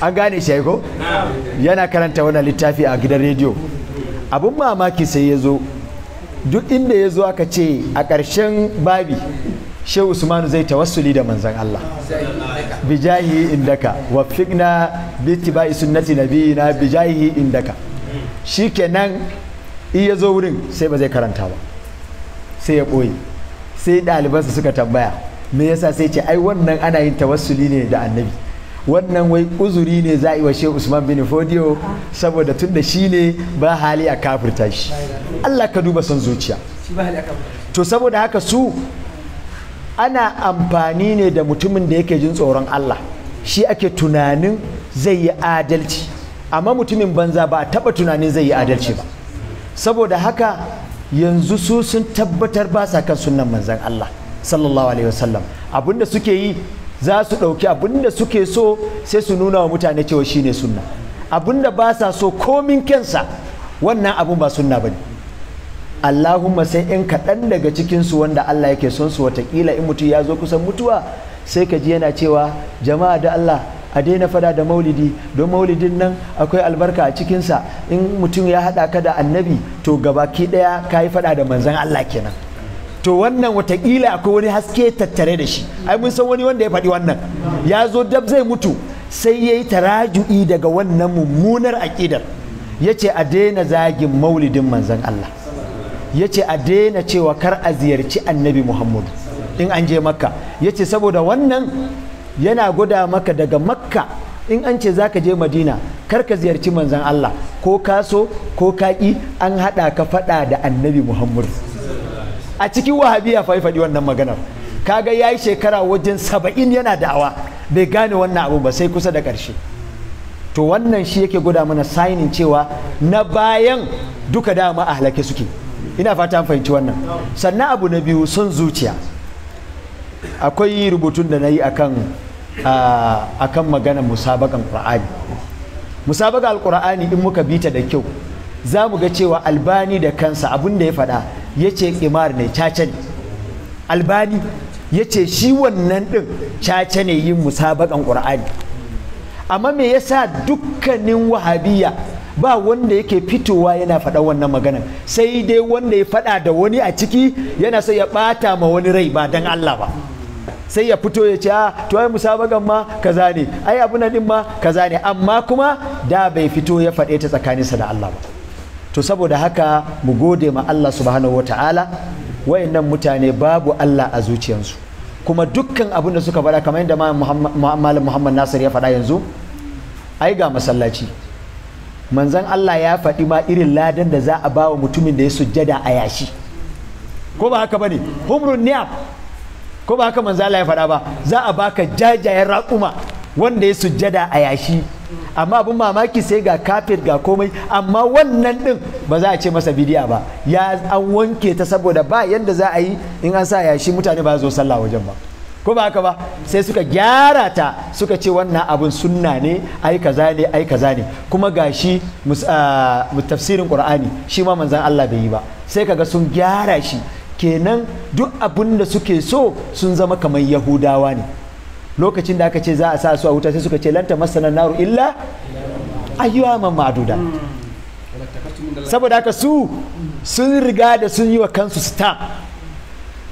an gane shi ko yana karanta wannan littafi a gidan rediyo abin mamaki sai ya zo duk inda ya zo aka ce a ƙarshen babi shi usmanu zai tawassuli da manzan Allah bijahi indaka wa figna sunnati nabiyina bijahi indaka shikenan in ya zo wurin sai ba zai karanta ba sai ya ɓoye sai ɗalibansa suka tambaya me yasa sai ce ai wannan ana yin tawassuli ne da annabi wannan wai uzuri ne za a yi wa shehu usman bin fodiyo saboda tun da shi ne ba hali a kafirta shi allah ka duba son zuciya to saboda haka su ana amfani ne da mutumin da yake jin tsoron allah shi ake tunanin zai yi adalci amma mutumin banza ba a taba tunanin zai yi adalci ba saboda haka yanzu su sun tabbatar ba sa kan sunan manzan allah sallallahu alaihi wasallam abinda suke yi za su ɗauki abinda suke so sai su nuna wa mutane cewa shine sunna abin da ba sa so komin kensa wannan abin ba sunna ba ne allahumma sai in kaɗan daga cikinsu wanda allah yake son su watakila in mutum ya zo kusan mutuwa sai ka ji yana cewa jama'a da allah a daina fada da maulidi don maulidin nan akwai albarka a cikinsa in mutum ya haɗa ka da annabi to gabaki ɗaya ka yi fada da manzan allah kenan to wannan watakila akwai wani haske tattare da shi ai mun san wani wanda ya faɗi wannan ya zo dab zai mutu sai ya yi taraju'i daga wannan mummunar aƙidar ya ce a daina zagin maulidin manzan Allah ya ce a daina cewa kar a ziyarci annabi Muhammadu in an je makka ya ce saboda wannan yana gwada maka daga makka in an ce zaka je madina kar ka ziyarci manzan Allah ko ka so ko ka an haɗa ka faɗa da annabi Muhammadu a cikin ya fa faɗi wannan maganar kaga ya yi shekara wajen saba'in yana da'awa bai gane wannan abu ba sai kusa da ƙarshe to wannan shi yake guda mana sainin cewa na bayan duka dama a halake suke ina fata fahimci wannan sannan abu na biyu sun zuciya akwai rubutun da na yi akan akan magana musabakan qur'ani musabakan alqur'ani in muka bita da kyau za mu ga cewa albani da kansa abun da ya faɗa ya ce kimar ne caca ne albani ya ce shi wannan ɗin caca ne yin musabaƙan ƙur'ani amma me sa dukkanin wahabiya ba wanda yake fitowa yana faɗa wannan maganar sai dai wanda ya faɗa da wani a ciki yana sai ya ɓata ma wani rai ba don Allah ba sai ya fito ya ce ah, to ai musabagan ma kaza ne ai abunan din ma kaza ne amma kuma da bai fito ya faɗe ta tsakaninsa da Allah ba to saboda haka mu gode ma Allah subhanahu wa ta'ala wayannan mutane babu Allah a zuciyarsu kuma dukkan abin da suka faɗa kamar yadda malam Muhammad Nasir ya faɗa yanzu ai ga masallaci manzon Allah ya faɗi ma irin ladan da za a bawa mutumin da ya sujjada a yashi ko ba haka bane humrun niyab ko ba haka manzon Allah ya faɗa ba za a baka jajayen raƙuma wanda ya sujjada a yashi amma abin mamaki sai ga kafir ga komai amma wannan din ba za a ce masa bidiya ba ya an wanke ta saboda ba yadda za a yi in an sa yashi mutane ba zo sallah wajen ba ko ba haka ba sai suka gyara ta suka ce wannan abin sunna ne ai kaza ne ai kaza ne kuma gashi ah, tafsirin qur'ani shi ma manzon Allah bai yi ba sai kaga sun gyara shi kenan duk abin da suke so sun zama kamar yahudawa ne lokacin da aka ce za a sa su a wuta sai suka ce lanta masana naru illa ayyuwa maduda saboda haka su sun riga da sun yi wa kansu sta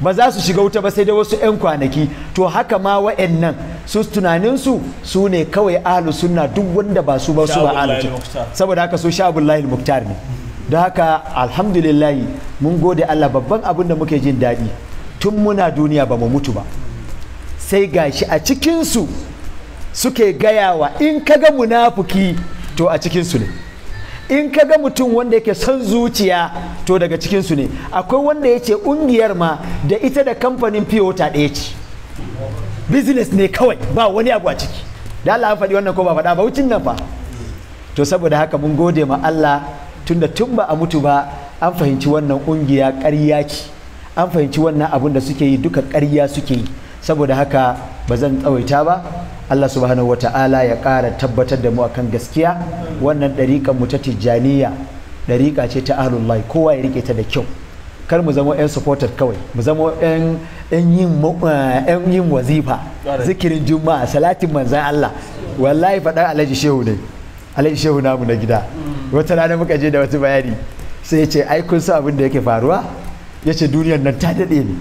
ba za su shiga wuta ba sai dai wasu 'yan kwanaki to haka ma nan su tunaninsu su ne kawai alu sunna duk wanda ba su ba su ba alu saboda haka su layin muktar ne don haka alhamdulillahi mun gode Allah babban abin da muke jin daɗi tun muna duniya ba mu mutu ba sai gashi a cikinsu suke gayawa in ka ga munafuki to a cikinsu ne in ka ga mutum wanda yake son zuciya to daga cikinsu ne akwai wanda ya ce ƙungiyar ma da ita da kamfanin fiyota ɗaya ce business ne kawai ba wani abu a ciki da Allah an faɗi wannan ko ba faɗa ba wucin nan ba to saboda haka mun gode ma Allah tun da tun ba a mutu ba an fahimci wannan ƙungiya ƙarya ce an fahimci wannan abun da suke yi duka ƙarya suke yi saboda haka ba zan tsawaita ba Allah subhanahu wata'ala ya ƙara tabbatar da mu akan gaskiya wannan ɗariƙar mu ta tijjaniya ɗariƙa ce ta ahlullahi kowa ya riƙe ta da kyau kar mu zama 'yan supported kawai mu zama 'yan eh, yin wazifa zikirin juma'a salatin manzan Allah wallahi faɗar alhaji shehu ne alhaji shehu namu na gida wata rana muka je da wata bayani sai ya ce ai kun abin da yake faruwa yace ce duniyar nan ta daɗe ne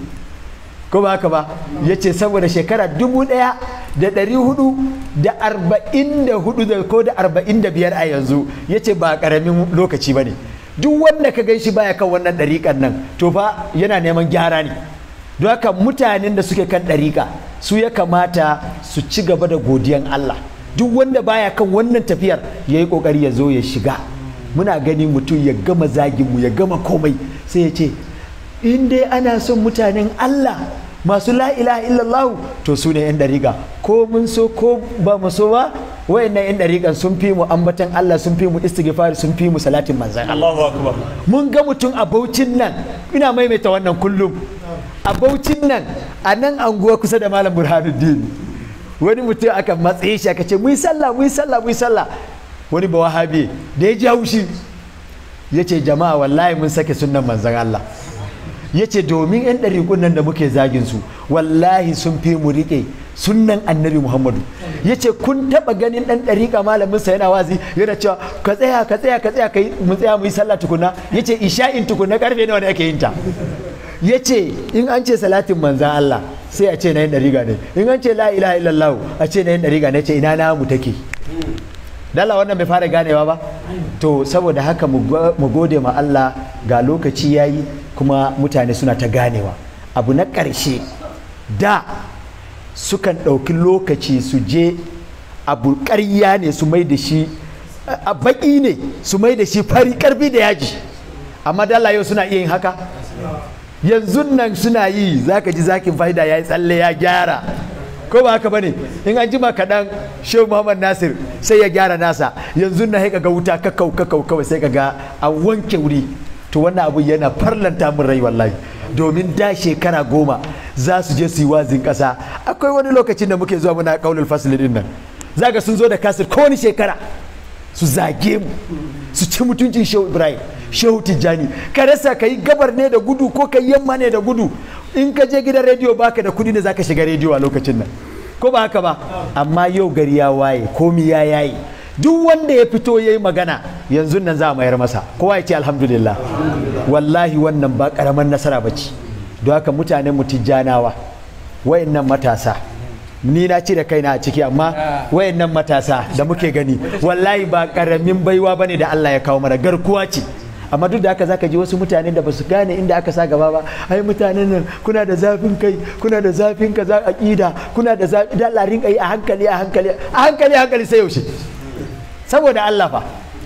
ko ba haka ba ya ce saboda shekara dubu ɗaya da ɗari hudu da arba'in da hudu ko da arba'in da biyar a yanzu ya ce ba karamin lokaci ba ne duk wanda ka gan shi baya kan wannan ɗariƙan nan to fa yana neman gyara ne don haka mutanen da suke kan ɗariƙa su ya kamata su ci gaba da godiyan Allah duk wanda baya kan wannan tafiyar ya yi ƙoƙari ya zo ya shiga muna gani mutum ya gama zagin mu ya gama komai sai ya ce in dai ana son mutanen Allah masu la'ila ilaha illallah to su ne yan dariga ko mun so ko ba mu so ba wayannan yan dariga sun fi mu ambatan Allah sun fi mu istighfar sun fi mu salatin manzan Allah mun ga mutum a Baucin nan ina maimaita wannan kullum a Baucin nan a nan anguwa kusa da Malam Burhanuddin wani mutum aka matsaye shi aka ce mun sallah mun sallah mun sallah wani ba wahabi da ya haushi ya ce jama'a wallahi mun sake sunnan manzan Allah ya ce domin 'yan ɗari nan da muke zagin su wallahi sun fi mu riƙe sunan annabi muhammadu ya ce kun taɓa ganin ɗan malamin sa yana wazi yana cewa ka tsaya ka tsaya ka tsaya ka yi mu tsaya mu yi sallah tukuna ya ce isha'in tukuna karfe nawa ne ake yin ta ya ce in an ce salatin manzan Allah sai a ce na yin ɗariga ne in an ce la ilaha illallah a ce na yin ɗariga ne ce ina na mu take dala wannan bai fara ganewa ba to saboda haka mu gode ma Allah ga lokaci yayi kuma mutane suna ta ganewa abu na ƙarshe da sukan ɗauki lokaci su je abu ƙarya ne su mai da shi a baƙi ne su mai da shi fari ƙarfi da yaji amma dala yau suna iya yin haka yanzu nan suna yi zaka ji zakin fa'ida ya yi tsalle ya gyara ko ba haka bane in an jima kaɗan shehu muhammad nasir sai ya gyara nasa yanzu na haika ga wuta kakau kakau kawai sai ka ga an wanke wuri to wannan abu yana farlanta min rai wallahi domin da shekara goma za su je su yi wazin kasa akwai wani lokacin da muke zuwa muna kaulul fasli din nan zaga sun zo da kasir wani shekara su zage mu su ci mutuncin shehu ibrahim shehu tijjani ka rasa ka yi gabar ne da gudu ko ka yamma ne da gudu in ka je gidan rediyo baka da kudi ne zaka shiga rediyo a lokacin nan ko ba haka ba amma yau gari ya waye komi ya yaye duk wanda ya fito ya yi magana yanzu nan za a mayar masa kowa ya ce alhamdulillah wallahi wannan ba karamar nasara ba ce don haka mutanen mu tijjanawa wayannan matasa ni na ci da kaina a ciki amma wayannan matasa da muke gani wallahi ba karamin baiwa bane da Allah ya kawo mana garkuwa ce amma duk da haka zaka ji wasu mutane da basu gane inda aka sa gaba ba ai mutanen nan kuna da zafin kai kuna da zafin kaza kida kuna da zafi da larin kai a hankali a hankali a hankali a hankali sai yaushe saboda Allah fa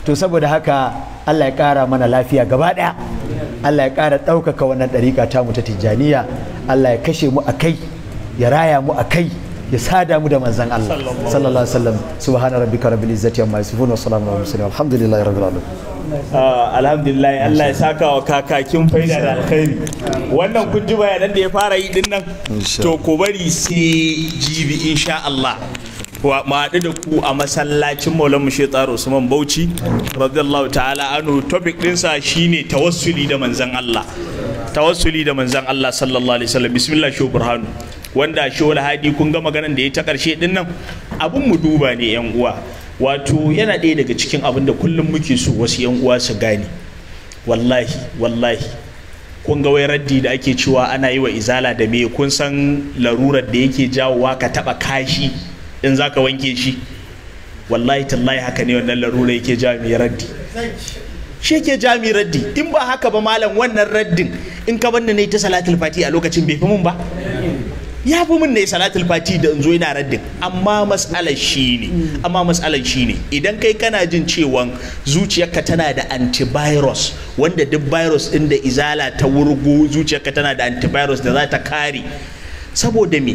to saboda haka Allah ya ƙara mana lafiya gaba ɗaya Allah ya ƙara ɗaukaka wannan ɗariƙa ta mu ta tijjaniya Allah ya kashe mu a kai ya raya mu a kai ya sada mu da manzon Allah sallallahu alaihi wasallam subhana rabbika rabbil izzati amma yasifun wa salamun alal mursalin alhamdulillahi rabbil alamin ah, alhamdulillah Allah ya saka wa kakakin faida da alkhairi wannan kun ji bayanan da ya fara yi dinnan to ko bari sai jibi insha Allah haɗu da ku a masallacin maulan mushe tsaro man bauchi radiyallahu ta'ala anu topic ɗinsa shine tawassuli da manzan Allah tawassuli da manzan Allah sallallahu alaihi wasallam bismillah shehu burhanu wanda shehu hadi kun ga maganan da ya ta karshe din nan abun mu duba ne yan uwa wato yana ɗaya daga cikin abin da kullum muke so wasu yan uwa su gane wallahi wallahi kun ga wai raddi da ake cewa ana yi wa izala da me kun san larurar da yake jawowa ka taɓa kashi in za ka wanke shi wallahi tallahi haka ne wannan larura yake jami raddi shi yake raddi in ba haka ba malam wannan raddin in ka banda ne ta salatul fati a lokacin bai fi mun ba ya fi mun ne salatul fati da in zo yana raddin amma mas'alar shi ne amma mas'alar shi ne idan kai kana jin cewa zuciyarka tana da antivirus wanda duk virus din da izala ta wurgu zuciyarka tana da antivirus da za ta kare saboda me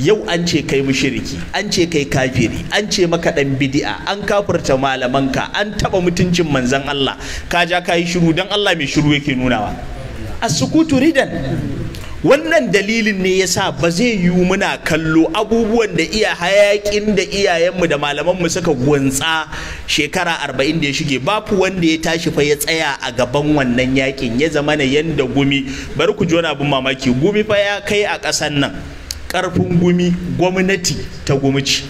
yau an ce kai mushiriki an ce kai kafiri an ce maka dan bid'a an kafirta malamanka an taba mutuncin manzon Allah ka ja ka yi shiru dan Allah mai shiru yake nunawa as-sukutu ridan wannan dalilin ne yasa ba zai yiwu muna kallo abubuwan da iya hayakin da iyayenmu da malamanmu suka gwantsa shekara arba'in da ya shige babu wanda ya tashi fa ya tsaya a gaban wannan yakin ya zama na yanda gumi bari ku ji wani abin mamaki gumi fa ya kai a ƙasan nan karfin gumi gwamnati ta gumici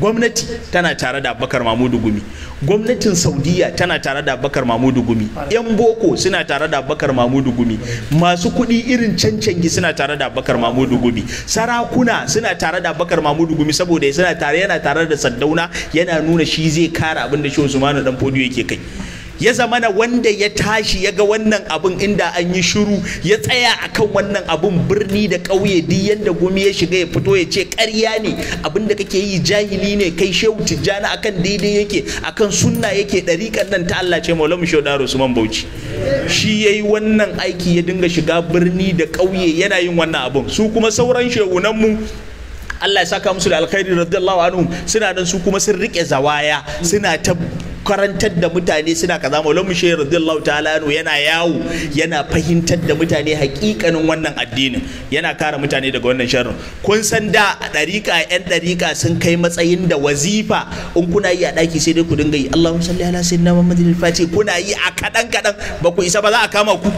gwamnati tana tare da abubakar mamudu gumi gwamnatin saudiya tana tare da bakar mamudu gumi yan boko suna tare da bakar mamudu gumi masu kuɗi irin cancangi suna tare da bakar mamudu gumi sarakuna suna tare da bakar mamudu gumi saboda suna tare yana tare da saddauna yana nuna shi zai kara abin da shi usmanu dan fodiyo yake kai ya zamana wanda ya tashi ya ga wannan abin inda an yi shiru ya tsaya akan wannan abin birni da ƙauye duk yadda gumi ya shiga ya fito ya ce ƙarya ne abin da kake yi jahili ne kai shehu tijjani akan daidai yake akan sunna yake ɗariƙar nan ta Allah ce maulamu shaudar usman bauchi shi ya yi wannan aiki ya dinga shiga birni da ƙauye yana yin wannan abin su kuma sauran shehunanmu Allah ya saka musu da alkhairi radiyallahu anhu suna nan su kuma sun rike zawaya suna ta karantar da mutane suna kaza maulana shehu radiyallahu ta'ala anhu yana yawo yana fahimtar da mutane hakikanin wannan addinin yana kare mutane daga wannan sharri kun san da dariƙa yan dariƙa sun kai matsayin da wazifa in kuna yi a daki sai dai ku dinga yi Allahumma salli ala sayyidina Muhammadin al-Fatih kuna yi a kadan kadan ba ku isa ba za a kama ku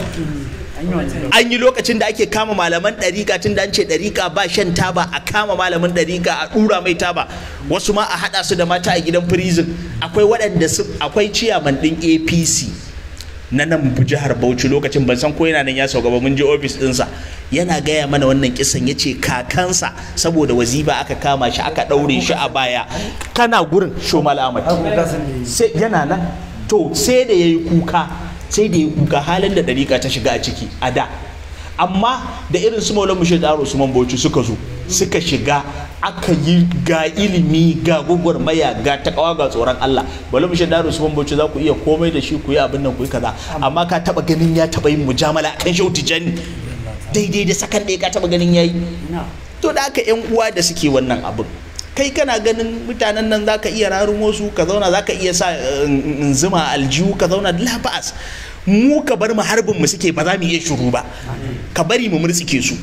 an yi lokacin da ake kama malaman ɗarika tun da an ce ɗarika ba shan taba a kama malamin ɗarika a ɗura mai taba wasu ma a haɗa su da mata a gidan prison akwai waɗanda su akwai ciyaman ɗin apc na nan jihar bauchi lokacin ban san ko yana nan ya sauka ba mun je ofis ɗinsa yana gaya mana wannan kisan ya ce kakansa saboda waziba aka kama shi aka ɗaure shi a baya kana gurin shomal ahmad yana nan to sai da ya yi kuka sai da ya kuka halin da ɗariƙa ta shiga a ciki a da amma da irin su maulan mushe da man bauchi suka zo suka shiga aka yi ga ilimi ga maya, ga taƙawa, ga tsoron Allah bala da su Usman Bauchi za ku iya komai da shi ku yi abin nan ku yi kaza amma ka taba ganin ya taba yin mujamala kan Shehu jan daidai da sakan da ka taba ganin yayi to da aka yan uwa da suke wannan abin kai kana ganin mutanen nan za ka iya rarumo su ka zauna za ka iya sa eh, zuma aljihu ka zauna da lafa'as mu ka bar mu harbin mu suke ba za mu iya shuru ba ka bari mu murtsike su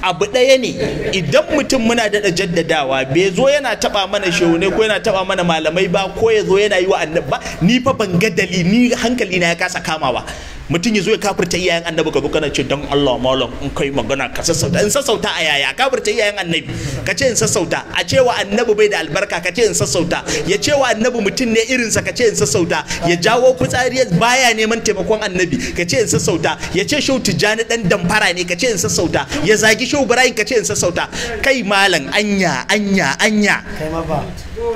abu ɗaya ne idan mutum muna daɗa jaddadawa bai zo yana taɓa mana shaune ko yana taɓa mana malamai ba ko ya zo yana yi wa ba ni fa ban ga dalili ni hankali na ya kasa kamawa mutum ya zo ya kafirta iyayen annabi ka kana ce don Allah malam in kai magana ka sassauta in sassauta a yaya kafirta iyayen annabi ka ce in sassauta a cewa annabi bai da albarka ka ce in sassauta ya cewa annabi mutum ne irinsa ka ce in sassauta ya jawo fitsari baya neman taimakon annabi ka ce in sassauta ya ce shau tijani dan damfara ne ka ce in sassauta ya zagi shau ibrahim ka ce in sassauta kai malam anya anya anya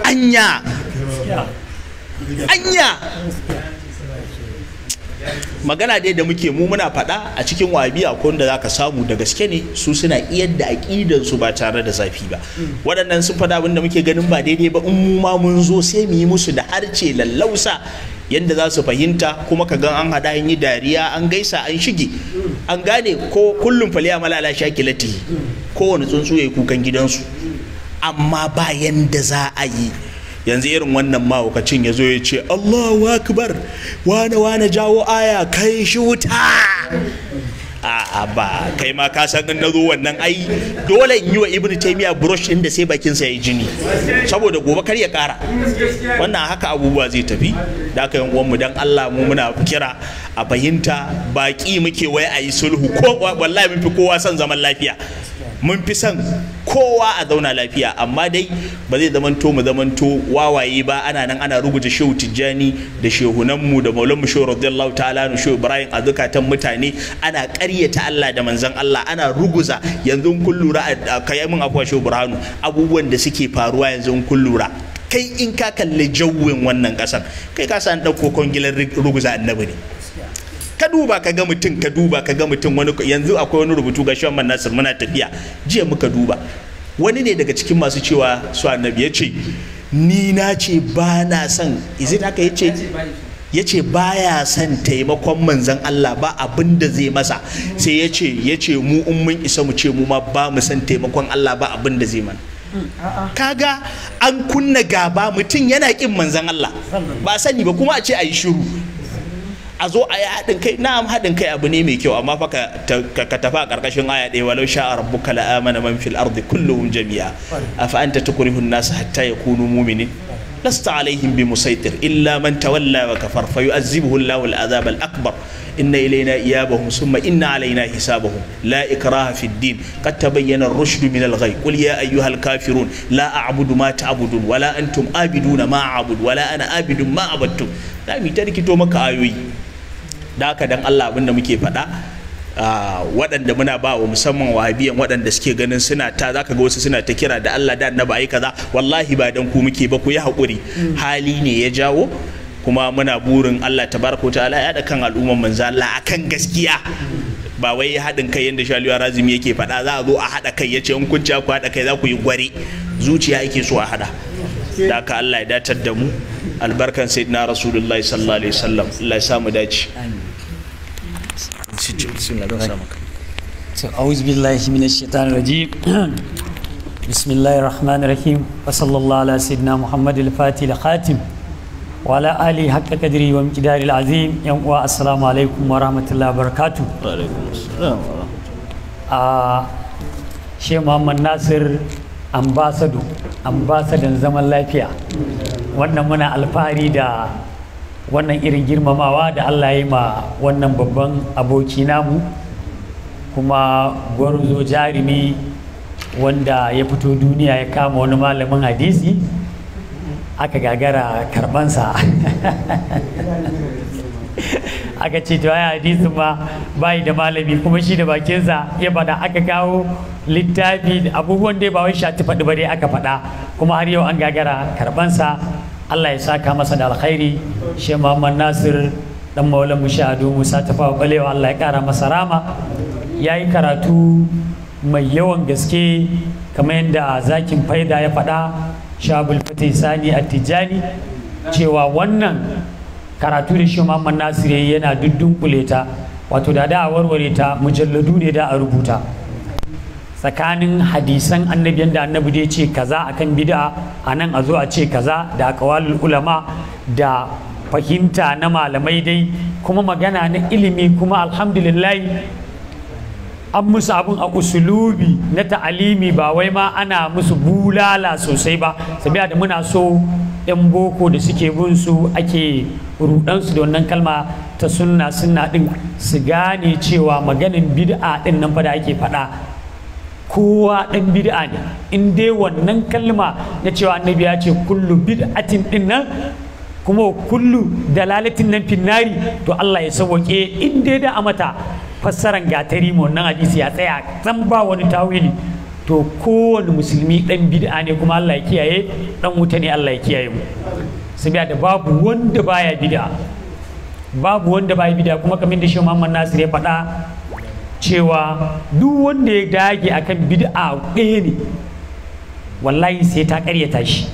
anya anya magana dai da muke mu muna faɗa a cikin wabi a da ka samu da gaske ne su suna iyar da aqidan su ba tare da zafi ba waɗannan sun faɗa abin da muke ganin ba daidai ba in mu ma mun zo sai mu yi musu da harce lallausa yadda za su fahimta kuma ka gan an haɗa an yi dariya an gaisa an shige an gane ko kullum faliya malala shakilati kowane tsuntsu ya yi kukan gidansu amma ba yadda za a yi yanzu irin wannan mawukacin ya zo ya ce allahu akbar wane wane jawo aya kai shi wuta a'a ba kai ma ka san na zo wannan ai dole in yi wa ibnu taymiya brush din da sai bakin sa yi jini saboda gobe kar ya kara wannan haka abubuwa zai tafi da aka yan mu dan Allah mu muna kira a fahimta baƙi muke wai a yi sulhu ko wallahi mun fi kowa son zaman lafiya mun fi son kowa a zauna lafiya amma dai ba zai zamanto mu zamanto wawaye ba ana nan ana rubuta shehu tijjani da shehunanmu da maulanmu shehu radiyallahu ta'ala nu shehu ibrahim a zukatan mutane ana ƙaryata Allah da manzan Allah ana ruguza yanzu kun lura a mun afuwa shehu burhanu abubuwan da suke faruwa yanzu kun lura kai in ka kalli jawin wannan ƙasar kai ka san ɗauko kwangilar ruguza annabi ne ka duba ka ga mutum ka duba ka ga mutum wani yanzu akwai wani rubutu ga Shawan Nasir muna tafiya jiya muka duba wani ne daga cikin masu cewa su annabi ya ce ni na ce ba na son izi haka ya ce ba ya son taimakon manzan Allah ba abin da zai masa sai ya ce ya ce mu in mun isa mu ce mu ma ba mu son taimakon Allah ba abin da zai mana kaga an kunna gaba mutum yana kin manzan Allah ba sani ba kuma a ce a yi shiru a zo a yi haɗin kai na haɗin kai abu ne mai kyau amma fa ka tafi a ƙarƙashin aya ɗaya walau sha a rabbuka la amana man fil ardi kullum jami'a afa anta tukrihu an-nas ya yakunu mu'minin lasta alaihim bi musaitir illa man tawalla wa kafar fa yu'azzibuhu Allahu al al-akbar inna ilaina iyabahum summa inna alaina hisabahum la ikraha fi din qad tabayyana ar-rushd min al-ghay qul ya ayyuhal kafirun la a'budu ma ta'budun wala antum abiduna ma a'budu wala ana abidu ma abadtum da ta rikito maka ayoyi da haka dan Allah abin da muke faɗa waɗanda muna ba wa musamman wahabiyan waɗanda suke ganin suna ta za ka ga wasu suna ta kira da Allah da annaba ai kaza wallahi ba dan ku muke ba ku yi haƙuri hali ne ya jawo kuma muna burin Allah tabaraka wa ta'ala ya da kan al'umman manzo Allah akan gaskiya ba wai haɗin kai yadda shaliwa razumi yake faɗa za a zo a haɗa kai ya ce in kun ku haɗa kai za ku yi gwari zuciya yake so a haɗa da ka Allah ya datar da mu albarkan sayyidina rasulullahi sallallahu alaihi wasallam Allah ya samu dace أعوذ بالله من الشيطان الرجيم بسم الله الرحمن الرحيم وصلى الله على سيدنا محمد الفاتح الخاتم وعلى آله حق قدري ومقدار العظيم يوم السلام عليكم ورحمة الله وبركاته وعليكم السلام ورحمة الله شيخ محمد ناصر ambasado ambasadan zaman lafiya wannan muna alfahari da wannan irin girmamawa da allah ya yi ma wannan babban aboki namu kuma gwarzo jarumi wanda ya fito duniya ya kama wani malamin hadisi aka gagara karbansa [laughs] aka ce to ya hadisin ma bai da malami kuma shi da bakinsa ya bada aka kawo littafi abubuwan da ba wai shati faɗi ba dai aka faɗa kuma har yau an gagara karbansa Allah ya saka masa da alkhairi shi Muhammad Nasir dan Maulan Mushahadu Musa Tafawa Balewa Allah ya kara masa rama yayi karatu mai yawan gaske kamar yadda zakin faida ya faɗa shabul fatih sani a tijani cewa wannan karatu da shi Muhammad Nasir yana duddun kuleta wato da da warware ta mujalladu ne da a rubuta tsakanin hadisan annabi yadda annabi da ce kaza akan bid'a a nan a zo a ce kaza da kawalul ulama da fahimta na malamai dai kuma magana na ilimi kuma alhamdulillahi an musu abin a usulubi na ta'alimi ba wai ma ana musu bulala sosai ba sabiya da muna so 'yan boko da suke bin su ake rudansu da wannan kalma ta sunna sunna din su gane cewa maganin bid'a din nan fa ake faɗa kowa ɗan bid'a ne in dai wannan kalma na cewa annabi ya ce kullu bid'atin din nan kuma kullu dalalatin nan finnari to Allah ya sauke in dai da a mata fassaran gatari mu wannan hadisi ya tsaya zan ba wani tawili to kowane musulmi ɗan bid'a ne kuma Allah ya kiyaye ɗan wuta ne Allah ya kiyaye mu sabiya da babu wanda baya bid'a babu wanda baya bid'a kuma kamar da shi Muhammad Nasir ya faɗa cewa duk wanda ya dage akan bid'a ɗaya ne wallahi sai ta karyata shi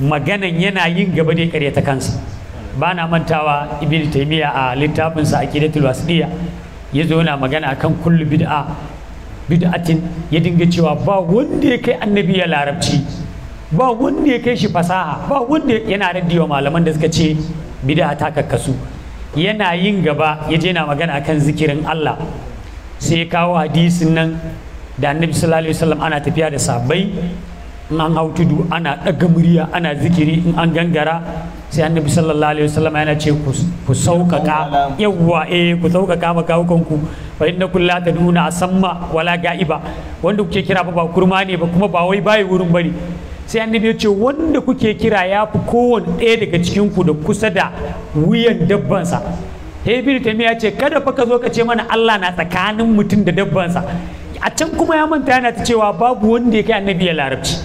maganan yana yin gaba da ya karyata kansa ba na mantawa ibn taimiyya a littafinsa a kidatul wasdiya ya zo na magana akan kullu bid'a bid'atin ya dinga cewa ba wanda ya kai annabi ya larabci ba wanda ya kai shi fasaha ba wanda yana raddiwa malaman da suka ce bid'a ta kakkasu yana yin gaba ya je na magana akan zikirin Allah sai kawo hadisin nan da annabi sallallahu alaihi wasallam ana tafiya da sabbai in an hau tudu ana ɗaga murya ana zikiri in an gangara sai annabi sallallahu alaihi wasallam yana ce ku sauƙaƙa yawwa eh ku sauƙaƙa ma kawukanku fa inna kullu taduna asamma wala ga'iba wanda kuke kira ba kurma ne ba kuma ba wai bai wurin bane sai annabi ya ce wanda kuke kira ya fi kowane ɗaya daga cikinku da kusa da wuyan dabbansa sai ta miya ce kada fa ka zo ka ce mana Allah na tsakanin mutum da dabbansa a can kuma ya manta yana ta cewa babu wanda ya kai annabi ya larabci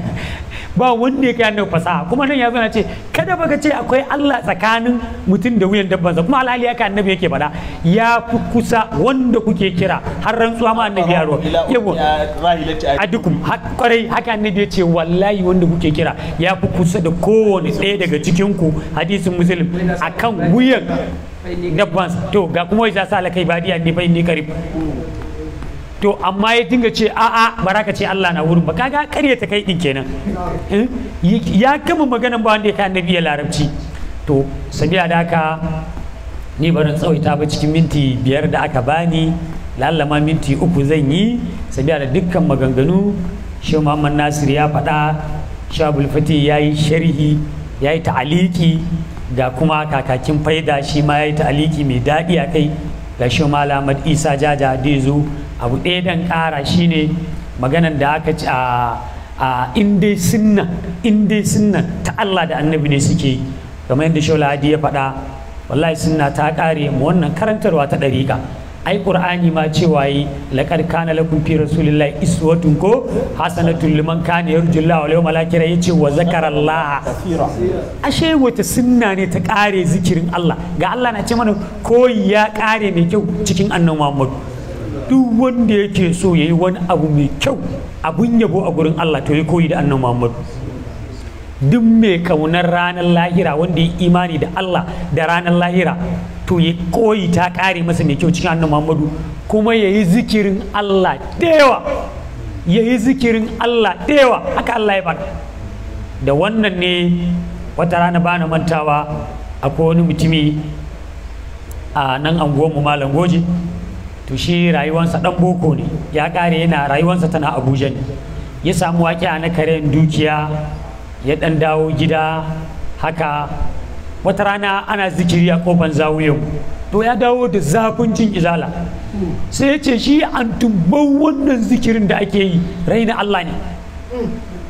[laughs] ba wanda ya kai annabi fasaha kuma nan ya zo ce kada ka ce akwai Allah tsakanin mutum da wuyan dabbansa kuma alhali ya kai annabi yake bada ya fi kusa wanda kuke kira har rantsuwa ma annabi ya ruwa a dukum kwarai haka annabi ya ce wallahi wanda kuke kira ya fi kusa da kowane ɗaya daga cikin ku hadisin muslim akan wuyan nabbansa to ga kuma ya sa alakai badiya ne fa kari to amma ya dinga ce a'a ka ce Allah na wurin ba kaga karya ta kai din kenan eh? ya kama maganan ba wanda ya kai annabi ya larabci to sabila da haka ni barin tsawaita ba cikin minti biyar da aka bani lallama minti uku zan yi sabila da dukkan maganganu shehu muhammad nasir ya faɗa shabul fati ya yi sharhi ya yi ta'aliki ga kuma kakakin faida shi ma ya yi ta'aliki mai daɗi a kai ga shi malamad isa jaja zo abu ɗaya dan ƙara shine maganan da aka ci a indai sunna ta Allah da annabi ne suke kamar yadda shaula hadi ya faɗa wallahi sunna ta ƙare mu wannan karantarwa ta ɗariƙa ai qur'ani ma cewa yi laqad kana lakum fi rasulillahi iswatun ko hasanatul liman kana yarjullaha wal yawmal akhir yace wa zakarallaha ashe wata sunna ne ta kare zikirin Allah ga Allah na ce mana ko ya kare mai kyau cikin annan Muhammad duk wanda yake so yayi wani abu mai kyau abun yabo a gurin Allah to ya koyi da annan Muhammad duk mai kaunar ranar lahira wanda ya imani da Allah da ranar lahira to ya koyi ta kare masa mai kyau cikin annabi Muhammadu kuma ya yi zikirin Allah da yawa ya yi zikirin Allah da Allah ya baka da wannan ne wata rana bana mantawa akwai wani mutumi a nan anguwanmu malam goji to shi rayuwansa dan boko ne ya kare yana rayuwansa tana abuja ne ya samu a na karen dukiya ya dan dawo gida haka wata rana ana zikiri a kofan zawiyan to ya dawo da zafin cin izala sai ya ce shi an tumbau wannan zikirin da ake yi raina Allah ne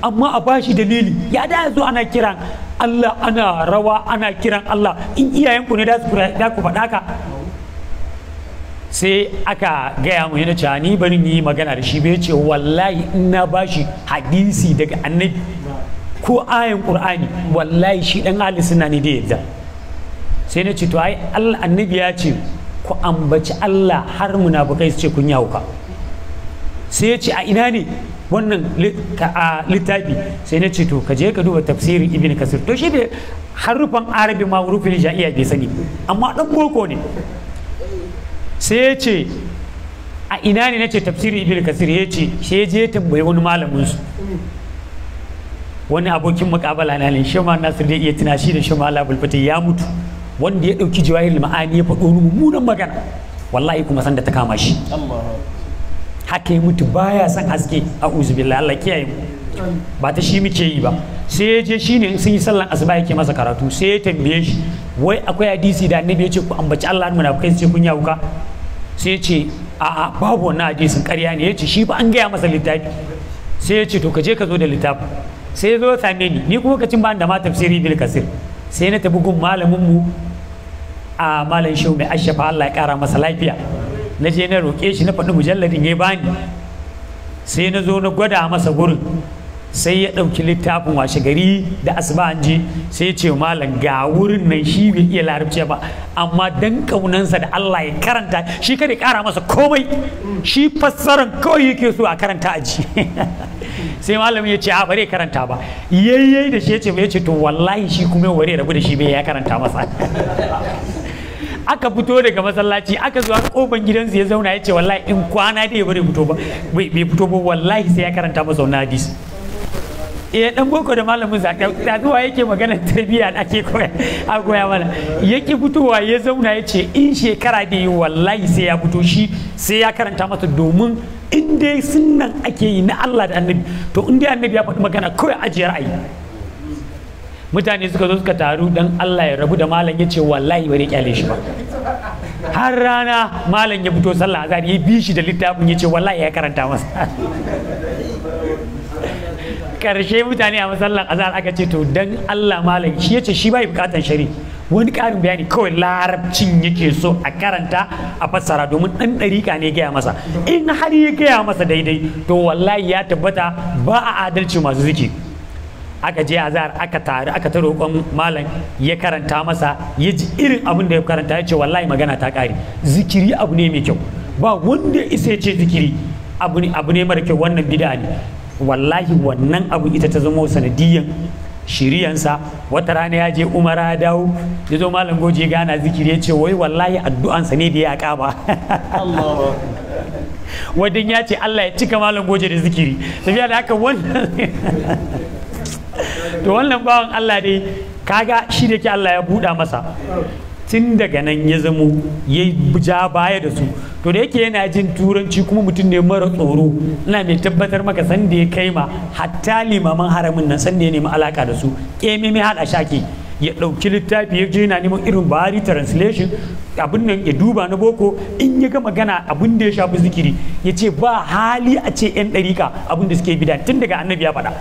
amma a bashi dalili ya da zo ana kiran Allah ana rawa ana kiran Allah in iyayenku ne da ku faɗa ka sai aka gaya mu yana cewa ni barin yi magana da shi bai ce wallahi in na bashi hadisi daga annabi ko ayan qur'ani wallahi shi ɗan ahli suna ne da yadda sai na ce to ai Allah annabi ya ce ku ambaci Allah har munafukai su ce kun yi hauka sai ya ce a ina ne wannan littafi sai na ce to ka je ka duba tafsirin ibn kasir to shi ne harufan arabi ma rufin ja'iya bai sani amma dan boko ne sai ya ce a ina ne na ce tafsirin ibn kasir ya ce sai ya je tambayi wani malamin su wani abokin mukabala na ne shema nasir da iya tunashi da shema Allah bulfati ya mutu wanda ya dauki jawahir ma'ani ya faɗo wani mummunan magana wallahi kuma san da ta kama shi haka ya mutu baya son haske a uzubillah Allah kiyaye mu ba ta shi muke yi ba sai ya je shine sun yi sallan asuba yake masa karatu sai ya tambaye shi wai akwai hadisi da annabi ya ce ku ambaci Allah kai sai kun yawuka sai ya ce a'a babu wannan hadisin ƙarya ne ya ce shi ba an gaya masa littafi sai ya ce to ka je ka zo da littafi sai zo same ni ni kuma kacin bani da ma tafsiri bil kasir sai na tafi gun malamin mu a malam shehu mai ashafa Allah ya kara masa lafiya na je na roke shi na faɗi mujalladin ya bani sai na zo na gwada masa gurin sai ya ɗauki littafin washe gari da asuba an ji sai ya ce malam ga wurin nan shi bai iya larabci ba amma dan kaunansa da Allah ya karanta shi kada ya kara masa komai shi fassaran kawai yake so a karanta aji [laughs] sai malam ya ce a bare karanta ba yayyai da shi ya ce ya ce to wallahi shi kuma ware rabu da shi bai ya karanta masa [laughs] aka fito daga masallaci aka zuwa koban gidansu ya zauna ya ce wallahi in kwana dai ya bare fito ba bai fito ba wallahi sai ya karanta masa wani hadisi eh dan boko da malamin zuwa yake magana tarbiyya da ake koya a koya mana yake fitowa ya zauna ya ce in shekara da yi wallahi sai ya fito shi sai ya karanta masa domin in dai sunnan ake yi na Allah da annabi to in dai annabi ya faɗi magana kawai ajiye ra'ayi mutane suka zo suka taru dan Allah ya rabu da malam ya ce wallahi ya kyale shi ba har rana malam ya fito sallah azhar ya bi shi da littafin ya ce wallahi ya karanta masa [laughs] karshe mutane a masallar azhar aka ce to dan Allah malam shi yace shi bai bukatar shari wani karin bayani kawai larabcin yake so a karanta a fassara domin dan dariƙa ne gaya masa in har ya gaya masa daidai to wallahi ya tabbata ba a adalci masu ziki aka je azhar aka tare aka ta kan malam ya karanta masa ya ji irin abin da ya karanta ya ce wallahi magana ta kare zikiri abu ne mai kyau ba wanda isa ya ce zikiri abu ne mara kyau wannan bid'a ne wallahi wannan abu ita ta zama sanadiyan shiriyansa wata rana ya je umara ya dawo ya zo malam goji gana zikiri ya ce wai wallahi addu'ansa ne da ya kaba wadin ya ce Allah ya cika malam goje da zikiri tafiya da haka wannan [laughs] to wannan bawan Allah dai kaga shi da ke Allah ya buɗa masa tun daga nan ya zamo ya ja baya da su to da yake yana jin turanci kuma mutum ne mara tsoro ina mai tabbatar maka sanda ya kai ma hatta limaman haramin nan sanda ya nemi alaka da su kememe hada shaki ya ɗauki littafi ya je yana neman irin bari translation abin nan ya duba na boko in ya ga magana abin da ya shafi zikiri ya ce ba hali a ce 'yan ɗarika abin da suke bida tun daga annabi ya faɗa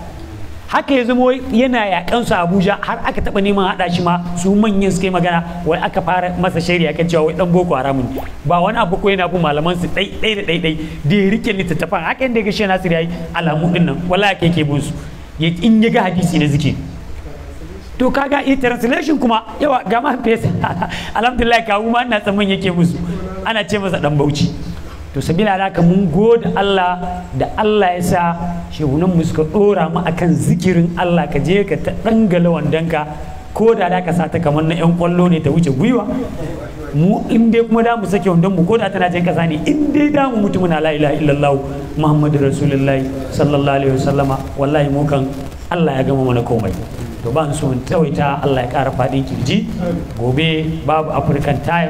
haka ya zama yana yakan su Abuja har aka taba neman hada shi ma su manyan suka yi magana wai aka fara masa shari'a kan cewa wai dan boko haramun ba wani abu ko yana bin malaman su dai dai da dai dai da ya rike littattafan haka inda ga shi Nasir yayi alamu din nan wallahi kai ke bin su in ya ga hadisi na zike to kaga in translation kuma yawa ga ma fesa [laughs] alhamdulillah kawu ma ina tsaman yake musu ana ce masa dan bauchi to sabila da haka mun gode Allah da Allah ya sa shehunan mu suka dora mu akan zikirin Allah ka je ka ta dangala wandanka ko da da ka sata kamar na yan kwallo ne ta wuce gwiwa mu in dai kuma da mu sake wandon mu ko da tana jan kasa ne in dai da mu mutum na la ilaha illallah muhammadu rasulullahi sallallahu alaihi wasallama wallahi mu kan Allah ya gama mana komai to ba so in tawaita Allah ya kara fadin kirji gobe babu african time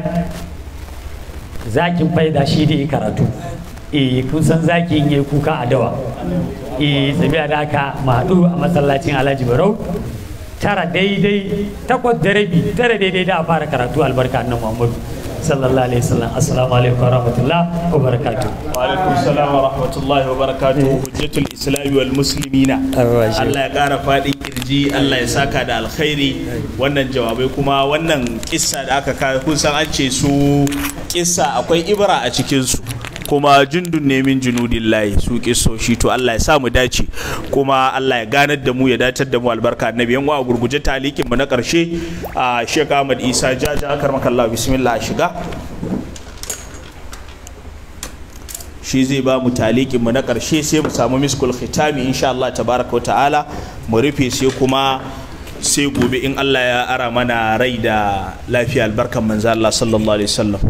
zakin faida shi da karatu eh kun san zaki in kuka a dawa eh da aka mahadu a masallacin Alhaji Barau tara daidai takwas da rabi tara daidai da a fara karatu albarka annabi Muhammadu sallallahu alaihi wasallam assalamu alaikum warahmatullahi wabarakatuh wa alaikum salam wa rahmatullahi wa barakatuh hujjatul islami wal muslimina Allah ya kara fadin kirji Allah ya saka da alkhairi wannan jawabai kuma wannan kissa da aka kawo kun san an ce su kissa akwai ibra a cikin su kuma jindun ne min layi su so shi to Allah ya sa mu dace kuma Allah ya ganar da mu ya datar da mu albarka annabi yan wa gurguje talikin mu na karshe a Sheikh Ahmad Isa jaja akar Allah bismillah shiga shi zai ba mu talikin mu na karshe sai mu samu miskul khitami insha Allah tabaraka wa ta'ala mu rufe sai kuma sai gobe in Allah ya ara mana rai da lafiya albarkan manzo Allah sallallahu alaihi wasallam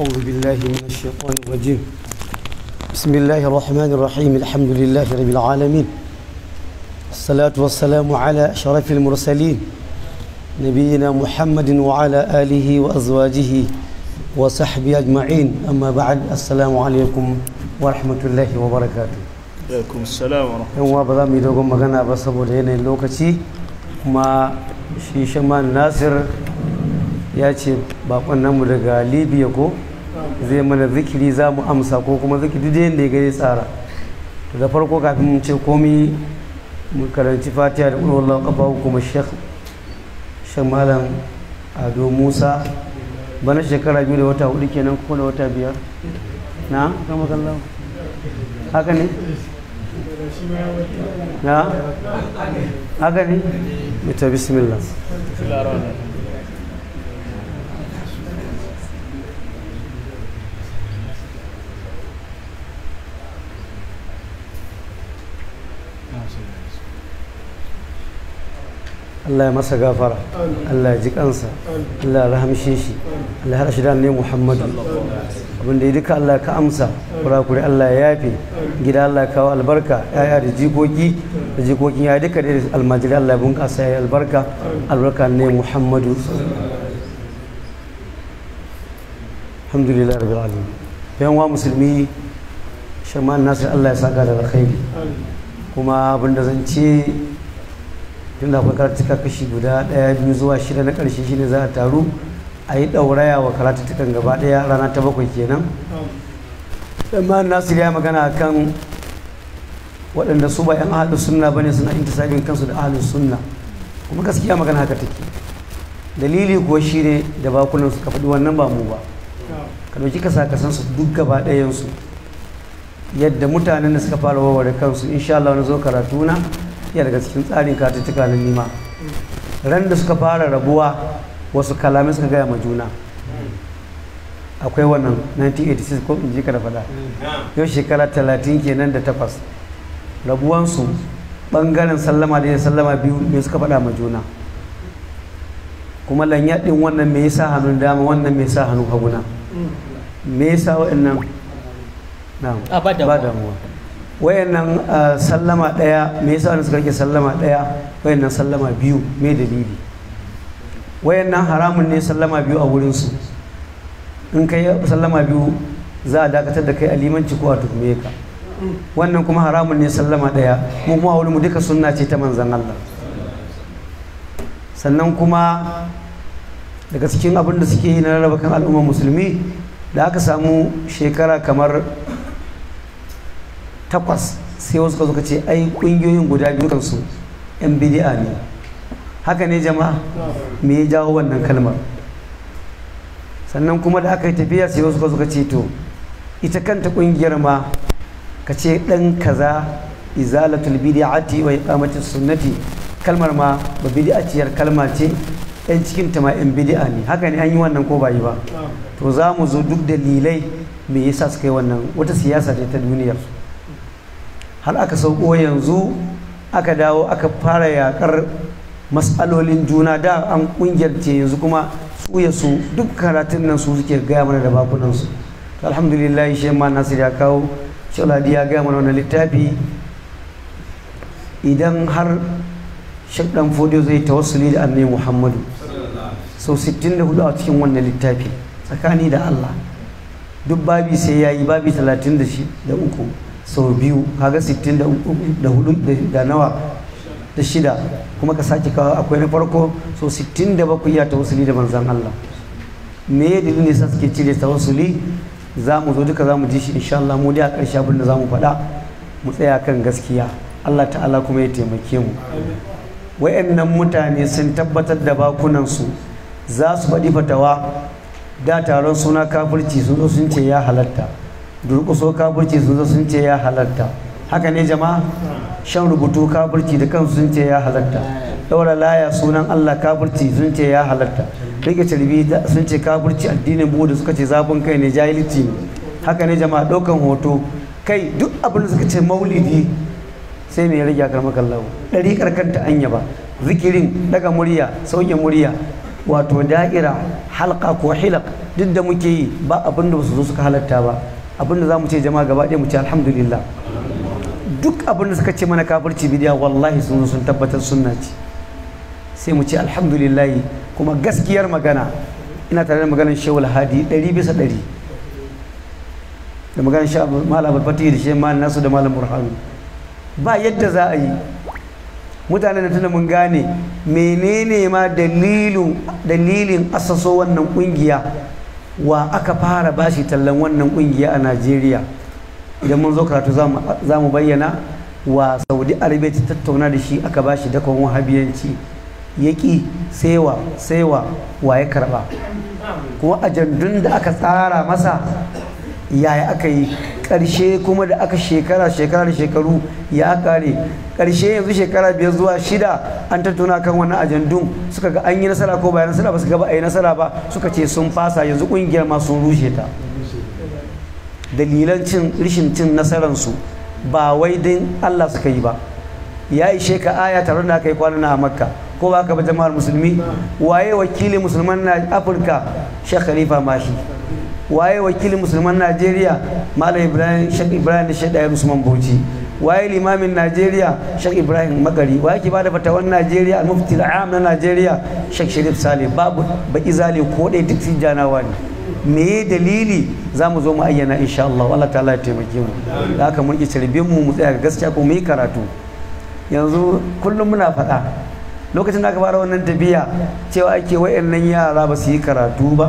أعوذ بالله من الشيطان الرجيم بسم الله الرحمن الرحيم الحمد لله رب العالمين الصلاة والسلام على أشرف المرسلين نبينا محمد وعلى آله وأزواجه وصحبه أجمعين أما بعد السلام عليكم ورحمة الله وبركاته عليكم السلام ورحمة الله وبركاته za mu yi dogon magana ba saboda yanayin lokaci kuma shi shaman nasir ya ce bakon zai mana zikiri za mu amsa ko kuma zikiri da yadda ya gani tsara da farko kafin mu ce komi mu karanci fatiha da ƙulwallon ƙafa kuma shek malam ado musa bana shekara biyu da wata hudu kenan ko da wata biyar na kama kallon haka ne na haka ne mita bismillah Allah ya masa gafara Allah ya ji kansa Allah ya rahamshe shi Allah ya rashi ne Muhammadu abinda ya duka Allah ka amsa kurakuri Allah ya yafe gida Allah ya kawo albarka yaya da jikoki da jikokin ya duka da almajiri Allah ya bunƙasa ya albarka albarka ne Muhammadu alhamdulillah rabbil alamin yan wa musulmi shaman nasir Allah ya saka da alkhairi kuma abinda zan ce tunda akwai karatuka kashi guda ɗaya biyu zuwa shida na ƙarshe shine za a taru a yi ɗauraya wa karatutukan gaba ɗaya rana ta bakwai kenan amma nasir ya magana kan waɗanda su ba 'yan ahalin sunna ba ne suna sabin kansu da ahalin sunna kuma gaskiya magana haka take dalili kuwa shine da bakunan suka faɗi wannan ba mu ba ka ɗauki ka san su duk gaba su. yadda mutanen da suka fara warware kansu insha Allah wani zo karatu na yana daga cikin tsarin katuttuka na nima ran da suka fara rabuwa wasu kalamai suka gaya ma juna akwai wannan 1986 ko in ji ka da fada yau shekara 30 kenan da takwas rabuwansu bangaren sallama da sallama biyu ne suka faɗa ma juna kuma lanyaɗin wannan me yasa hannun dama wannan me yasa hannun haguna me yasa waɗannan na ah, ba damuwa wayannan uh, sallama ɗaya me yasa wani suka rike sallama ɗaya wayannan sallama biyu me dalili wayannan haramun ne sallama biyu a wurinsu in kai sallama biyu za a dakatar da kai a limanci ko a tukume ka wannan kuma haramun ne sallama ɗaya mu kuma wani mu duka sunna ce ta manzan Allah sannan kuma daga cikin abin da suke yi na rarraba kan al'ummar musulmi da aka samu shekara kamar takwas sai wasu ka zo ka ce ai kungiyoyin guda biyu kansu yan bidi'a ne haka ne jama'a me ya jawo wannan kalmar sannan kuma da aka yi tafiya sai wasu ka zo ka ce to ita kanta kungiyar ma ka ce dan kaza izalatul bid'ati wa iqamatus sunnati kalmar ma ba bid'aciyar kalma ce yan cikin ta ma yan bidi'a ne haka ne an yi wannan ko ba ba to za mu zo duk dalilai me yasa suka yi wannan wata siyasa ce ta duniyar har aka sauko yanzu aka dawo aka fara yakar matsalolin juna da an kungiyar ce yanzu kuma su su duk karatun nan su suke gaya mana da bakunansu alhamdulillah shi ma nasu ya kawo shauladi ya gaya mana wani littafi idan har dan fodiyo zai tawassuli da annai muhammadu sau sittin 64 a cikin wannan littafi tsakani da allah duk babi sai ya yi babi da uku sau biyu kaga 64 da nawa da shida kuma ka sake kawo akwai na farko so 67 ya tawassuli da manzan Allah me ya dalilin ne suke cire tawassuli za mu zo duka za mu ji shi insha Allah mu a karshe abin da za mu faɗa mu tsaya kan gaskiya Allah ta'ala kuma ya taimake mu wayannan mutane sun tabbatar da bakunan su za su faɗi fatawa da taron suna kafirci sun zo sun ce ya halatta durƙuso kafirci sun zo sun ce ya halatta haka ne jama'a shan rubutu kafirci da kansu sun ce ya halatta daura laya sunan Allah kafirci sun ce ya halatta rike carbi sun ce kafirci addinin buda suka ce zafin kai ne jahilci ne haka ne jama'a ɗaukan hoto kai duk abin da suka ce maulidi sai mai rage akar makallahu ɗari karkanta anya ba zikirin daga murya sauke murya wato da'ira halka ko hilak duk da muke yi ba abin da ba su zo suka halatta ba abinda za mu ce jama'a gaba ɗaya mu ce alhamdulillah duk abinda suka ce mana kafirci bidiya wallahi sun sun tabbatar sunna ce sai mu ce alhamdulillah kuma gaskiyar magana ina tare da maganar shehu hadi ɗari bisa ɗari da maganar sha malam alfati da shi malam nasu da malam burhanu ba yadda za a yi mutanen tunda mun gane menene ma dalilin asaso wannan kungiya wa aka fara bashi tallan wannan kungiya a najeriya idan mun zo karatu za mu bayyana wa saudi arabia ta tattauna da shi aka bashi dakon wahabiyanci yaƙi saiwa saiwa wa ya karba kuma ajandun da aka tsara masa yaya aka yi ƙarshe kuma da aka shekara shekara da shekaru ya kare ƙarshe yanzu shekara biyar zuwa shida an tattuna kan wannan ajandun suka ga an yi nasara ko bayan nasara ba su gaba a yi nasara ba suka ce sun fasa yanzu ƙungiyar ma sun rushe ta dalilan cin rishin cin nasararsu ba wai din Allah suka yi ba ya ishe ka aya tare da aka yi kwana a makka ko ba ka ba jama'ar musulmi waye wakilin musulman na afirka shekh mashi waye wakilin musulman najeriya malam ibrahim shek ibrahim da shek dayar usman bauchi waye limamin najeriya shek ibrahim magari waye ke bada fatawan najeriya al-mufti na najeriya shek sharif sale babu baki zale ko dai duk janawa ne me dalili za mu zo mu ayyana insha Allah Allah ta'ala ya taimake mu da haka mun kirbin mu mu tsaya gaskiya ko mu yi karatu yanzu kullum muna faɗa lokacin da aka fara wannan tafiya cewa ake wayannan yara ba su yi karatu ba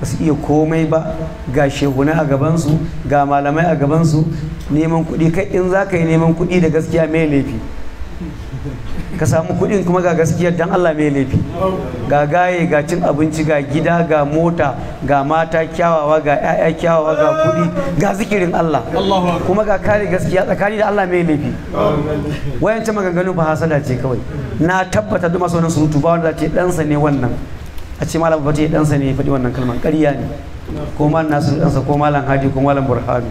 ba su iya komai ba ga shehuna a gabansu ga malamai a gabansu neman kuɗi kai in za ka yi neman kuɗi da gaskiya mai laifi ka samu kuɗin kuma ga gaskiya dan Allah mai laifi ga gaye ga cin abinci ga gida ga mota ga mata kyawawa ga 'ya'ya kyawawa ga kuɗi ga zikirin Allah kuma ga kare gaskiya tsakani da Allah mai laifi wayancan maganganun ba hasada ce kawai na tabbata duk masu wannan surutu ba wanda ce ɗansa ne wannan a ce malam fati ɗansa ne ya faɗi wannan kalmar ƙarya ne ko malam nasu ɗansa ko malam hadi ko malam burhanu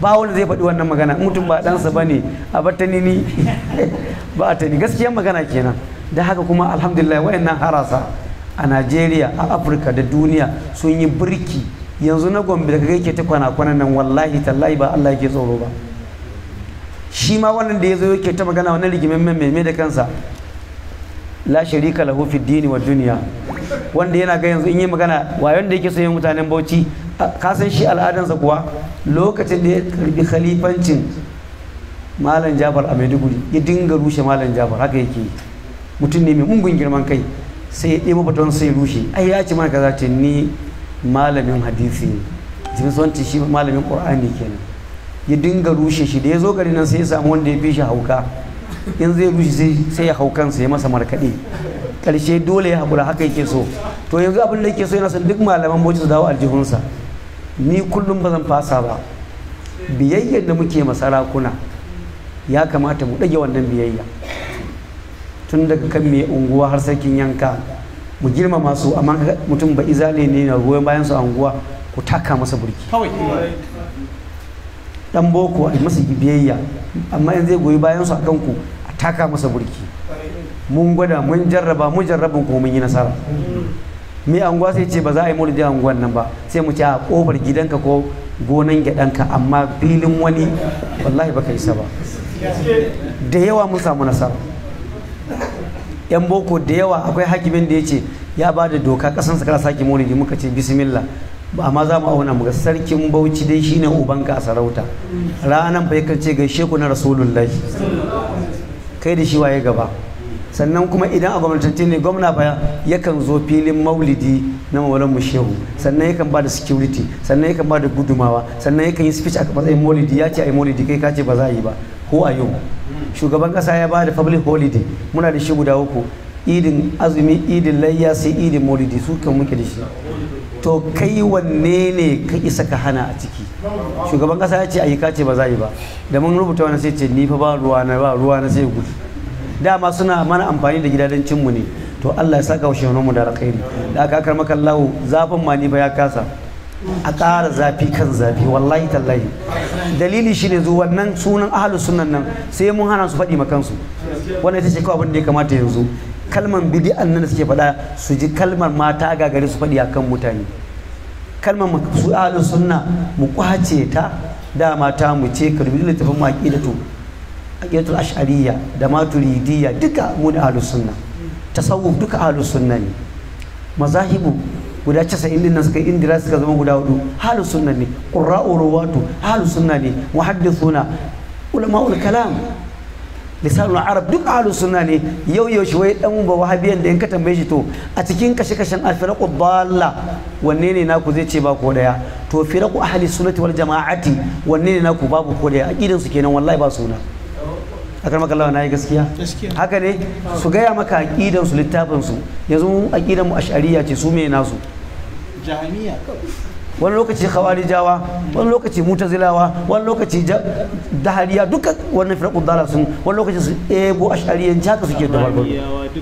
ba wanda zai faɗi wannan magana mutum ba ɗansa ba ne a battani ni [laughs] ba a tani gaskiyar magana kenan da haka kuma alhamdulillah wayannan harasa a najeriya a afirka da duniya sun yi birki yanzu na gombe daga kai ke ta kwana kwana nan wallahi tallahi ba allah ke tsoro ba shi ma wannan da ya zo yake ta magana wannan rigimin mai da kansa la sharika lahu fi dini wa duniya wanda yana ga yanzu in yi magana wayon da yake so yin mutanen bauchi ka san shi al'adansa kuwa lokacin da ya karbi khalifancin malam jafar a maiduguri ya dinga rushe malam jafar haka yake mutum ne mai mungun girman kai sai ya ɗebo baton sai rushe ai ya ce mana kaza ce ni malamin hadisi ne jimin shi malamin qur'ani kenan ya dinga rushe shi da ya zo gari nan sai ya samu wanda ya fi shi hauka in zai rushe sai ya sai ya masa markaɗe karshe dole ya haƙura haka yake so to yanzu abin da yake so yana son duk malaman bauchi su dawo aljihunsa ni kullum ba zan fasa ba biyayyar da muke sarakuna ya kamata mu ɗage wannan biyayya tun daga kan mai unguwa har sarkin yanka mu girmama su amma mutum ba izale ne na goyon bayan su unguwa ku taka masa burki dan boko a masa biyayya amma yanzu zai goyi bayan su a kanku a taka masa burki mun gwada mun jarraba mun jarrabin kuma mun yi nasara mai anguwa sai ce ba za a yi mulki anguwan nan ba sai mu ce a kofar gidanka ko gonan gyadanka amma filin wani wallahi baka isa ba da yawa mun samu nasara yan boko da yawa akwai hakimin da ya ce ya ba da doka kasan sa kana sake mulki muka ce bismillah amma za mu auna mu ga sarkin bauchi dai shine ubanka a sarauta ranan bai kace ga gaishe na rasulullahi kai da shi waye gaba sannan kuma idan a gwamnatance ne gwamna baya yakan zo filin maulidi na mawalan mushehu sannan yakan ba da security sannan yakan ba da gudumawa sannan yakan yi speech a matsayin maulidi ya ce a yi maulidi kai ka ce ba za a yi ba ko a yau shugaban kasa ya ba da public holiday muna da shi guda uku idin azumi idin layya sai idin maulidi su kan muke da shi to kai wanne ne ka isa ka hana a ciki shugaban kasa ya ce ayyuka ce ba za a yi ba da mun rubuta wani sai ce ni fa ba ruwa na ba ruwa na sai gudu dama suna mana amfani da gidajen mu ne to Allah ya saka wa mu da alkhairi da aka akar maka Allah zafin ma ni ba ya kasa a ƙara zafi kan zafi wallahi tallahi dalili shine zuwa wannan sunan ahlus sunan nan sai mun hana su faɗi makansu wannan ita ce kawai abin ya kamata yanzu kalman bidi'an nan suke faɗa su ji kalmar mata gagari su faɗi akan mutane kalmar su ahlus sunna mu kwace ta da mata mu ce ka rubuta littafin to aqidatul ash'ariyya da maturidiyya duka mu da ahlus sunna tasawuf duka ahlus sunna ne mazahibu guda 90 din nan suka indira suka zama guda hudu ahlus sunna ne qurra'u ruwatu ahlus sunna ne muhaddithuna ulama'ul kalam lisanul arab duka ahlus sunna ne yau yau shi wai dan ba wahabiyan da in ka tambaye shi to a cikin kashe kashen alfiraqu dalla wanne ne naku zai ce ba ko daya to firaqu ahli sunnati wal jama'ati wanne ne naku babu ko daya aqidan su kenan wallahi ba suna akar makallawa na yi gaskiya haka ne su gaya maka aƙidan su littafin su yanzu aƙidan mu ash'ariya ce su mai nasu jahamiya wani lokaci khawarijawa wani lokaci mutazilawa wani lokaci dahariya duka wannan firqud dala sun wani lokaci su ebo ash'ariyan haka suke da barbar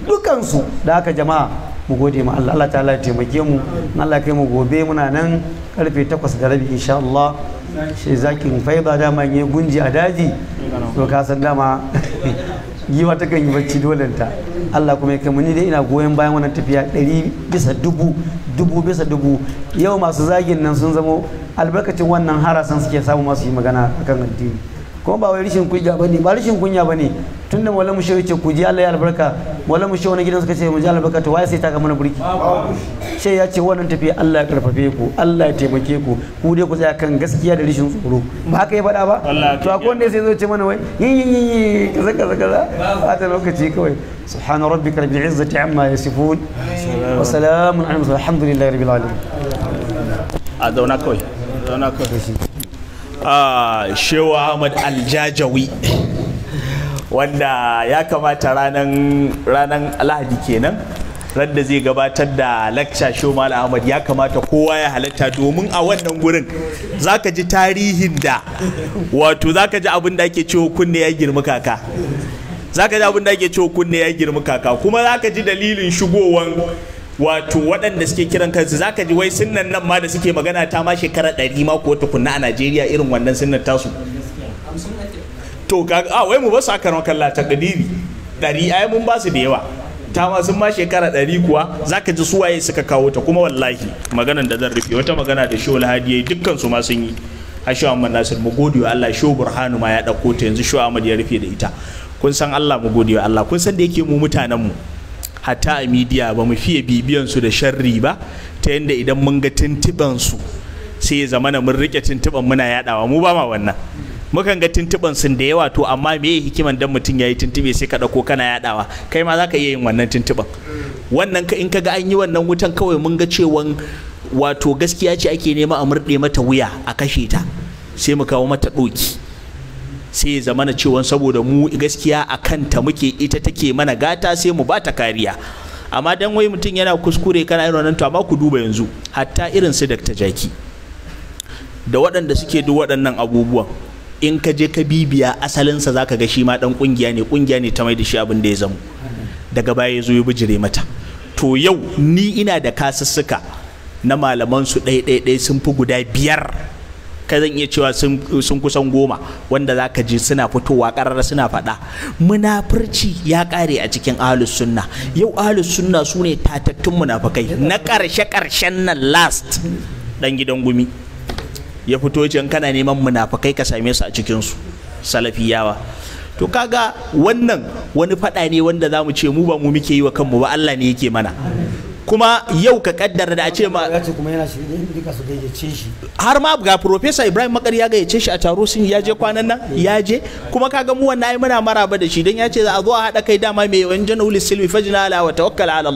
dukan su da haka jama'a mu gode ma Allah Allah ta'ala ya taimake mu Allah kai mu gobe muna nan karfe 8 da rabi insha Allah shi zakin faiba dama ya gunji a daji to ka san dama [laughs] giwa ta kan yi bacci dolenta Allah kuma ya kai muni dai ina goyon bayan wannan tafiya ɗari bisa dubu dubu bisa dubu yau masu zagin nan sun zamo albarkacin wannan harasan suke samu masu yi magana akan addini kuma ba wai rishin kunya bane ba rishin kunya bane tunda wala mushe yace ku ji Allah ya albarka wala mushe wani gidan suka ce mu ji albarka to waye sai ta ga mana burki she ya ce wannan tafiya Allah ya karfafe ku Allah ya taimake ku ku dai ku tsaya kan gaskiya da rishin tsoro ba haka ya faɗa ba to akwai wanda sai zo ce mana wai yin yin yin kaza kaza kaza a ta lokaci kawai subhana rabbika rabbil izzati amma yasifun wa salamun alal mursalin alhamdulillahi rabbil alamin a zauna kawai zauna kawai ah, shewa ahmad aljajawi wanda ya kamata ranar lahadi kenan randa zai gabatar da lakca shomal ahmad ya kamata kowa ya halatta domin a wannan gurin zaka ji tarihin da wato zaka ji abin da ake cewa kunne ya girma kaka zaka ji abin da ake cewa kunne ya girma kaka kuma zaka ji dalilin shigowan wato waɗanda suke kiran kansu zaka ji wai sunnan nan ma da suke magana ta ma shekara ɗari ma ko tukunna a najeriya irin wannan sunnan tasu to a wai mu ba sa karon kalla ta kadiri dari ai mun ba su da yawa ta ma ma shekara ɗari kuwa zaka ji suwaye suka kawo ta kuma wallahi maganan da zan rufe wata magana da shawul yayi dukkan su ma sun yi hashu ahmad nasir mu gode wa Allah shehu burhanu ma ya ɗauko ta yanzu shehu ahmad ya rufe da ita kun san Allah mu gode wa Allah kun san da yake mu mutanen mu hatta a midiya ba mu fiye bibiyan su da sharri ba ta yanda idan mun ga tintiban su sai ya zamana mun rike tintiban muna yaɗawa mu ba ma wannan mukan ga tuntuban sun da yawa to amma me hikiman dan mutum ya yi tuntube sai ka dauko kana yaɗawa kai ma zaka iya yin wannan tuntuban wannan in ka ga an yi wannan wutan kawai mun ga cewan wato gaskiya ce ake nema a murde mata wuya a kashe ta sai mu kawo mata ɗoki sai ya zamana cewa saboda mu gaskiya a kanta muke ita take mana gata sai mu bata kariya amma dan wai mutum yana kuskure kana irin wannan to amma ku duba yanzu hatta irin su dakta jaki da waɗanda suke duk waɗannan abubuwan in ka je ka bibiya asalinsa za ka ga shi ma dan kungiya ne kungiya ne ta mai da shi abin da ya zamo daga baya ya zo ya bijire mata to yau ni ina da kasussuka na malaman su ɗaya sun fi guda biyar ka zan iya cewa sun kusan goma wanda za ka ji suna fitowa ƙarara suna faɗa munafurci ya ƙare a cikin ahlus sunna yau ahlus sunna su ne tatattun munafukai na ƙarshe ƙarshen nan last dan gidan gumi ya fito can kana neman munafakai ka same su a cikin su salafiyawa to kaga wannan wani fada ne wanda za ce mu ba mu muke yi wa kanmu ba Allah ne yake mana kuma yau ka kaddara da a ce ma har ma ga professor Ibrahim Makar ya gayyace shi a taro sun ya je kwanan nan eh. ya je kuma kaga mu wannan ai muna maraba da shi dan ya ce za a zo a haɗa kai dama mai yawan janul silmi fajna ala wa tawakkal ala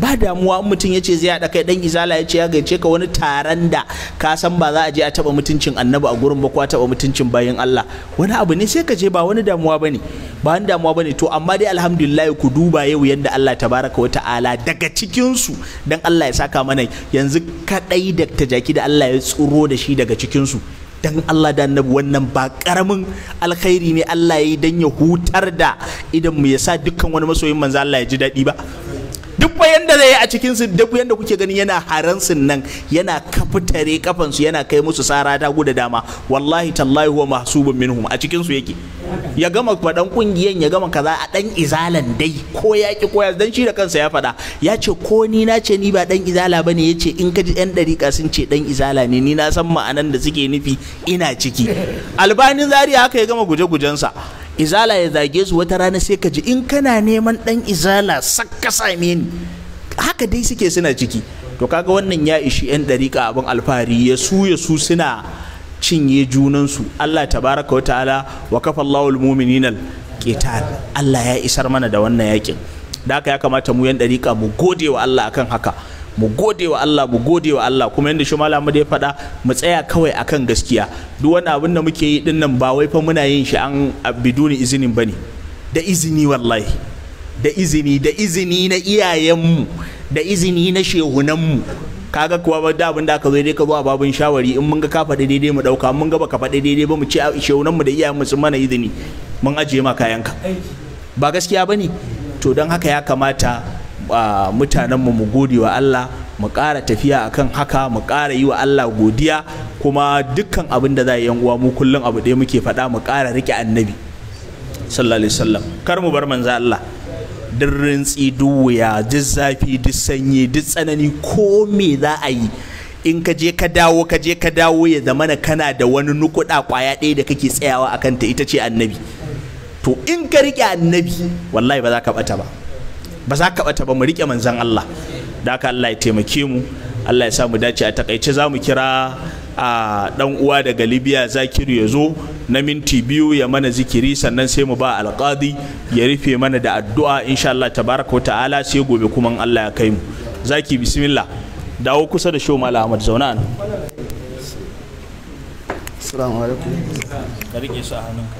ba damuwa in mutum ya ce zai hada kai dan izala ya ce ya gayyace ka wani taron da ka san ba za a je a taba mutuncin annabi a gurin ba ko a taba mutuncin bayan Allah wani abu ne sai ka je ba wani damuwa bane ba wani damuwa bane to amma dai alhamdulillah ku duba yau yadda Allah tabaraka wa ta'ala daga cikin cikinsu don Allah ya saka mana yanzu kaɗai da jaki da Allah ya tsoro da shi daga cikinsu don Allah da annabi wannan ba karamin alkhairi ne Allah ya yi don ya hutar da idan mu ya sa dukkan wani masoyin manzo Allah ya ji daɗi ba fa yanda zai a cikin su duk yanda kuke gani yana haran sun nan yana kafitare kafan su yana kai musu sara ta gudu dama wallahi tallahi huwa mahsubun minhum a cikin su yake ya gama fadan kungiyan ya gama kaza a dan izalan dai ko ya ki ko ya dan shi da kansa ya fada ya ce ko ni na ce ni ba dan izala bane yace in ka ji yan dariƙa sun ce dan izala ne ni na san ma'anan da suke nufi ina ciki albanin zari haka ya gama guje-gujensa izala ya zage su wata rana sai ka ji in kana neman dan izala sakka same ni haka dai suke suna ciki to kaga wannan ya ishi yan dariƙa abin alfahari ya su ya su suna cinye junansu Allah tabaraka wa ta'ala wa kafa Allahul mu'minina qital Allah ya isar mana da wannan yakin da haka ya kamata mu yan dariƙa mu gode wa Allah akan haka mu gode wa Allah mu gode wa Allah kuma yadda shi malamu ya faɗa mu tsaya kawai akan gaskiya duk wani abin da muke yi din ba wai fa muna yin shi an biduni izinin bane da izini wallahi da izini da izini na iyayenmu da izini na shehunanmu kaga kuwa ba da abin da aka zo dai ka zo a babin shawari in mun ga ka faɗi daidai mu ɗauka mun ga baka faɗi daidai ba mu ce shaunan mu da iyayen mu sun mana izini mun ajiye ma kayanka ba gaskiya bane to don haka ya kamata mutanenmu mu gode wa Allah mu ƙara tafiya akan haka mu ƙara yi wa Allah godiya kuma dukkan abin da za yi uwa mu kullum abu ɗaya muke faɗa mu ƙara riƙe annabi sallallahu alaihi wasallam kar mu bar manzo Allah duk rintsi duk wuya duk zafi duk sanyi duk tsanani ko me za a yi in ka je ka dawo ka je ka dawo ya zamana kana da wani nukuɗa ƙwaya ɗaya da kake tsayawa akan ta ita ce annabi to in ka riƙe annabi wallahi ba za ka ɓata ba ba za ka bata ba mu rike manzan Allah da haka Allah ya taimake mu Allah ya sa mu dace a takaice za mu kira a dan uwa daga Libya Zakiru ya zo na minti biyu ya mana zikiri sannan sai mu ba alƙadi ya rufe mana da addu'a insha Allah tabaraka wa ta'ala sai gobe kuma Allah ya kai mu zaki bismillah dawo kusa da show mala Ahmad zauna assalamu alaikum ka rike su a hannunka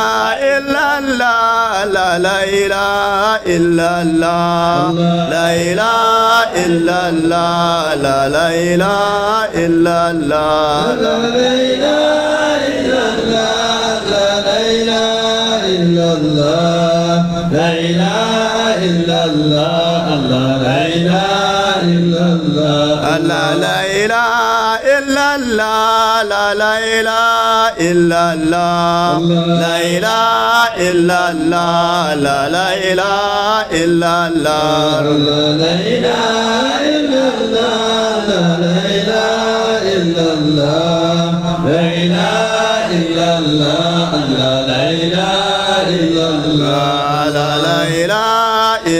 لا إله إلا الله لا إله إلا الله لا لا إله إلا الله لا لا إله إلا الله لا لا إله إلا الله لا إله إلا الله لا إله إلا الله لا لا إله إلا الله لا إله إلا الله لا إله إلا الله لا لا إله إلا الله لا إله إلا الله لا لا إله إلا الله لا إله إلا الله لا إله إلا الله لا لا إله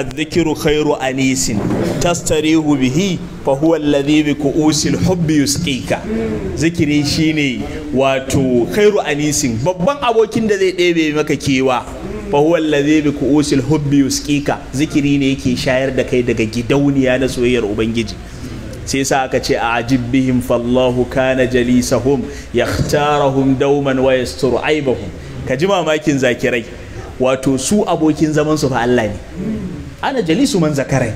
الذكر خير أنيس تستريح به فهو الذي بكؤوس babban abokin da zai ɗebe maka kewa fa huwa allazi zikiri ne yake shayar da kai daga gidauniya na soyayyar ubangiji sai sa aka ce a ajib bihim fallahu kana jalisahum yakhtarahum dauman wa yasturu aibahum ka ji mamakin zakirai wato su abokin zaman su fa Allah ne ana jalisu man zakarai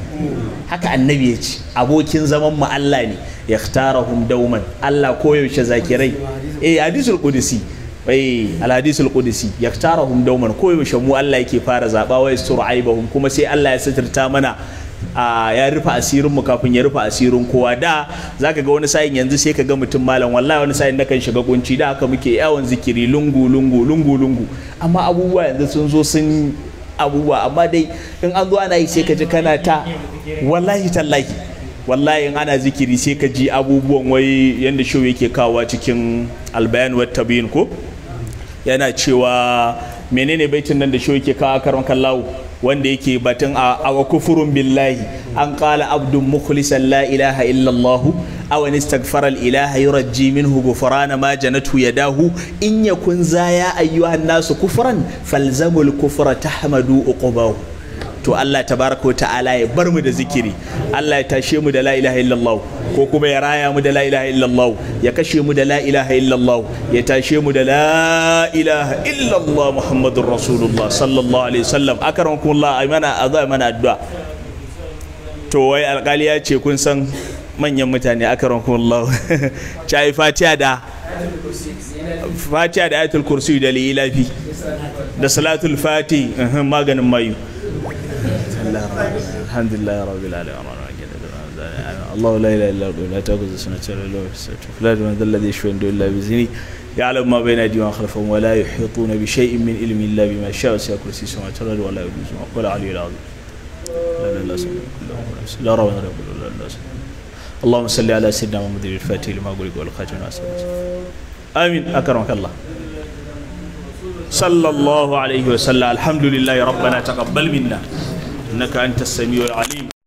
haka annabi ya ce abokin zaman mu Allah ne yakhtarahum dauman Allah koyaushe zakirai eh hadisul qudsi eh al hadisul qudsi dauman koyaushe mu Allah yake fara zaba wa yasur aibahum kuma sai Allah ya satirta mana a ya rufe asirin mu kafin ya rufe asirin kowa da zaka ga wani sayin yanzu sai ka ga mutum malam wallahi wani sayin nakan shiga kunci da haka muke yawan zikiri lungu lungu lungu lungu amma abubuwa yanzu sun zo sun abubuwa amma dai in an zo ana yi sai ka ji kana ta wallahi tallahi wallahi in ana zikiri sai ka ji abubuwan wai yadda shi yake kawo cikin albayan wa tabiyin ko yana cewa menene baitin nan da shi yake kawo karon kallawo wanda yake batun a awa kufurun billahi an kala abdun mukhlisan la ilaha illallah aw an istaghfara ilaha yurji minhu ghufrana ma janatu yadahu in yakun za ya ayyuhan nasu kufran falzamul kufra tahmadu uqbahu to Allah tabaraka ta'ala ya bar mu da zikiri Allah ya tashe mu da la ilaha illallah ko kuma ya raya mu da la ilaha illallah ya kashe mu da la ilaha illallah ya tashe mu da la ilaha illallah muhammadur rasulullah sallallahu alaihi wasallam akaramakumullah aimana azai mana addu'a to wai alkali ya ce kun san manyan mutane akaramakumullah [laughs] chai fatiha da fatiha da ayatul kursi da lilafi da salatul fati eh, maganin mayu لله رب الحمد لله رب العالمين الله لا اله الا هو لا تاخذ سنه ولا نوم لا من ذا الذي يشفى عنده الا باذنه يعلم ما بين ايديهم وخلفهم ولا يحيطون بشيء من علم الله بما شاء وسع كرسي السماوات والارض ولا يجوز وقال علي العظيم لا لا لا لا رب لا لا اللهم صل على سيدنا محمد الفاتح لما قلت والخاتم امين اكرمك الله صلى الله عليه وسلم الحمد لله ربنا تقبل منا إنك أنت السميع العليم